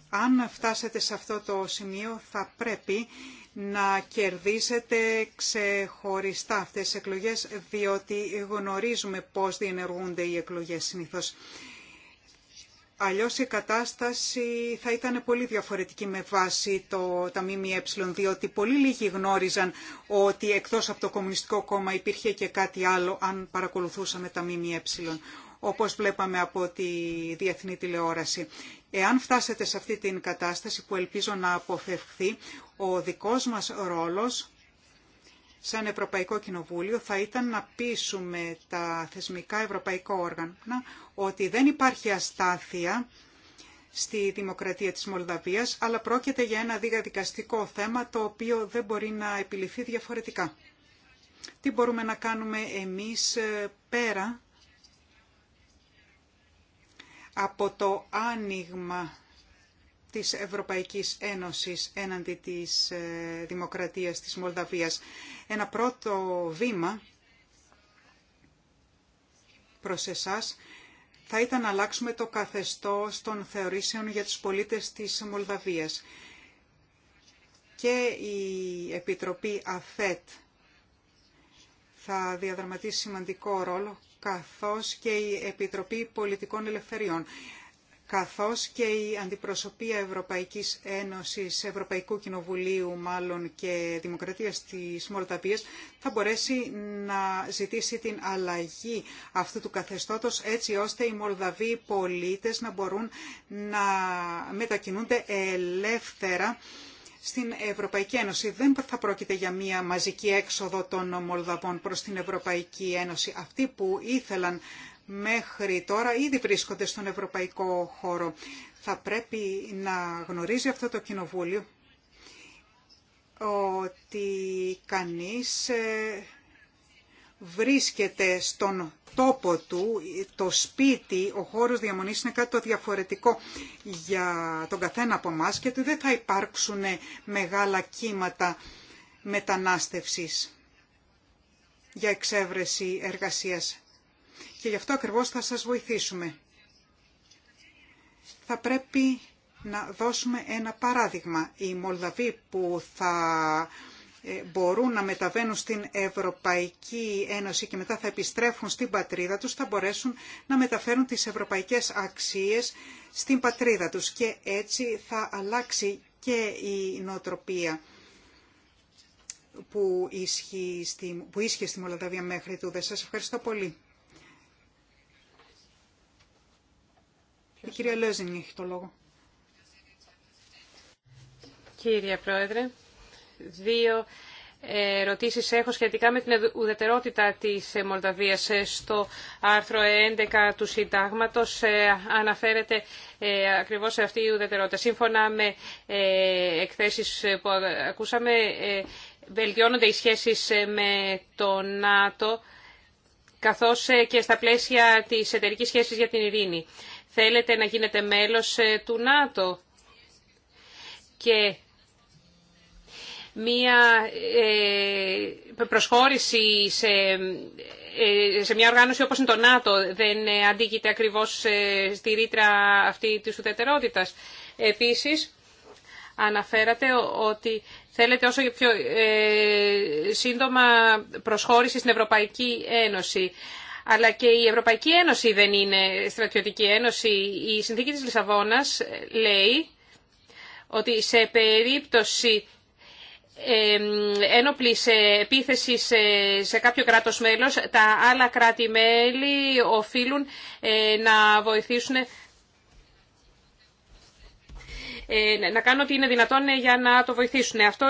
Αν φτάσετε σε αυτό το σημείο θα πρέπει να κερδίσετε ξεχωριστά αυτές τις εκλογές διότι γνωρίζουμε πώς διενεργούνται οι εκλογές συνήθως. Αλλιώς η κατάσταση θα ήταν πολύ διαφορετική με βάση το, τα ΜΜΕ, διότι πολύ λίγοι γνώριζαν ότι εκτός από το Κομμουνιστικό Κόμμα υπήρχε και κάτι άλλο αν παρακολουθούσαμε τα ΜΜΕ, όπως βλέπαμε από τη διεθνή τηλεόραση. Εάν φτάσετε σε αυτή την κατάσταση που ελπίζω να αποφευχθεί, ο δικός μας ρόλος σαν Ευρωπαϊκό Κοινοβούλιο θα ήταν να πείσουμε τα θεσμικά ευρωπαϊκά όργανα ότι δεν υπάρχει αστάθεια στη δημοκρατία της Μολδαβίας, αλλά πρόκειται για ένα διαδικαστικό θέμα το οποίο δεν μπορεί να επιληθεί διαφορετικά. Τι μπορούμε να κάνουμε εμείς ε, πέρα από το άνοιγμα της Ευρωπαϊκής Ένωσης έναντι της ε, Δημοκρατίας της Μολδαβίας. Ένα πρώτο βήμα προς εσάς θα ήταν να αλλάξουμε το καθεστώς των θεωρήσεων για τους πολίτες της Μολδαβίας. Και η Επιτροπή ΑΘΕΤ θα διαδραματίσει σημαντικό ρόλο, καθώς και η Επιτροπή Πολιτικών Ελευθεριών καθώς και η αντιπροσωπεία Ευρωπαϊκής Ένωσης, Ευρωπαϊκού Κοινοβουλίου μάλλον και Δημοκρατίας της Μολδαβίας θα μπορέσει να ζητήσει την αλλαγή αυτού του καθεστώτος έτσι ώστε οι Μολδαβοί πολίτες να μπορούν να μετακινούνται ελεύθερα στην Ευρωπαϊκή Ένωση. Δεν θα πρόκειται για μια μαζική έξοδο των Μολδαβών προς την Ευρωπαϊκή Ένωση. Αυτοί που ήθελαν μέχρι τώρα ήδη βρίσκονται στον ευρωπαϊκό χώρο. Θα πρέπει να γνωρίζει αυτό το κοινοβούλιο ότι κανείς ε, βρίσκεται στον τόπο του, το σπίτι, ο χώρος διαμονής είναι κάτι το διαφορετικό για τον καθένα από εμά και ότι δεν θα υπάρξουν μεγάλα κύματα μετανάστευσης για εξέβρεση εργασίας και γι' αυτό ακριβώς θα σας βοηθήσουμε. Θα πρέπει να δώσουμε ένα παράδειγμα. Οι Μολδαβοί που θα ε, μπορούν να μεταβαίνουν στην Ευρωπαϊκή Ένωση και μετά θα επιστρέφουν στην πατρίδα τους, θα μπορέσουν να μεταφέρουν τις ευρωπαϊκές αξίες στην πατρίδα τους και έτσι θα αλλάξει και η νοοτροπία που ίσχυε στη, στη Μολδαβία μέχρι τούδε. Σας ευχαριστώ πολύ. Η κυρία Λέζιν έχει το λόγο. Κύριε Πρόεδρε, δύο ερωτήσεις έχω σχετικά με την ουδετερότητα της Μολδαβίας. Στο άρθρο 11 του Συντάγματος ε, αναφέρεται ε, ακριβώς αυτή η ουδετερότητα. Σύμφωνα με ε, εκθέσεις που ακούσαμε, βελτιώνονται οι σχέσεις με το ΝΑΤΟ καθώς και στα πλαίσια της εταιρικής σχέσης για την ειρήνη. Θέλετε να γίνετε μέλος ε, του ΝΑΤΟ. Και μία ε, προσχώρηση σε, ε, σε μια οργάνωση όπως είναι το ΝΑΤΟ δεν αντίκειται ακριβώς στη ρήτρα αυτή της ουδετερότητας. Επίσης, αναφέρατε ότι θέλετε όσο πιο σύντομα προσχώρηση στην Ευρωπαϊκή Ένωση αλλά και η Ευρωπαϊκή Ένωση δεν είναι στρατιωτική ένωση. Η συνθήκη της Λισαβόνας λέει ότι σε περίπτωση ένοπλης επίθεσης σε κάποιο κράτος μέλος, τα άλλα κράτη-μέλη οφείλουν ε, να βοηθήσουν ε, να κάνουν ό,τι είναι δυνατόν ε, για να το βοηθήσουν. Αυτό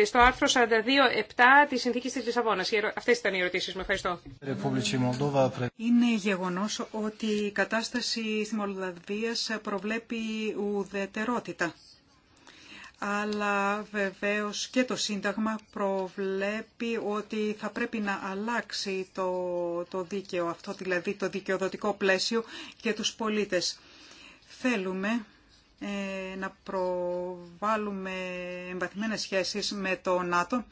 ε, στο άρθρο 42.7 τη συνθήκη της Λισαβόνα. Αυτές ήταν οι ερωτήσει. μου. Ευχαριστώ. Είναι γεγονό ότι η κατάσταση στη Μολδαβία προβλέπει ουδετερότητα αλλά βεβαίως και το Σύνταγμα προβλέπει ότι θα πρέπει να αλλάξει το, το δίκαιο αυτό, δηλαδή το δικαιοδοτικό πλαίσιο για τους πολίτες. Θέλουμε ε, να προβάλλουμε εμβαθυμένες σχέσεις με το ΝΑΤΟ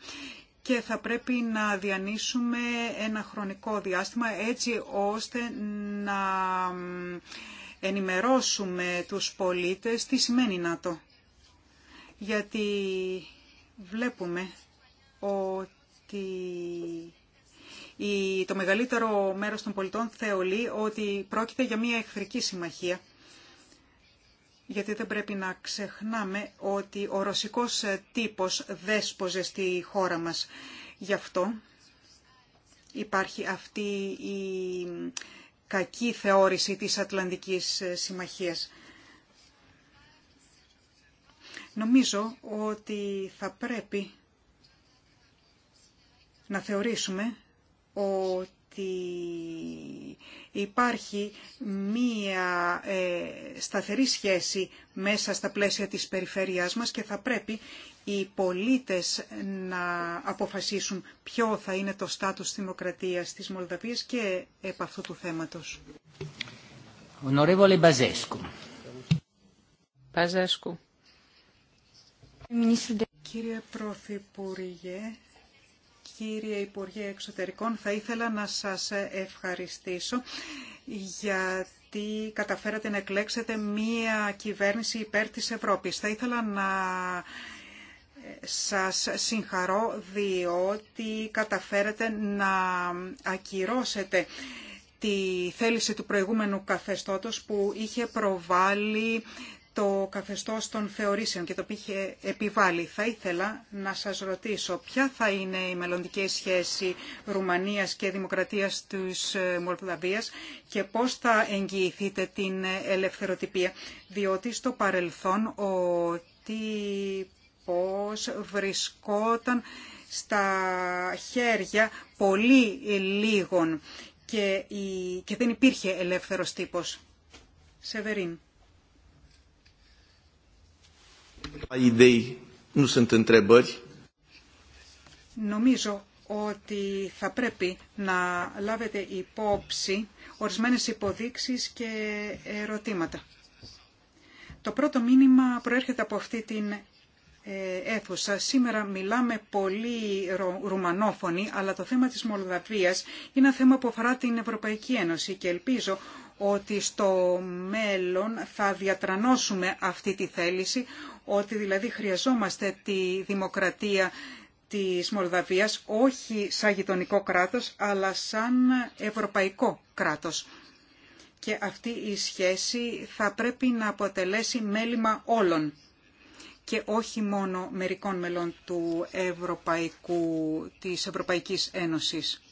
και θα πρέπει να διανύσουμε ένα χρονικό διάστημα έτσι ώστε να ενημερώσουμε τους πολίτες τι σημαίνει ΝΑΤΟ. Γιατί βλέπουμε ότι το μεγαλύτερο μέρος των πολιτών θεωρεί ότι πρόκειται για μια εχθρική συμμαχία γιατί δεν πρέπει να ξεχνάμε ότι ο ρωσικός ε, τύπος δέσποζε στη χώρα μας. Γι' αυτό υπάρχει αυτή η κακή θεώρηση της Ατλαντικής ε, Συμμαχίας. Νομίζω ότι θα πρέπει να θεωρήσουμε ότι ότι υπάρχει μία ε, σταθερή σχέση μέσα στα πλαίσια της περιφέρειάς μας και θα πρέπει οι πολίτες να αποφασίσουν ποιο θα είναι το στάτους δημοκρατίας της Μολδαβίας και επ' αυτού του θέματος. Κύριε Πρωθυπουργέ, Κύριε Υπουργέ Εξωτερικών, θα ήθελα να σας ευχαριστήσω γιατί καταφέρατε να εκλέξετε μία κυβέρνηση υπέρ της Ευρώπης. Θα ήθελα να σας συγχαρώ διότι καταφέρατε να ακυρώσετε τη θέληση του προηγούμενου καθεστώτος που είχε προβάλει το καθεστώς των θεωρήσεων και το οποίο είχε επιβάλει. Θα ήθελα να σας ρωτήσω ποια θα είναι η μελλοντική σχέση Ρουμανίας και Δημοκρατίας της ε, Μολδαβίας και πώς θα εγγυηθείτε την ελευθεροτυπία, διότι στο παρελθόν ο τύπος βρισκόταν στα χέρια πολύ λίγων και, και δεν υπήρχε ελεύθερος τύπος. Σεβερίν. Νομίζω ότι θα πρέπει να λάβετε υπόψη ορισμένες υποδείξεις και ερωτήματα. Το πρώτο μήνυμα προέρχεται από αυτή την ε, αίθουσα. Σήμερα μιλάμε πολύ ρουμανόφωνοι, αλλά το θέμα της Μολδαβίας είναι ένα θέμα που αφορά την Ευρωπαϊκή Ένωση και ελπίζω ότι στο μέλλον θα διατρανώσουμε αυτή τη θέληση ότι δηλαδή χρειαζόμαστε τη δημοκρατία της Μολδαβίας όχι σαν γειτονικό κράτος αλλά σαν ευρωπαϊκό κράτος. Και αυτή η σχέση θα πρέπει να αποτελέσει μέλημα όλων και όχι μόνο μερικών μελών του Ευρωπαϊκού, της Ευρωπαϊκής Ένωσης.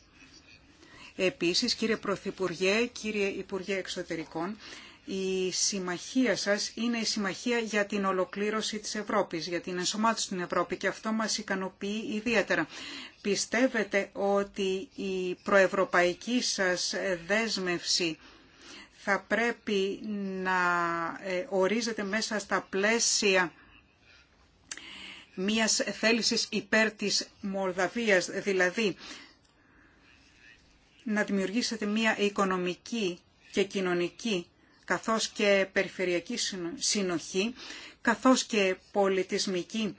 Επίσης, κύριε Πρωθυπουργέ, κύριε Υπουργέ Εξωτερικών, η συμμαχία σας είναι η συμμαχία για την ολοκλήρωση της Ευρώπης, για την ενσωμάτωση στην Ευρώπη και αυτό μας ικανοποιεί ιδιαίτερα. Πιστεύετε ότι η προευρωπαϊκή σας δέσμευση θα πρέπει να ε, ορίζεται μέσα στα πλαίσια μιας θέλησης υπέρ της Μολδαβίας, δηλαδή να δημιουργήσετε μια οικονομική και κοινωνική καθώς και περιφερειακή συνοχή, καθώς και πολιτισμική,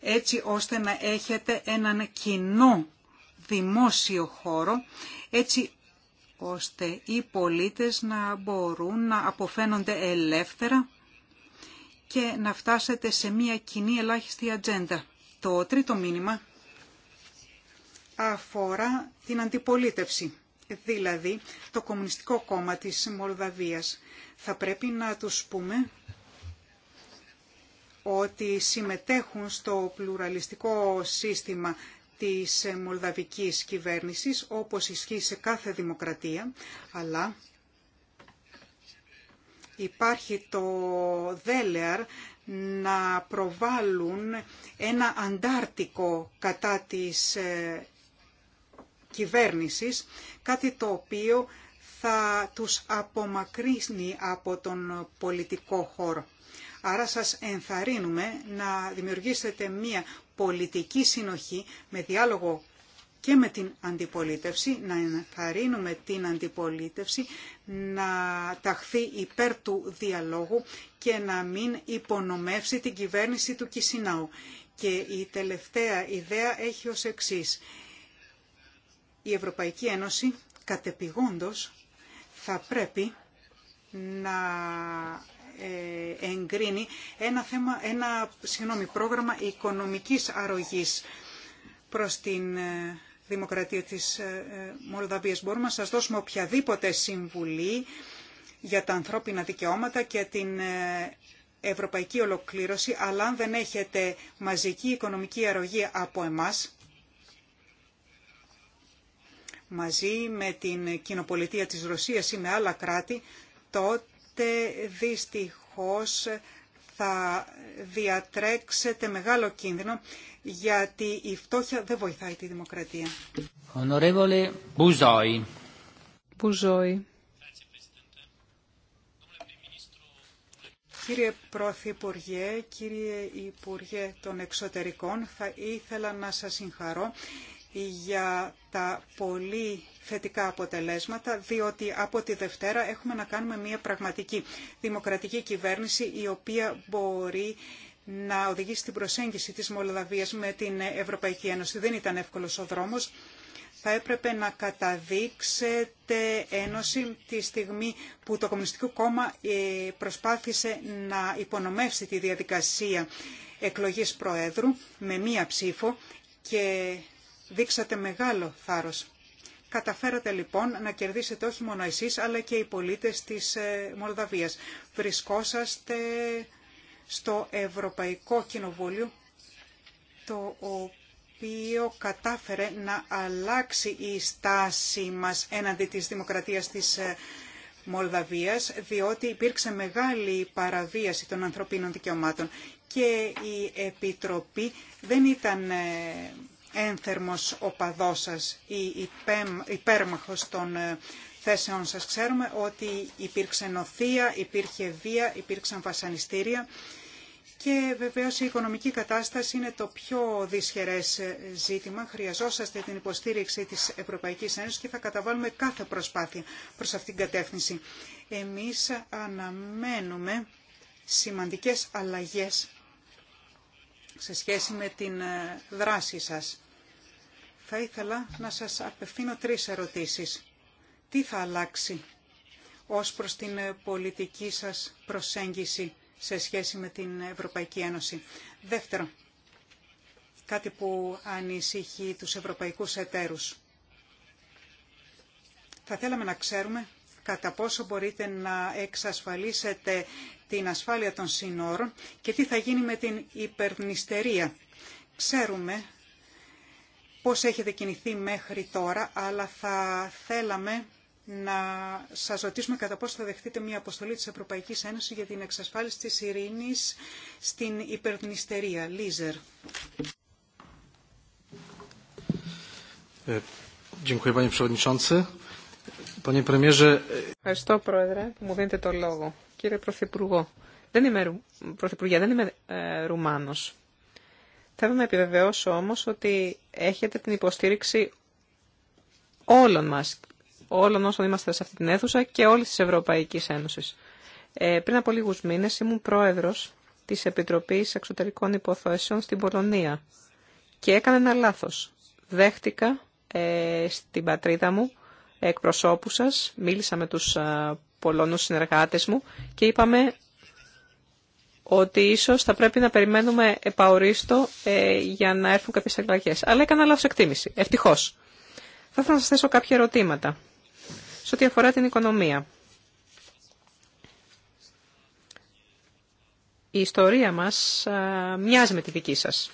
έτσι ώστε να έχετε έναν κοινό δημόσιο χώρο, έτσι ώστε οι πολίτες να μπορούν να αποφαίνονται ελεύθερα και να φτάσετε σε μια κοινή ελάχιστη ατζέντα. Το τρίτο μήνυμα αφορά την αντιπολίτευση δηλαδή το Κομμουνιστικό Κόμμα της Μολδαβίας. Θα πρέπει να τους πούμε ότι συμμετέχουν στο πλουραλιστικό σύστημα της μολδαβικής κυβέρνησης, όπως ισχύει σε κάθε δημοκρατία, αλλά υπάρχει το δέλεαρ να προβάλλουν ένα αντάρτικο κατά της ε, κυβέρνησης κάτι το οποίο θα τους απομακρύνει από τον πολιτικό χώρο. Άρα σας ενθαρρύνουμε να δημιουργήσετε μία πολιτική συνοχή με διάλογο και με την αντιπολίτευση, να ενθαρρύνουμε την αντιπολίτευση, να ταχθεί υπέρ του διαλόγου και να μην υπονομεύσει την κυβέρνηση του Κισινάου. Και η τελευταία ιδέα έχει ως εξής η Ευρωπαϊκή Ένωση κατεπηγόντως θα πρέπει να ε, εγκρίνει ένα, θέμα, ένα συγγνώμη, πρόγραμμα οικονομικής αρρωγής προς την ε, δημοκρατία της ε, Μολδαβίας. Μπορούμε να σας δώσουμε οποιαδήποτε συμβουλή για τα ανθρώπινα δικαιώματα και την ευρωπαϊκή ολοκλήρωση, αλλά αν δεν έχετε μαζική οικονομική αρρωγή από εμάς, μαζί με την κοινοπολιτεία της Ρωσίας ή με άλλα κράτη, τότε δυστυχώς θα διατρέξετε μεγάλο κίνδυνο γιατί η φτώχεια δεν βοηθάει τη δημοκρατία. Ονορεύολε Μπουζόη. Μπουζόη. Κύριε Πρωθυπουργέ, κύριε Υπουργέ των Εξωτερικών, θα ήθελα να σας συγχαρώ για τα πολύ θετικά αποτελέσματα, διότι από τη Δευτέρα έχουμε να κάνουμε μια πραγματική δημοκρατική κυβέρνηση η οποία μπορεί να οδηγήσει την προσέγγιση της Μολδαβίας με την Ευρωπαϊκή Ένωση. Δεν ήταν εύκολος ο δρόμος. Θα έπρεπε να καταδείξετε ένωση τη στιγμή που το Κομμουνιστικό Κόμμα ε, προσπάθησε να υπονομεύσει τη διαδικασία εκλογής Προέδρου με μία ψήφο και Δείξατε μεγάλο θάρρος. Καταφέρατε λοιπόν να κερδίσετε όχι μόνο εσείς αλλά και οι πολίτες της ε, Μολδαβίας. Βρισκόσαστε στο Ευρωπαϊκό Κοινοβούλιο το οποίο κατάφερε να αλλάξει η στάση μας έναντι της δημοκρατίας της ε, Μολδαβίας, διότι υπήρξε μεγάλη παραβίαση των ανθρωπίνων δικαιωμάτων και η Επιτροπή δεν ήταν ε, ένθερμος οπαδός σας ή υπέρμαχος των ε, θέσεων σας. Ξέρουμε ότι υπήρξε νοθεία, υπήρχε βία, υπήρξαν βασανιστήρια και βεβαίως η οικονομική κατάσταση είναι το πιο δυσχερές ε, ζήτημα. Χρειαζόσαστε την υποστήριξη της Ευρωπαϊκής Ένωσης και θα καταβάλουμε κάθε προσπάθεια προς αυτήν την κατεύθυνση. Εμείς αναμένουμε σημαντικές αλλαγές σε σχέση με την ε, δράση σας. Θα ήθελα να σας απευθύνω τρεις ερωτήσεις. Τι θα αλλάξει ως προς την πολιτική σας προσέγγιση σε σχέση με την Ευρωπαϊκή Ένωση. Δεύτερο, κάτι που ανησυχεί τους ευρωπαϊκούς εταίρους. Θα θέλαμε να ξέρουμε κατά πόσο μπορείτε να εξασφαλίσετε την ασφάλεια των σύνορων και τι θα γίνει με την υπερνηστερία. Ξέρουμε πώς έχετε κινηθεί μέχρι τώρα, αλλά θα θέλαμε να σας ρωτήσουμε κατά πόσο θα δεχτείτε μια αποστολή της Ευρωπαϊκής Ένωσης για την εξασφάλιση της ειρήνης στην υπερδνηστερία. Λίζερ. Ε, e, Ευχαριστώ, Πρόεδρε, που μου δίνετε το λόγο. Κύριε Πρωθυπουργό, δεν είμαι, Πρωθυπουργέ, δεν είμαι ε, Ρουμάνος. Θέλω να επιβεβαιώσω όμως ότι έχετε την υποστήριξη όλων μας, όλων όσων είμαστε σε αυτή την αίθουσα και όλη τη Ευρωπαϊκής Ένωσης. Ε, πριν από λίγους μήνες ήμουν πρόεδρος της Επιτροπής Εξωτερικών Υποθέσεων στην Πολωνία και έκανα ένα λάθος. Δέχτηκα ε, στην πατρίδα μου εκπροσώπου σας, μίλησα με τους ε, Πολωνούς μου και είπαμε ότι ίσως θα πρέπει να περιμένουμε επαορίστο ε, για να έρθουν κάποιες εκλογές. Αλλά έκανα λάθος εκτίμηση. Ευτυχώς. Θα ήθελα να σας θέσω κάποια ερωτήματα σε ό,τι αφορά την οικονομία. Η ιστορία μας μοιάζει με τη δική σας.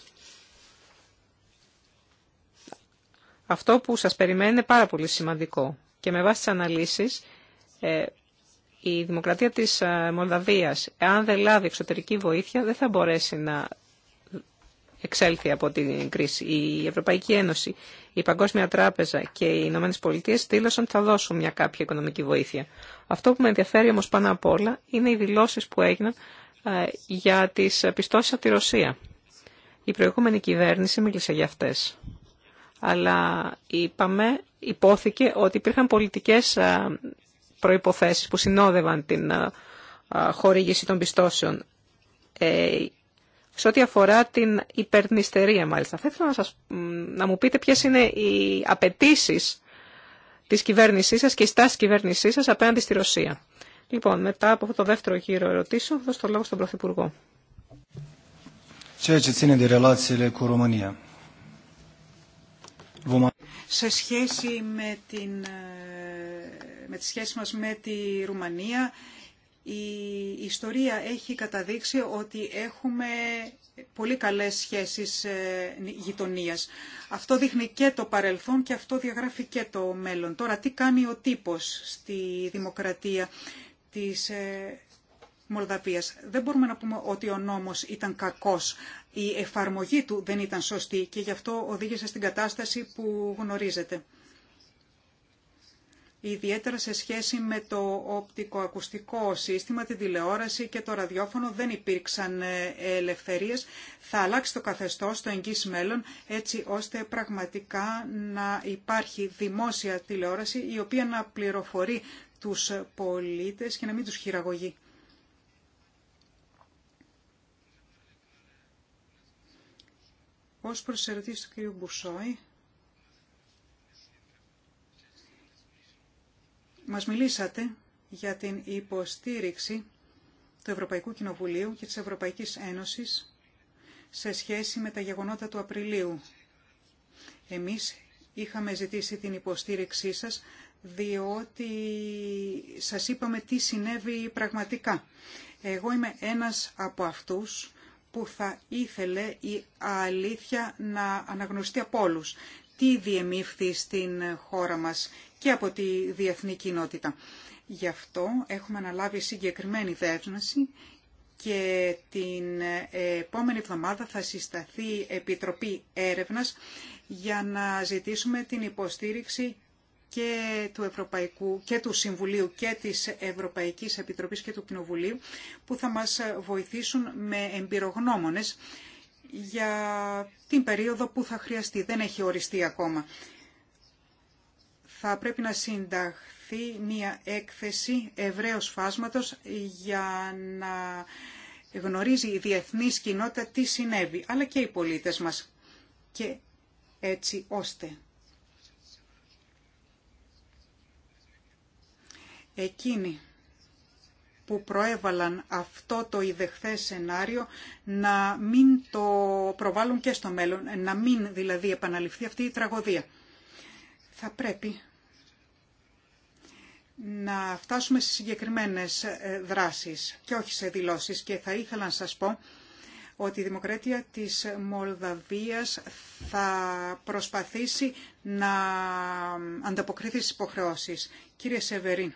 Αυτό που σας περιμένει είναι πάρα πολύ σημαντικό. Και με βάση τις αναλύσεις ε, η δημοκρατία της ε, Μολδαβίας, αν δεν λάβει εξωτερική βοήθεια, δεν θα μπορέσει να εξέλθει από την κρίση. Η Ευρωπαϊκή Ένωση, η Παγκόσμια Τράπεζα και οι Ηνωμένε Πολιτείε δήλωσαν ότι θα δώσουν μια κάποια οικονομική βοήθεια. Αυτό που με ενδιαφέρει όμως πάνω απ' όλα είναι οι δηλώσεις που έγιναν ε, για τις πιστώσεις από τη Ρωσία. Η προηγούμενη κυβέρνηση μίλησε για αυτές. Αλλά είπαμε, υπόθηκε ότι υπήρχαν πολιτικές ε, προϋποθέσεις που συνόδευαν την ε, ε, χορήγηση των πιστώσεων. Ε, σε ό,τι αφορά την υπερνηστερία μάλιστα, θα ήθελα να, σας, να μου πείτε ποιες είναι οι απαιτήσει της κυβέρνησής σας και η στάση της κυβέρνησής σας απέναντι στη Ρωσία. Λοιπόν, μετά από αυτό το δεύτερο γύρο ερωτήσεων, θα δώσω το λόγο στον Πρωθυπουργό. Ceea ce ține de relațiile cu România. Σε σχέση με, την, ε, με τη σχέση μας με τη Ρουμανία, η ιστορία έχει καταδείξει ότι έχουμε πολύ καλές σχέσεις ε, γειτονίας. Αυτό δείχνει και το παρελθόν και αυτό διαγράφει και το μέλλον. Τώρα τι κάνει ο τύπος στη δημοκρατία της ε, Μολδαβίας. Δεν μπορούμε να πούμε ότι ο νόμος ήταν κακός, η εφαρμογή του δεν ήταν σωστή και γι' αυτό οδήγησε στην κατάσταση που γνωρίζετε. Ιδιαίτερα σε σχέση με το οπτικοακουστικό σύστημα, τη τηλεόραση και το ραδιόφωνο δεν υπήρξαν ε, ελευθερίες. Θα αλλάξει το καθεστώς στο εγγύς μέλλον έτσι ώστε πραγματικά να υπάρχει δημόσια τηλεόραση η οποία να πληροφορεί τους πολίτες και να μην τους χειραγωγεί. Ως προς ερωτήσεις του κ. Μπουσόη, μας μιλήσατε για την υποστήριξη του Ευρωπαϊκού Κοινοβουλίου και της Ευρωπαϊκής Ένωσης σε σχέση με τα γεγονότα του Απριλίου. Εμείς είχαμε ζητήσει την υποστήριξή σας διότι σας είπαμε τι συνέβη πραγματικά. Εγώ είμαι ένας από αυτούς που θα ήθελε η αλήθεια να αναγνωριστεί από όλους. Τι διεμήφθη στην χώρα μας και από τη διεθνή κοινότητα. Γι' αυτό έχουμε αναλάβει συγκεκριμένη δέσμευση και την επόμενη εβδομάδα θα συσταθεί Επιτροπή Έρευνας για να ζητήσουμε την υποστήριξη και του Ευρωπαϊκού και του Συμβουλίου και της Ευρωπαϊκής Επιτροπής και του Κοινοβουλίου που θα μας βοηθήσουν με εμπειρογνώμονες για την περίοδο που θα χρειαστεί. Δεν έχει οριστεί ακόμα. Θα πρέπει να συνταχθεί μία έκθεση ευραίος φάσματος για να γνωρίζει η διεθνής κοινότητα τι συνέβη, αλλά και οι πολίτες μας. Και έτσι ώστε εκείνοι που προέβαλαν αυτό το ιδεχθέ σενάριο να μην το προβάλλουν και στο μέλλον, να μην δηλαδή επαναληφθεί αυτή η τραγωδία. Θα πρέπει να φτάσουμε σε συγκεκριμένες ε, δράσεις και όχι σε δηλώσεις και θα ήθελα να σας πω ότι η Δημοκρατία της Μολδαβίας θα προσπαθήσει να ανταποκριθεί στις υποχρεώσεις. Κύριε Σεβερίν,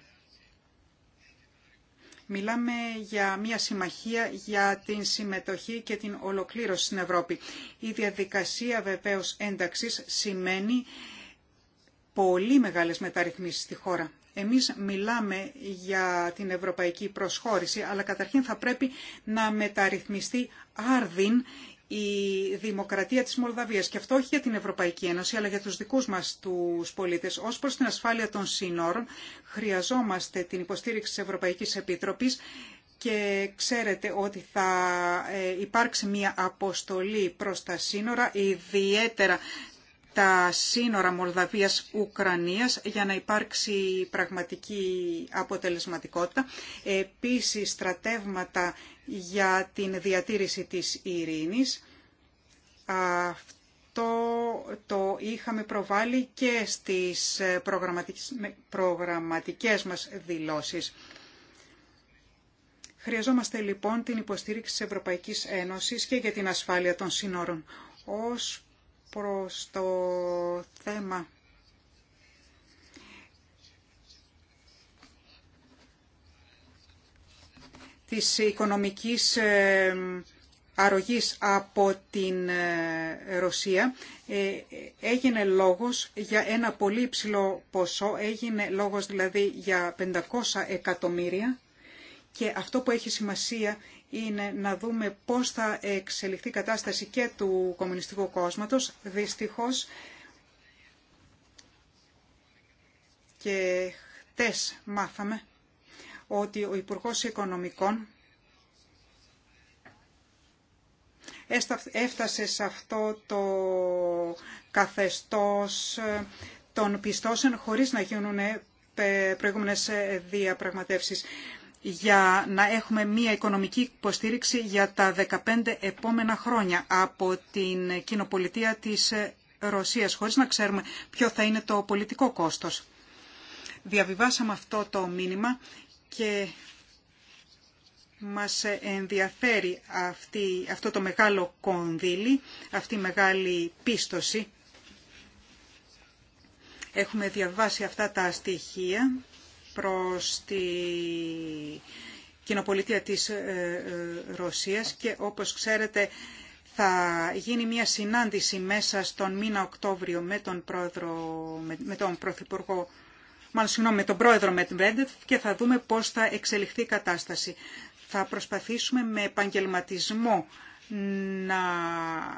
Μιλάμε για μια συμμαχία για την συμμετοχή και την ολοκλήρωση στην Ευρώπη. Η διαδικασία βεβαίως ένταξης σημαίνει πολύ μεγάλες μεταρρυθμίσεις στη χώρα. Εμείς μιλάμε για την ευρωπαϊκή προσχώρηση, αλλά καταρχήν θα πρέπει να μεταρρυθμιστεί άρδιν η δημοκρατία της Μολδαβίας και αυτό όχι για την Ευρωπαϊκή Ένωση αλλά για τους δικούς μας τους πολίτες. Ως προς την ασφάλεια των σύνορων χρειαζόμαστε την υποστήριξη της Ευρωπαϊκής Επίτροπης και ξέρετε ότι θα ε, υπάρξει μια αποστολή προς τα σύνορα ιδιαίτερα τα σύνορα Μολδαβίας-Ουκρανίας για να υπάρξει πραγματική αποτελεσματικότητα. Επίσης, στρατεύματα για την διατήρηση της ειρήνης. Αυτό το είχαμε προβάλει και στις προγραμματικές μας δηλώσεις. Χρειαζόμαστε λοιπόν την υποστήριξη της Ευρωπαϊκής Ένωσης και για την ασφάλεια των σύνορων. Ως προς το θέμα της οικονομικής ε, αρρωγής από την ε, Ρωσία ε, έγινε λόγος για ένα πολύ υψηλό ποσό, έγινε λόγος δηλαδή για 500 εκατομμύρια και αυτό που έχει σημασία είναι να δούμε πώς θα εξελιχθεί η κατάσταση και του κομμουνιστικού κόσματος. Δυστυχώς και χτες μάθαμε ότι ο Υπουργός Οικονομικών έφτασε σε αυτό το καθεστώς των πιστώσεων χωρίς να γίνουν προηγούμενες διαπραγματεύσεις για να έχουμε μία οικονομική υποστήριξη για τα 15 επόμενα χρόνια από την κοινοπολιτεία της Ρωσίας, χωρίς να ξέρουμε ποιο θα είναι το πολιτικό κόστος. Διαβιβάσαμε αυτό το μήνυμα και μας ενδιαφέρει αυτή, αυτό το μεγάλο κονδύλι, αυτή η μεγάλη πίστοση. Έχουμε διαβάσει αυτά τα στοιχεία προς τη κοινοπολιτεία της ε, ε, Ρωσίας και όπως ξέρετε θα γίνει μια συνάντηση μέσα στον μήνα Οκτώβριο με τον, πρόεδρο, με, τον Πρωθυπουργό μάλλον συγγνώμη, με τον πρόεδρο Μετβέντεφ και θα δούμε πώς θα εξελιχθεί η κατάσταση. Θα προσπαθήσουμε με επαγγελματισμό να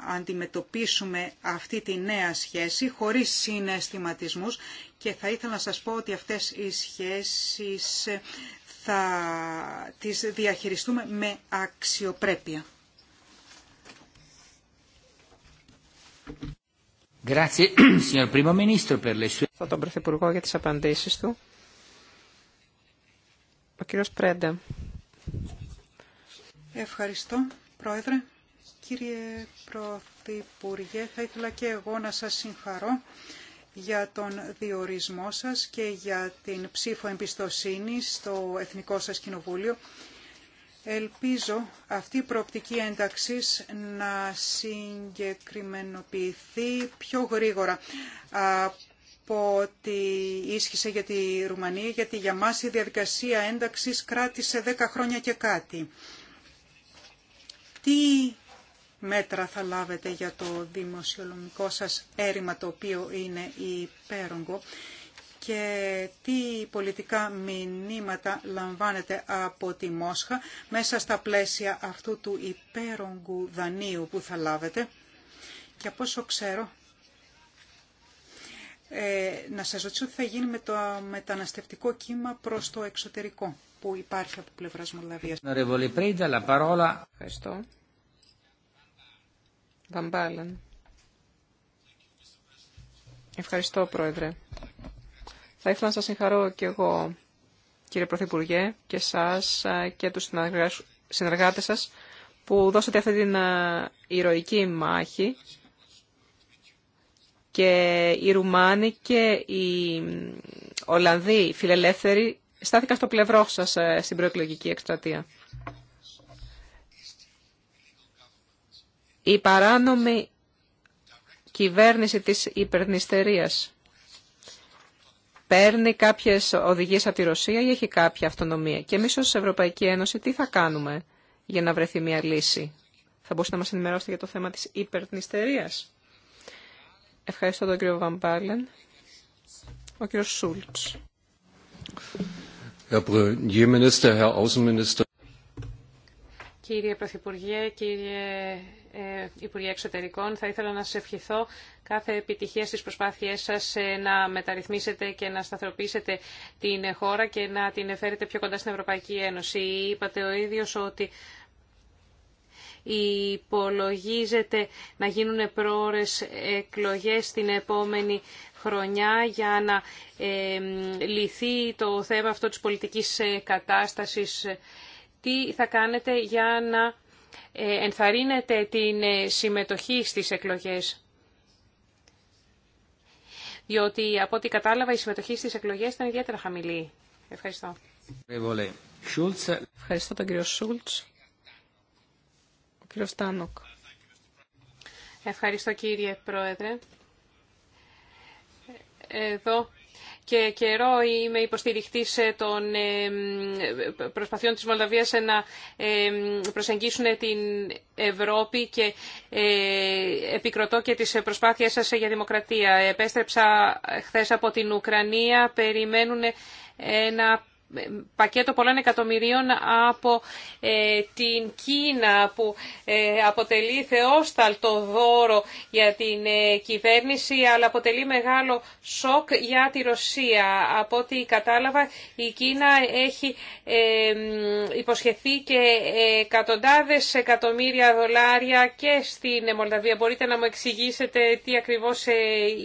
αντιμετωπίσουμε αυτή τη νέα σχέση χωρίς συναισθηματισμούς και θα ήθελα να σας πω ότι αυτές οι σχέσεις ε, θα τις διαχειριστούμε με αξιοπρέπεια. Θα τον Πρωθυπουργό για τις απαντήσεις του. Ο κύριος Πρέντα. Ευχαριστώ, Πρόεδρε. Κύριε Πρωθυπουργέ, θα ήθελα και εγώ να σας συγχαρώ για τον διορισμό σας και για την ψήφο εμπιστοσύνη στο Εθνικό σας Κοινοβούλιο. Ελπίζω αυτή η προοπτική ένταξης να συγκεκριμενοποιηθεί πιο γρήγορα από ότι ίσχυσε για τη Ρουμανία, γιατί για μας η διαδικασία ένταξης κράτησε 10 χρόνια και κάτι. Τι μέτρα θα λάβετε για το δημοσιονομικό σας έρημα το οποίο είναι υπέρογκο και τι πολιτικά μηνύματα λαμβάνετε από τη Μόσχα μέσα στα πλαίσια αυτού του υπέρογκου δανείου που θα λάβετε. Και από όσο ξέρω, ε, να σας ρωτήσω τι θα γίνει με το μεταναστευτικό κύμα προς το εξωτερικό που υπάρχει από πλευράς Μολδαβίας. Ευχαριστώ, Πρόεδρε. Θα ήθελα να σας συγχαρώ και εγώ, κύριε Πρωθυπουργέ, και σας και τους συνεργάτες σας που δώσατε αυτή την ηρωική μάχη και οι Ρουμάνοι και οι Ολλανδοί φιλελεύθεροι στάθηκαν στο πλευρό σας στην προεκλογική εκστρατεία. η παράνομη κυβέρνηση της υπερνηστερίας παίρνει κάποιες οδηγίες από τη Ρωσία ή έχει κάποια αυτονομία. Και εμείς ως Ευρωπαϊκή Ένωση τι θα κάνουμε για να βρεθεί μια λύση. Θα μπορούσατε να μας ενημερώσετε για το θέμα της υπερνηστερίας. Ευχαριστώ τον κύριο Βαμπάλεν. Ο κύριος Σούλτς. Κύριε Πρωθυπουργέ, κύριε ε, Υπουργέ Εξωτερικών. Θα ήθελα να σας ευχηθώ κάθε επιτυχία στις προσπάθειές σας ε, να μεταρρυθμίσετε και να σταθεροποιήσετε την χώρα και να την φέρετε πιο κοντά στην Ευρωπαϊκή Ένωση. Είπατε ο ίδιος ότι υπολογίζεται να γίνουν πρόορες εκλογές την επόμενη χρονιά για να ε, λυθεί το θέμα αυτό της πολιτικής κατάστασης. Τι θα κάνετε για να ε, ενθαρρύνεται την ε, συμμετοχή στις εκλογές. Διότι από ό,τι κατάλαβα η συμμετοχή στις εκλογές ήταν ιδιαίτερα χαμηλή. Ευχαριστώ. Ευχαριστώ τον κύριο Σούλτς. Ο κύριο Τάνοκ. Ευχαριστώ κύριε Πρόεδρε. Εδώ και καιρό είμαι υποστηριχτή ε, των ε, προσπαθειών της Μολδαβίας ε, να προσεγγίσουν την Ευρώπη και επικροτώ και τις προσπάθειες σας για δημοκρατία. Επέστρεψα χθες από την Ουκρανία, περιμένουν ένα πακέτο πολλών εκατομμυρίων από ε, την Κίνα που ε, αποτελεί θεόσταλτο δώρο για την ε, κυβέρνηση αλλά αποτελεί μεγάλο σοκ για τη Ρωσία. Από ό,τι κατάλαβα η Κίνα έχει υποσχεθεί και εκατοντάδες εκατομμύρια δολάρια και στην Μολδαβία. Μπορείτε να μου εξηγήσετε τι ακριβώς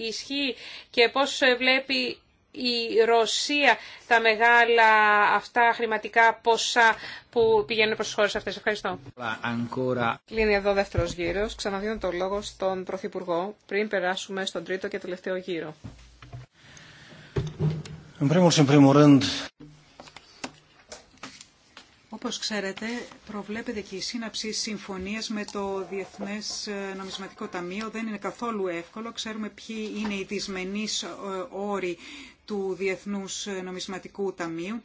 ισχύει και πώς βλέπει η Ρωσία τα μεγάλα αυτά χρηματικά ποσά που πηγαίνουν προς τις χώρες αυτές. Ευχαριστώ. Κλείνει εδώ δεύτερος γύρος. Ξαναδίνω το λόγο στον Πρωθυπουργό πριν περάσουμε στον τρίτο και τελευταίο γύρο. Όπως ξέρετε, προβλέπεται και η σύναψη συμφωνίας με το Διεθνές Νομισματικό Ταμείο. Δεν είναι καθόλου εύκολο. Ξέρουμε ποιοι είναι οι δυσμενείς ε, όροι του Διεθνούς Νομισματικού Ταμείου,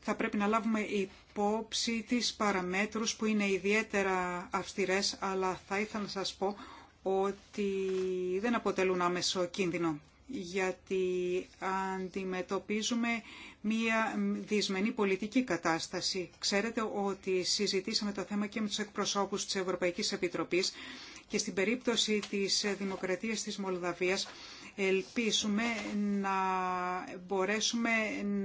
θα πρέπει να λάβουμε υπόψη τις παραμέτρους που είναι ιδιαίτερα αυστηρές, αλλά θα ήθελα να σας πω ότι δεν αποτελούν άμεσο κίνδυνο, γιατί αντιμετωπίζουμε μία δυσμενή πολιτική κατάσταση. Ξέρετε ότι συζητήσαμε το θέμα και με τους εκπροσώπους της Ευρωπαϊκής Επιτροπής και στην περίπτωση της Δημοκρατίας της Μολδαβίας Ελπίσουμε να μπορέσουμε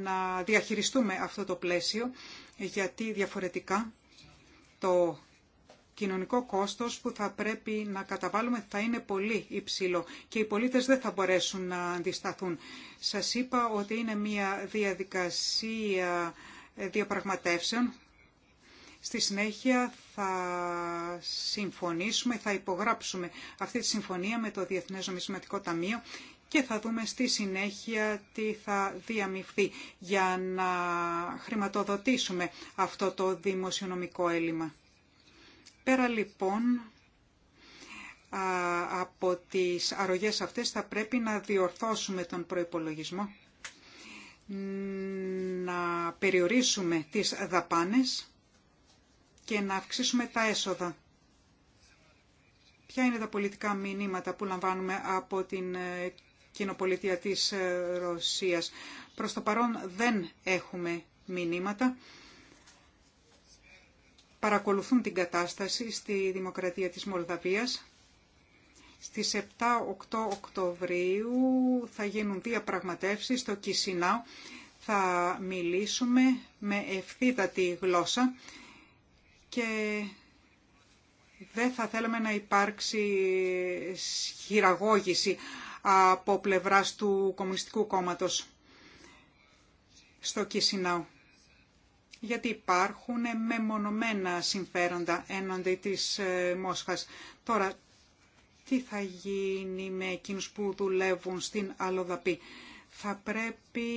να διαχειριστούμε αυτό το πλαίσιο, γιατί διαφορετικά το κοινωνικό κόστος που θα πρέπει να καταβάλουμε θα είναι πολύ υψηλό και οι πολίτες δεν θα μπορέσουν να αντισταθούν. Σας είπα ότι είναι μια διαδικασία διαπραγματεύσεων Στη συνέχεια θα συμφωνήσουμε, θα υπογράψουμε αυτή τη συμφωνία με το Διεθνές Νομισματικό Ταμείο και θα δούμε στη συνέχεια τι θα διαμειφθεί για να χρηματοδοτήσουμε αυτό το δημοσιονομικό έλλειμμα. Πέρα λοιπόν από τις αρρωγές αυτές θα πρέπει να διορθώσουμε τον προϋπολογισμό, να περιορίσουμε τις δαπάνες και να αυξήσουμε τα έσοδα. Ποια είναι τα πολιτικά μηνύματα που λαμβάνουμε από την ε, κοινοπολιτεία της ε, Ρωσίας. Προς το παρόν δεν έχουμε μηνύματα. Παρακολουθούν την κατάσταση στη Δημοκρατία της Μολδαβίας. Στις 7-8 Οκτωβρίου θα γίνουν δύο διαπραγματεύσεις στο Κισινάου. Θα μιλήσουμε με ευθύτατη γλώσσα και δεν θα θέλαμε να υπάρξει χειραγώγηση από πλευράς του Κομμουνιστικού Κόμματος στο Κισινάου. Γιατί υπάρχουν μεμονωμένα συμφέροντα έναντι της ε, Μόσχας. Τώρα, τι θα γίνει με εκείνους που δουλεύουν στην Αλοδαπή θα πρέπει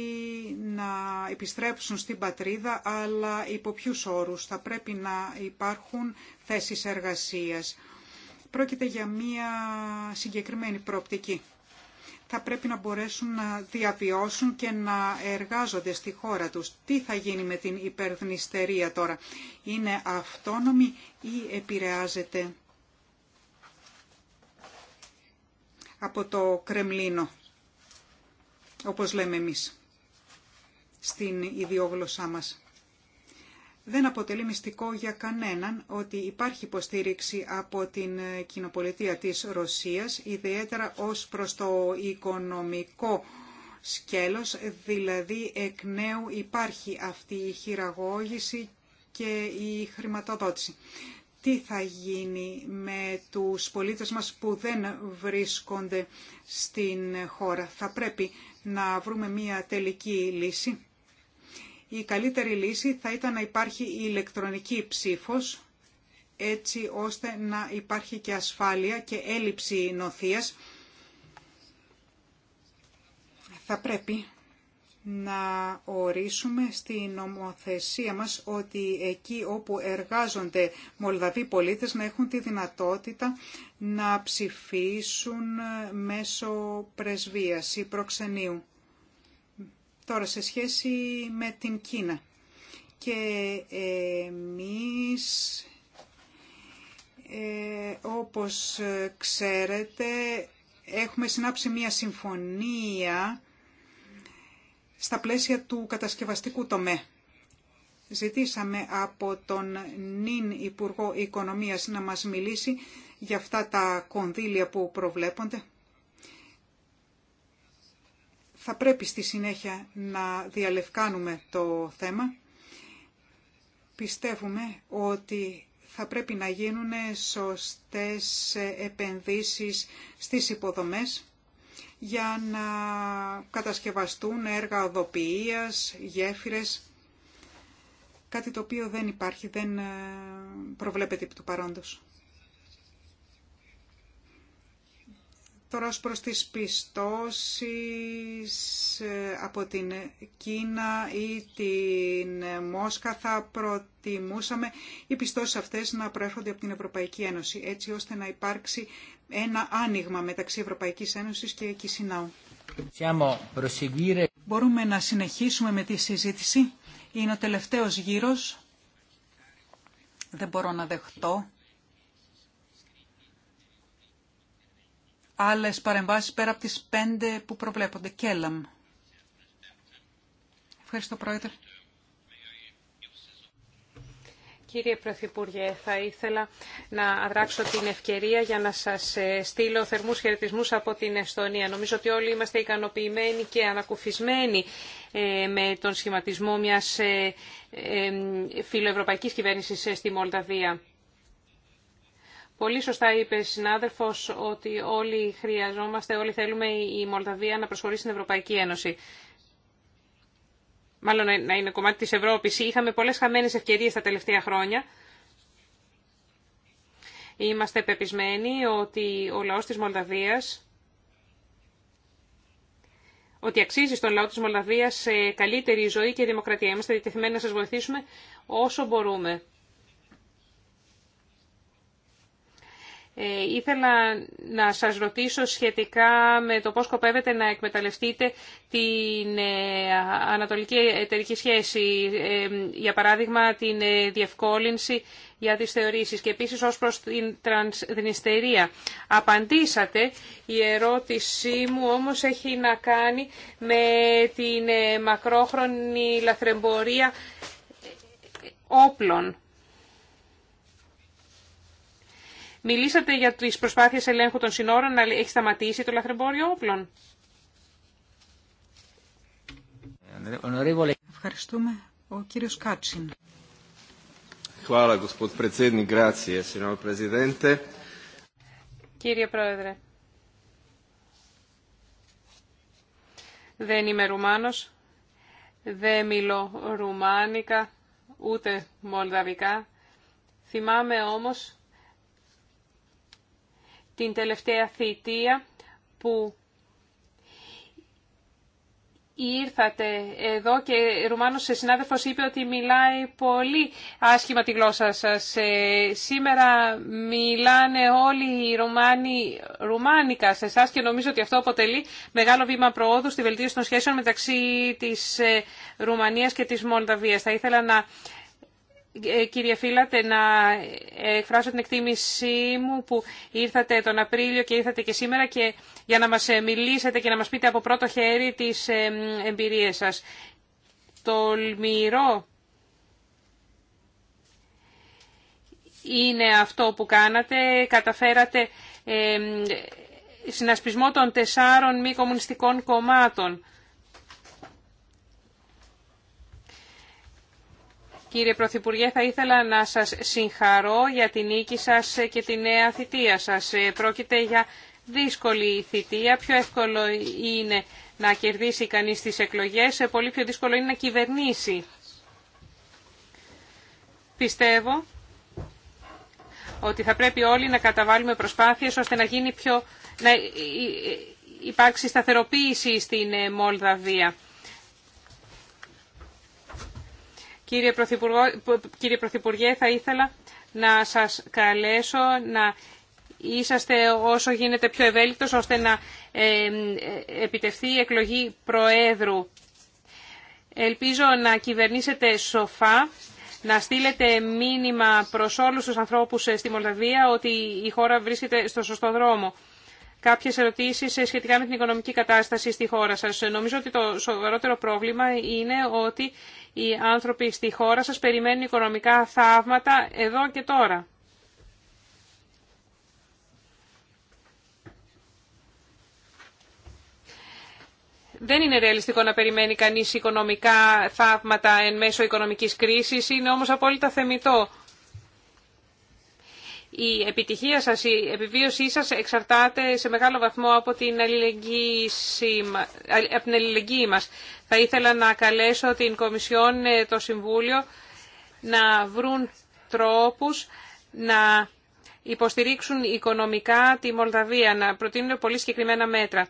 να επιστρέψουν στην πατρίδα, αλλά υπό ποιου όρους θα πρέπει να υπάρχουν θέσεις εργασίας. Πρόκειται για μία συγκεκριμένη προοπτική. Θα πρέπει να μπορέσουν να διαβιώσουν και να εργάζονται στη χώρα τους. Τι θα γίνει με την υπερδνηστερία τώρα. Είναι αυτόνομη ή επηρεάζεται από το Κρεμλίνο όπως λέμε εμείς στην ιδιόγλωσσά μας. Δεν αποτελεί μυστικό για κανέναν ότι υπάρχει υποστήριξη από την κοινοπολιτεία της Ρωσίας, ιδιαίτερα ως προς το οικονομικό σκέλος, δηλαδή εκ νέου υπάρχει αυτή η χειραγώγηση και η χρηματοδότηση. Τι θα γίνει με τους πολίτες μας που δεν βρίσκονται στην χώρα. Θα πρέπει να βρούμε μία τελική λύση. Η καλύτερη λύση θα ήταν να υπάρχει η ηλεκτρονική ψήφος, έτσι ώστε να υπάρχει και ασφάλεια και έλλειψη νοθείας. Θα πρέπει να ορίσουμε στην νομοθεσία μας ότι εκεί όπου εργάζονται Μολδαβοί πολίτες να έχουν τη δυνατότητα να ψηφίσουν μέσω πρεσβείας ή προξενείου. Τώρα σε σχέση με την Κίνα. Και εμείς, ε, όπως ξέρετε, έχουμε συνάψει μια συμφωνία στα πλαίσια του κατασκευαστικού τομέα. Ζητήσαμε από τον νυν Υπουργό Οικονομίας να μας μιλήσει για αυτά τα κονδύλια που προβλέπονται. Θα πρέπει στη συνέχεια να διαλευκάνουμε το θέμα. Πιστεύουμε ότι θα πρέπει να γίνουν σωστές επενδύσεις στις υποδομές για να κατασκευαστούν έργα οδοποιίας, γέφυρες, κάτι το οποίο δεν υπάρχει, δεν ε, προβλέπεται του παρόντος. Τώρα ως προς τις πιστώσεις ε, από την Κίνα ή την ε, Μόσκα θα προτιμούσαμε οι πιστώσεις αυτές να προέρχονται από την Ευρωπαϊκή Ένωση έτσι ώστε να υπάρξει ένα άνοιγμα μεταξύ Ευρωπαϊκής Ένωσης και Κισινάου. Μπορούμε να συνεχίσουμε με τη συζήτηση. Είναι ο τελευταίος γύρος. Δεν μπορώ να δεχτώ άλλες παρεμβάσεις πέρα από τις πέντε που προβλέπονται. Κέλαμ. Ευχαριστώ, Πρόεδρε. Κύριε Πρωθυπουργέ, θα ήθελα να αδράξω την ευκαιρία για να σας ε, στείλω θερμούς χαιρετισμού από την Εστονία. Νομίζω ότι όλοι είμαστε ικανοποιημένοι και ανακουφισμένοι ε, με τον σχηματισμό μιας ε, φιλοευρωπαϊκής κυβέρνησης στη Μολδαβία. Πολύ σωστά είπε η συνάδελφος ότι όλοι χρειαζόμαστε, όλοι θέλουμε η Μολδαβία να προσχωρήσει στην Ευρωπαϊκή Ένωση. Μάλλον να είναι κομμάτι της Ευρώπης. Είχαμε πολλές χαμένες ευκαιρίες τα τελευταία χρόνια. Είμαστε πεπισμένοι ότι ο λαός της Μολδαβίας ότι αξίζει στον λαό της Μολδαβίας καλύτερη ζωή και δημοκρατία. Είμαστε διτεθειμένοι να σας βοηθήσουμε όσο μπορούμε. Ε, ήθελα να σας ρωτήσω σχετικά με το πώς σκοπεύετε να εκμεταλλευτείτε την ε, ανατολική εταιρική σχέση, ε, για παράδειγμα την διευκόλυνση για τις θεωρήσεις και επίσης ως προς την τρανσδνηστερία. Απαντήσατε, η ερώτησή μου όμως έχει να κάνει με την μακρόχρονη λαθρεμπορία όπλων. Μιλήσατε για τις προσπάθειες ελέγχου των συνόρων, να έχει σταματήσει το λαθρεμπόριο όπλων. Ευχαριστούμε. Ο κύριος Κάτσιν. Κύριε Πρόεδρε, δεν είμαι Ρουμάνος, δεν μιλώ Ρουμάνικα, ούτε Μολδαβικά. Θυμάμαι όμως την τελευταία θητεία που ήρθατε εδώ και Ρουμάνος σε συνάδελφος είπε ότι μιλάει πολύ άσχημα τη γλώσσα σας. Ε, σήμερα μιλάνε όλοι οι Ρουμάνοι ρουμάνικα σε εσά και νομίζω ότι αυτό αποτελεί μεγάλο βήμα προόδου στη βελτίωση των σχέσεων μεταξύ της ε, Ρουμανίας και της Μολδαβίας. Θα ήθελα να ε, κύριε Φίλατε, να εκφράσω την εκτίμησή μου που ήρθατε τον Απρίλιο και ήρθατε και σήμερα και για να μας ε, μιλήσετε και να μας πείτε από πρώτο χέρι τις ε, εμπειρίες σας. Τολμηρό είναι αυτό που κάνατε. Καταφέρατε συνασπισμό των τεσσάρων μη κομμουνιστικών κομμάτων. Κύριε Πρωθυπουργέ, θα ήθελα να σας συγχαρώ για την νίκη σας και τη νέα θητεία σας. Ε, πρόκειται για δύσκολη θητεία. Πιο εύκολο είναι να κερδίσει κανείς τις εκλογές, ε, πολύ πιο δύσκολο είναι να κυβερνήσει. Πιστεύω ότι θα πρέπει όλοι να καταβάλουμε προσπάθειες ώστε να, γίνει πιο, να υπάρξει σταθεροποίηση στην ε, Μολδαβία. Κύριε, Πρωθυπουργέ, θα ήθελα να σας καλέσω να είσαστε όσο γίνεται πιο ευέλικτος ώστε να ε, επιτευθεί η εκλογή Προέδρου. Ελπίζω να κυβερνήσετε σοφά, να στείλετε μήνυμα προς όλους τους ανθρώπους ε, στη Μολδαβία ότι η χώρα βρίσκεται στο σωστό δρόμο. Κάποιες ερωτήσεις ε, σχετικά με την οικονομική κατάσταση στη χώρα σας. Νομίζω ότι το σοβαρότερο πρόβλημα είναι ότι οι άνθρωποι στη χώρα σας περιμένουν οικονομικά θαύματα εδώ και τώρα. Δεν είναι ρεαλιστικό να περιμένει κανείς οικονομικά θαύματα εν μέσω οικονομικής κρίσης, είναι όμως απόλυτα θεμητό η επιτυχία σας, η επιβίωσή σας εξαρτάται σε μεγάλο βαθμό από την αλληλεγγύη, μας. Θα ήθελα να καλέσω την Κομισιόν, ε, το Συμβούλιο, να βρουν τρόπους να υποστηρίξουν οικονομικά τη Μολδαβία, να προτείνουν πολύ συγκεκριμένα μέτρα.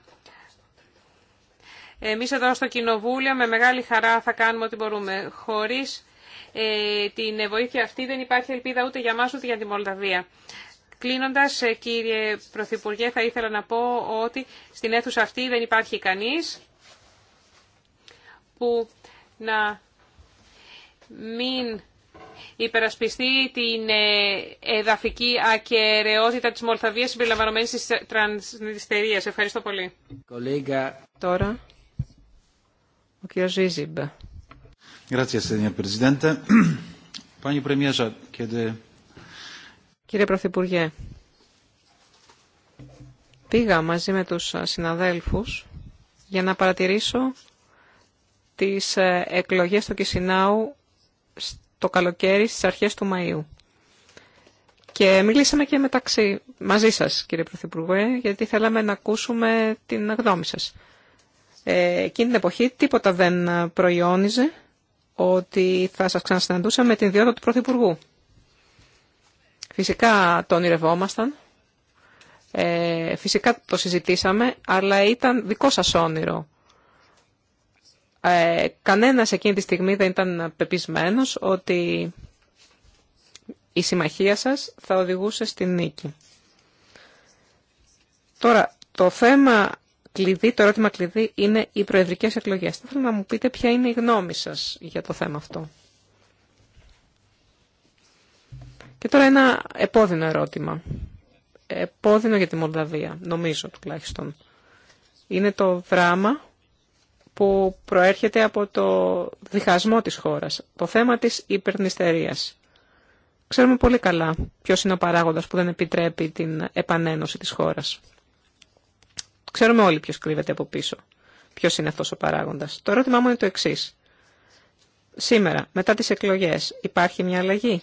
Εμείς εδώ στο Κοινοβούλιο με μεγάλη χαρά θα κάνουμε ό,τι μπορούμε, χωρίς ε, την βοήθεια αυτή δεν υπάρχει ελπίδα ούτε για μας ούτε για τη Μολδαβία. Κλείνοντας, ε, κύριε Πρωθυπουργέ, θα ήθελα να πω ότι στην αίθουσα αυτή δεν υπάρχει κανείς που να μην υπερασπιστεί την ε, εδαφική ακαιρεότητα της Μολθαβίας συμπεριλαμβανομένης της Τρανσνιστερίας. Ευχαριστώ πολύ. Τώρα, Κύριε Πρωθυπουργέ, πήγα μαζί με τους ε, συναδέλφους για να παρατηρήσω τις ε, εκλογές στο Κισινάου το καλοκαίρι στις αρχές του Μαΐου. Και μιλήσαμε και μεταξύ μαζί σας, κύριε Πρωθυπουργέ, γιατί θέλαμε να ακούσουμε την γνώμη σας. Ε, εκείνη την εποχή τίποτα δεν ε, προϊόνιζε ότι θα σας ξανασυναντούσαμε με την ιδιότητα του Πρωθυπουργού. Φυσικά το ονειρευόμασταν, ε, φυσικά το συζητήσαμε, αλλά ήταν δικό σας όνειρο. Ε, κανένας εκείνη τη στιγμή δεν ήταν πεπισμένος ότι η συμμαχία σας θα οδηγούσε στην νίκη. Τώρα, το θέμα κλειδί, το ερώτημα κλειδί είναι οι προεδρικές εκλογές. Θα ήθελα να μου πείτε ποια είναι η γνώμη σας για το θέμα αυτό. Και τώρα ένα επώδυνο ερώτημα. Επόδυνο για τη Μολδαβία, νομίζω τουλάχιστον. Είναι το δράμα που προέρχεται από το διχασμό της χώρας, το θέμα της υπερνηστερίας. Ξέρουμε πολύ καλά ποιος είναι ο παράγοντας που δεν επιτρέπει την επανένωση της χώρας. Ξέρουμε όλοι ποιο κρύβεται από πίσω. Ποιο είναι αυτό ο παράγοντα. Το ερώτημά μου είναι το εξή. Σήμερα, μετά τις εκλογές, υπάρχει μια αλλαγή.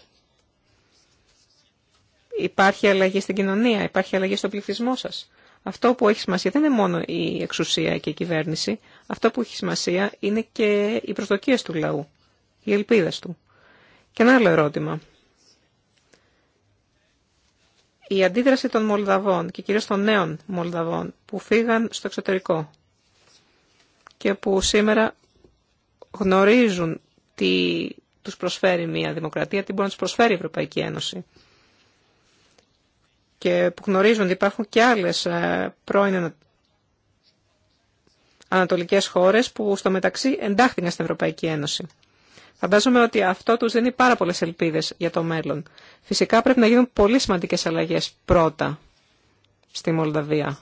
Υπάρχει αλλαγή στην κοινωνία, υπάρχει αλλαγή στον πληθυσμό σας. Αυτό που έχει σημασία δεν είναι μόνο η εξουσία και η κυβέρνηση. Αυτό που έχει σημασία είναι και οι προσδοκίε του λαού, οι ελπίδε του. Και ένα άλλο ερώτημα η αντίδραση των Μολδαβών και κυρίως των νέων Μολδαβών που φύγαν στο εξωτερικό και που σήμερα γνωρίζουν τι τους προσφέρει μια δημοκρατία, τι μπορεί να τους προσφέρει η Ευρωπαϊκή Ένωση και που γνωρίζουν ότι υπάρχουν και άλλες ε, πρώην ανατολικές χώρες που στο μεταξύ εντάχθηκαν στην Ευρωπαϊκή Ένωση. Φαντάζομαι ότι αυτό τους δίνει πάρα πολλές ελπίδες για το μέλλον. Φυσικά πρέπει να γίνουν πολύ σημαντικές αλλαγές πρώτα στη Μολδαβία.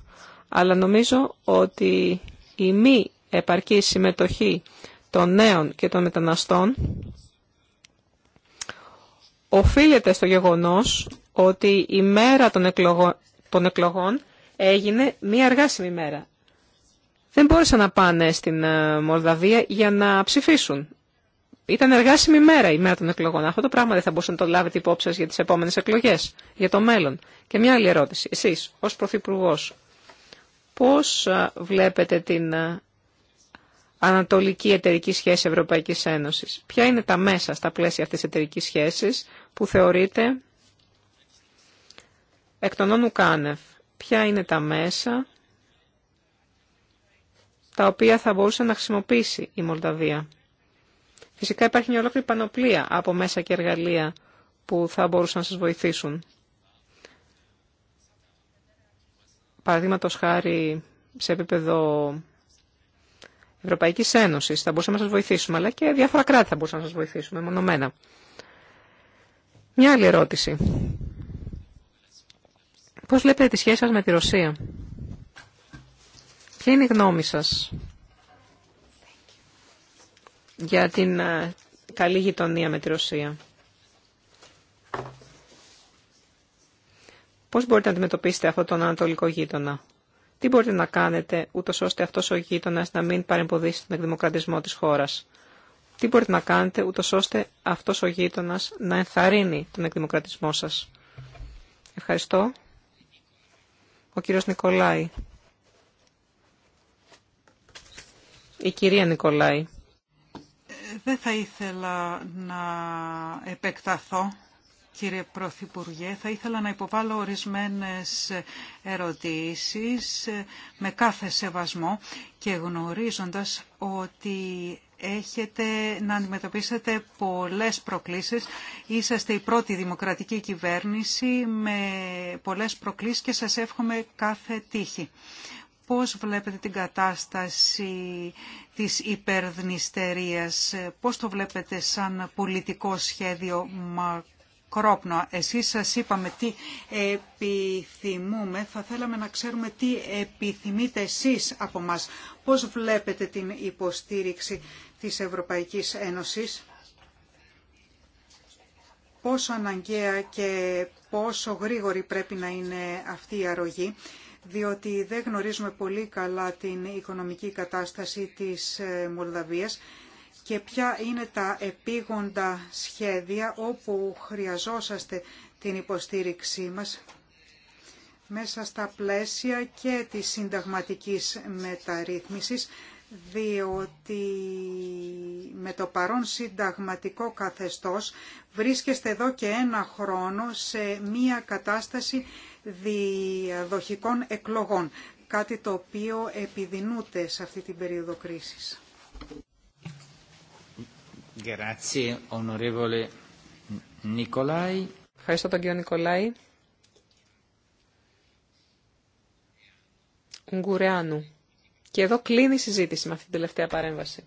Αλλά νομίζω ότι η μη επαρκή συμμετοχή των νέων και των μεταναστών οφείλεται στο γεγονός ότι η μέρα των, των εκλογών έγινε μία αργάσιμη μέρα. Δεν μπόρεσαν να πάνε στην ε, Μολδαβία για να ψηφίσουν ήταν εργάσιμη μέρα η μέρα των εκλογών. Αυτό το πράγμα δεν θα μπορούσε να το λάβετε υπόψη για τι επόμενε εκλογέ. για το μέλλον. Και μια άλλη ερώτηση. Εσεί, ω Πρωθυπουργό, πώ βλέπετε την ανατολική εταιρική σχέση Ευρωπαϊκή Ένωση. Ποια είναι τα μέσα στα πλαίσια αυτή τη εταιρική σχέση που θεωρείτε εκ των όνου κάνευ. Ποια είναι τα μέσα τα οποία θα μπορούσε να χρησιμοποιήσει η Μολδαβία Φυσικά υπάρχει μια ολόκληρη πανοπλία από μέσα και εργαλεία που θα μπορούσαν να σας βοηθήσουν. Παραδείγματο χάρη σε επίπεδο Ευρωπαϊκής Ένωσης θα μπορούσαμε να σας βοηθήσουμε, αλλά και διάφορα κράτη θα μπορούσαν να σας βοηθήσουμε, μονομένα. Μια άλλη ερώτηση. Πώς βλέπετε τη σχέση σας με τη Ρωσία. Ποια είναι η γνώμη σας για την ε, καλή γειτονία με τη Ρωσία. Πώς μπορείτε να αντιμετωπίσετε αυτόν τον ανατολικό γείτονα. Τι μπορείτε να κάνετε ούτω ώστε αυτός ο γείτονα να μην παρεμποδίσει τον εκδημοκρατισμό της χώρας. Τι μπορείτε να κάνετε ούτω ώστε αυτός ο γείτονα να ενθαρρύνει τον εκδημοκρατισμό σας. Ευχαριστώ. Ο κύριος Νικολάη. Η κυρία Νικολάη. Δεν θα ήθελα να επεκταθώ, κύριε Πρωθυπουργέ. Θα ήθελα να υποβάλω ορισμένες ερωτήσεις με κάθε σεβασμό και γνωρίζοντας ότι έχετε να αντιμετωπίσετε πολλές προκλήσεις. Είσαστε η πρώτη δημοκρατική κυβέρνηση με πολλές προκλήσεις και σας εύχομαι κάθε τύχη. Πώς βλέπετε την κατάσταση της υπερδνηστερίας, πώς το βλέπετε σαν πολιτικό σχέδιο μακρόπνοα. Εσείς σας είπαμε τι επιθυμούμε, θα θέλαμε να ξέρουμε τι επιθυμείτε εσείς από μας. Πώς βλέπετε την υποστήριξη της Ευρωπαϊκής Ένωσης πόσο αναγκαία και πόσο γρήγορη πρέπει να είναι αυτή η αρρωγή διότι δεν γνωρίζουμε πολύ καλά την οικονομική κατάσταση της ε, Μολδαβίας και ποια είναι τα επίγοντα σχέδια όπου χρειαζόσαστε την υποστήριξή μας μέσα στα πλαίσια και της συνταγματικής μεταρρύθμισης διότι με το παρόν συνταγματικό καθεστώς βρίσκεστε εδώ και ένα χρόνο σε μία κατάσταση διαδοχικών εκλογών, κάτι το οποίο επιδεινούται σε αυτή την περίοδο κρίσης. Ευχαριστώ τον κύριο Νικολάη. Ουγγουρεάνου. Και εδώ κλείνει η συζήτηση με αυτή την τελευταία παρέμβαση.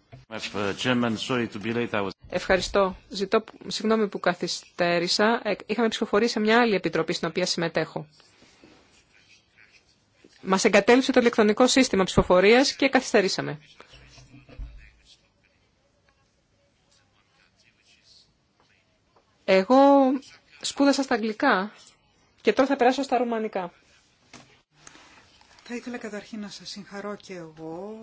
Ευχαριστώ. Ζητώ συγγνώμη που καθυστέρησα. Ε, είχαμε ψηφοφορήσει σε μια άλλη επιτροπή στην οποία συμμετέχω. Μα εγκατέλειψε το ηλεκτρονικό σύστημα ψηφοφορία και καθυστερήσαμε. Εγώ σπούδασα στα αγγλικά και τώρα θα περάσω στα ρουμανικά. Θα ήθελα καταρχήν να σας συγχαρώ και εγώ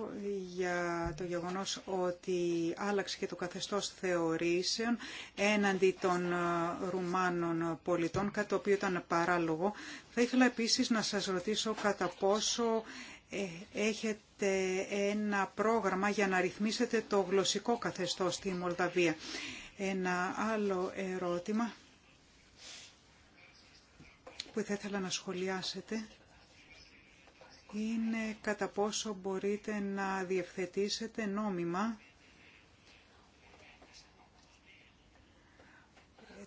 για το γεγονός ότι άλλαξε και το καθεστώς θεωρήσεων έναντι των ε, Ρουμάνων πολιτών, κάτι το οποίο ήταν παράλογο. Θα ήθελα επίσης να σας ρωτήσω κατά πόσο ε, έχετε ένα πρόγραμμα για να ρυθμίσετε το γλωσσικό καθεστώς στη Μολδαβία. Ένα άλλο ερώτημα που θα ήθελα να σχολιάσετε είναι κατά πόσο μπορείτε να διευθετήσετε νόμιμα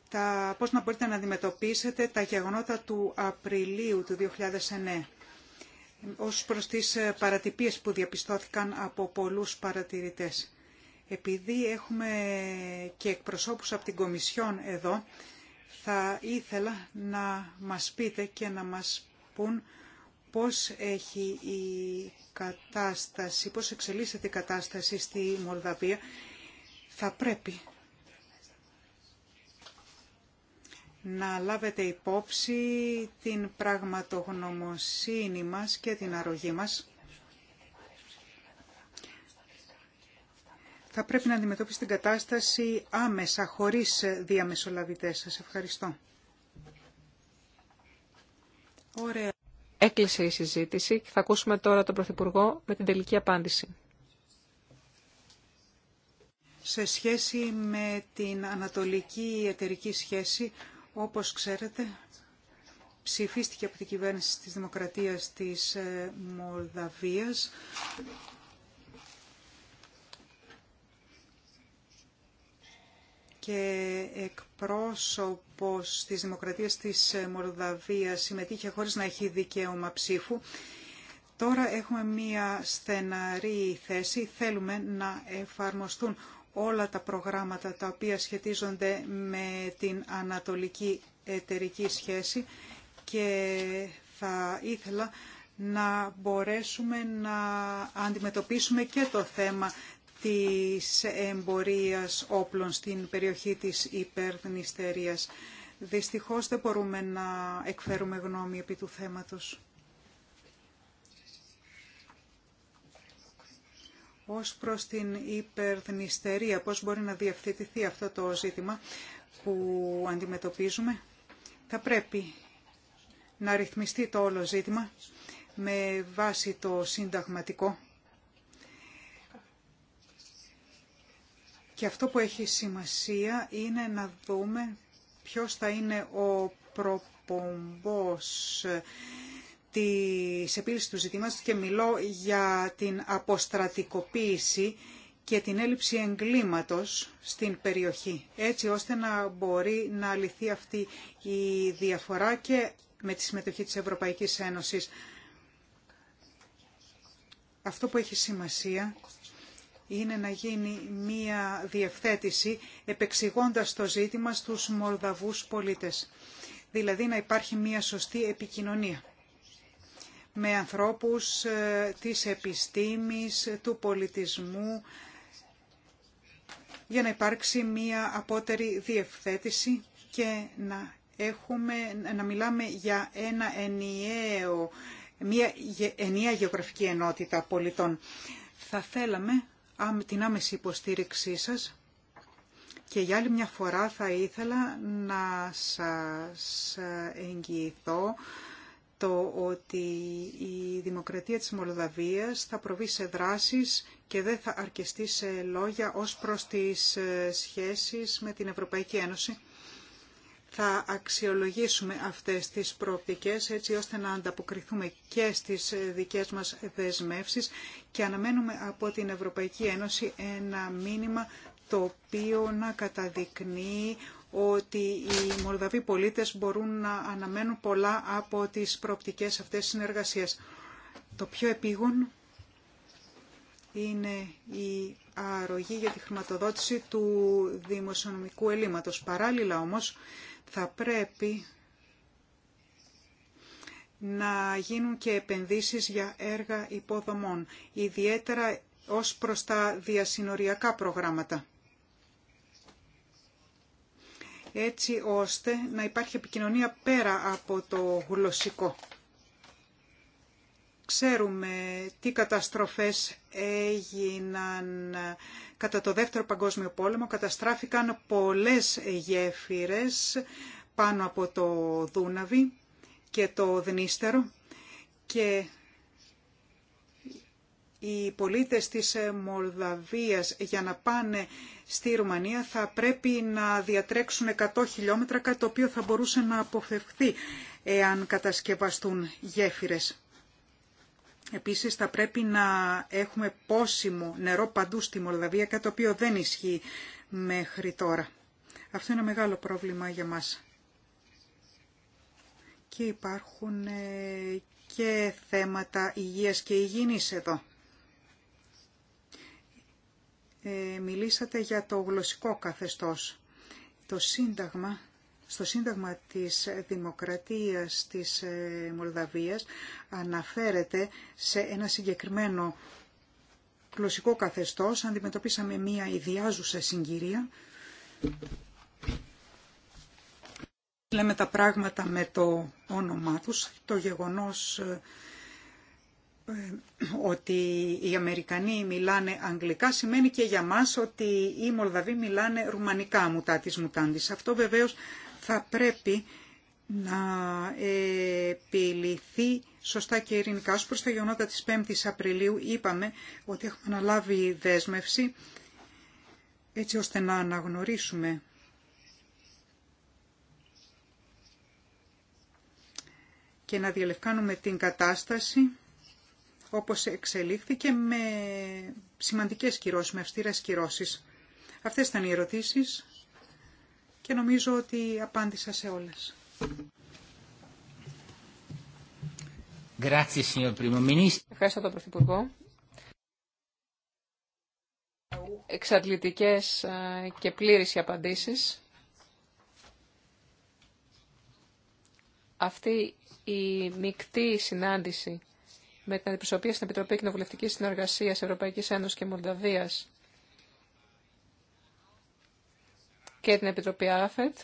τα, πώς να μπορείτε να αντιμετωπίσετε τα γεγονότα του Απριλίου του 2009 ως προς τις ε, παρατυπίες που διαπιστώθηκαν από πολλούς παρατηρητές. Επειδή έχουμε και εκπροσώπους από την Κομισιόν εδώ, θα ήθελα να μας πείτε και να μας πούν πώς έχει η κατάσταση, πώς εξελίσσεται η κατάσταση στη Μολδαβία, θα πρέπει να λάβετε υπόψη την πραγματογνωμοσύνη μας και την αρρωγή μας. Θα πρέπει να αντιμετωπίσει την κατάσταση άμεσα, χωρίς διαμεσολαβητές. Σας ευχαριστώ. Ωραία. Έκλεισε η συζήτηση και θα ακούσουμε τώρα τον Πρωθυπουργό με την τελική απάντηση. Σε σχέση με την ανατολική εταιρική σχέση, όπως ξέρετε, ψηφίστηκε από την κυβέρνηση της Δημοκρατίας της ε, Μολδαβίας και εκπρόσωπο πως της Δημοκρατίες της ε, Μολδαβίας συμμετείχε χωρίς να έχει δικαίωμα ψήφου. Τώρα έχουμε μία στεναρή θέση. Θέλουμε να εφαρμοστούν όλα τα προγράμματα τα οποία σχετίζονται με την ανατολική εταιρική σχέση και θα ήθελα να μπορέσουμε να αντιμετωπίσουμε και το θέμα της εμπορίας όπλων στην περιοχή της υπερνηστερίας. Δυστυχώς δεν μπορούμε να εκφέρουμε γνώμη επί του θέματος. Ως προς την υπερδνηστερία, πώς μπορεί να διευθετηθεί αυτό το ζήτημα που αντιμετωπίζουμε, θα πρέπει να ρυθμιστεί το όλο ζήτημα με βάση το συνταγματικό Και αυτό που έχει σημασία είναι να δούμε ποιος θα είναι ο προπομπός της επίλυσης του ζητήματος και μιλώ για την αποστρατικοποίηση και την έλλειψη εγκλήματος στην περιοχή, έτσι ώστε να μπορεί να λυθεί αυτή η διαφορά και με τη συμμετοχή της Ευρωπαϊκής Ένωσης. Αυτό που έχει σημασία είναι να γίνει μία διευθέτηση επεξηγώντας το ζήτημα στους Μορδαβούς πολίτες. Δηλαδή να υπάρχει μία σωστή επικοινωνία με ανθρώπους ε, της επιστήμης, του πολιτισμού, για να υπάρξει μία απότερη διευθέτηση και να, έχουμε, να μιλάμε για ένα ενιαίο, μία ενιαία γεωγραφική ενότητα πολιτών. Θα θέλαμε την άμεση υποστήριξή σας και για άλλη μια φορά θα ήθελα να σας εγγυηθώ το ότι η δημοκρατία της Μολδαβίας θα προβεί σε δράσεις και δεν θα αρκεστεί σε λόγια ως προς τις ε, σχέσεις με την Ευρωπαϊκή Ένωση θα αξιολογήσουμε αυτές τις προοπτικές έτσι ώστε να ανταποκριθούμε και στις δικές μας δεσμεύσεις και αναμένουμε από την Ευρωπαϊκή Ένωση ένα μήνυμα το οποίο να καταδεικνύει ότι οι Μολδαβοί πολίτες μπορούν να αναμένουν πολλά από τις προοπτικές αυτές συνεργασίες. Το πιο επίγον είναι η αρρωγή για τη χρηματοδότηση του δημοσιονομικού ελλείμματος. Παράλληλα όμως θα πρέπει να γίνουν και επενδύσεις για έργα υποδομών, ιδιαίτερα ως προς τα διασυνοριακά προγράμματα. Έτσι ώστε να υπάρχει επικοινωνία πέρα από το γλωσσικό. Ξέρουμε τι καταστροφές έγιναν κατά το Δεύτερο Παγκόσμιο Πόλεμο. Καταστράφηκαν πολλές γέφυρες πάνω από το Δούναβι και το Δνίστερο και οι πολίτες της Μολδαβίας για να πάνε στη Ρουμανία θα πρέπει να διατρέξουν 100 χιλιόμετρα, κάτι το οποίο θα μπορούσε να αποφευχθεί εάν κατασκευαστούν γέφυρες. Επίσης θα πρέπει να έχουμε πόσιμο νερό παντού στη Μολδαβία, κάτι το οποίο δεν ισχύει μέχρι τώρα. Αυτό είναι ένα μεγάλο πρόβλημα για μας. Και υπάρχουν ε, και θέματα υγείας και υγιεινής εδώ. Ε, μιλήσατε για το γλωσσικό καθεστώς. Το Σύνταγμα στο Σύνταγμα της Δημοκρατίας της ε, Μολδαβίας αναφέρεται σε ένα συγκεκριμένο γλωσσικό καθεστώς. Αντιμετωπίσαμε μία ιδιάζουσα συγκυρία. Λέμε τα πράγματα με το όνομά τους. Το γεγονός ε, ε, ότι οι Αμερικανοί μιλάνε αγγλικά σημαίνει και για μας ότι οι Μολδαβοί μιλάνε ρουμανικά μουτά της μουτάντης. Αυτό βεβαίως θα πρέπει να επιληθεί σωστά και ειρηνικά. Ως προς τα γεγονότα της 5ης Απριλίου είπαμε ότι έχουμε αναλάβει δέσμευση έτσι ώστε να αναγνωρίσουμε και να διαλευκάνουμε την κατάσταση όπως εξελίχθηκε με σημαντικές κυρώσεις, με αυστηρές κυρώσεις. Αυτές ήταν οι ερωτήσεις και νομίζω ότι απάντησα σε όλες. Ευχαριστώ τον Πρωθυπουργό. Εξαντλητικές ε, και πλήρες οι απαντήσεις. Αυτή η μεικτή συνάντηση με την αντιπροσωπεία στην Επιτροπή Κοινοβουλευτικής Συνεργασία Ευρωπαϊκή Ένωση και Μολδαβία και την Επιτροπή ΑΦΕΤ.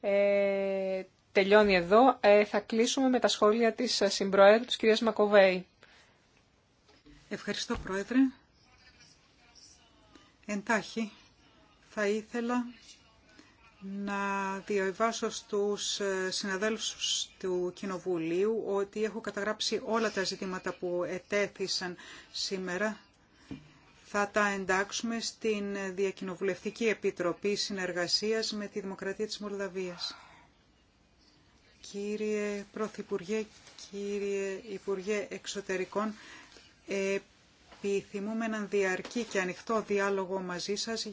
Ε, τελειώνει εδώ. Ε, θα κλείσουμε με τα σχόλια της συμπροέδρου της κυρίας Μακοβέη. Ευχαριστώ Πρόεδρε. Εντάχει, θα ήθελα να διαβάσω στους συναδέλφους του Κοινοβουλίου ότι έχω καταγράψει όλα τα ζητήματα που ετέθησαν σήμερα θα τα εντάξουμε στην Διακοινοβουλευτική Επιτροπή Συνεργασίας με τη Δημοκρατία της Μολδαβίας. Κύριε Πρωθυπουργέ, κύριε Υπουργέ Εξωτερικών, επιθυμούμε έναν διαρκή και ανοιχτό διάλογο μαζί σας.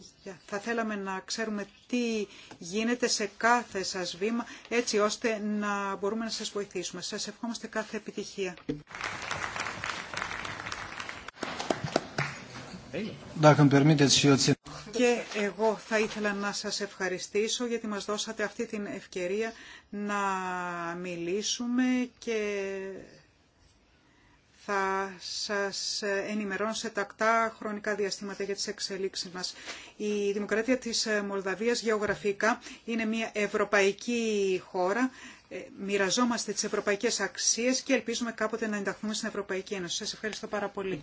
Θα θέλαμε να ξέρουμε τι γίνεται σε κάθε σας βήμα, έτσι ώστε να μπορούμε να σας βοηθήσουμε. Σας ευχόμαστε κάθε επιτυχία. Και εγώ θα ήθελα να σας ευχαριστήσω γιατί μας δώσατε αυτή την ευκαιρία να μιλήσουμε και θα σας ενημερώνω σε τακτά χρονικά διαστήματα για τις εξελίξεις μας. Η Δημοκρατία της Μολδαβίας γεωγραφικά είναι μια ευρωπαϊκή χώρα. Ε, μοιραζόμαστε τις ευρωπαϊκές αξίες και ελπίζουμε κάποτε να ενταχθούμε στην Ευρωπαϊκή Ένωση. Σας ευχαριστώ πάρα πολύ.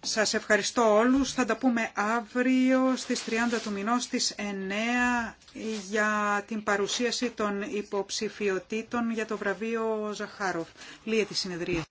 Σας ευχαριστώ όλους. Θα τα πούμε αύριο στις 30 του μηνός στις 9 για την παρουσίαση των υποψηφιωτήτων για το βραβείο Ζαχάροφ. Λύε τη συνεδρία.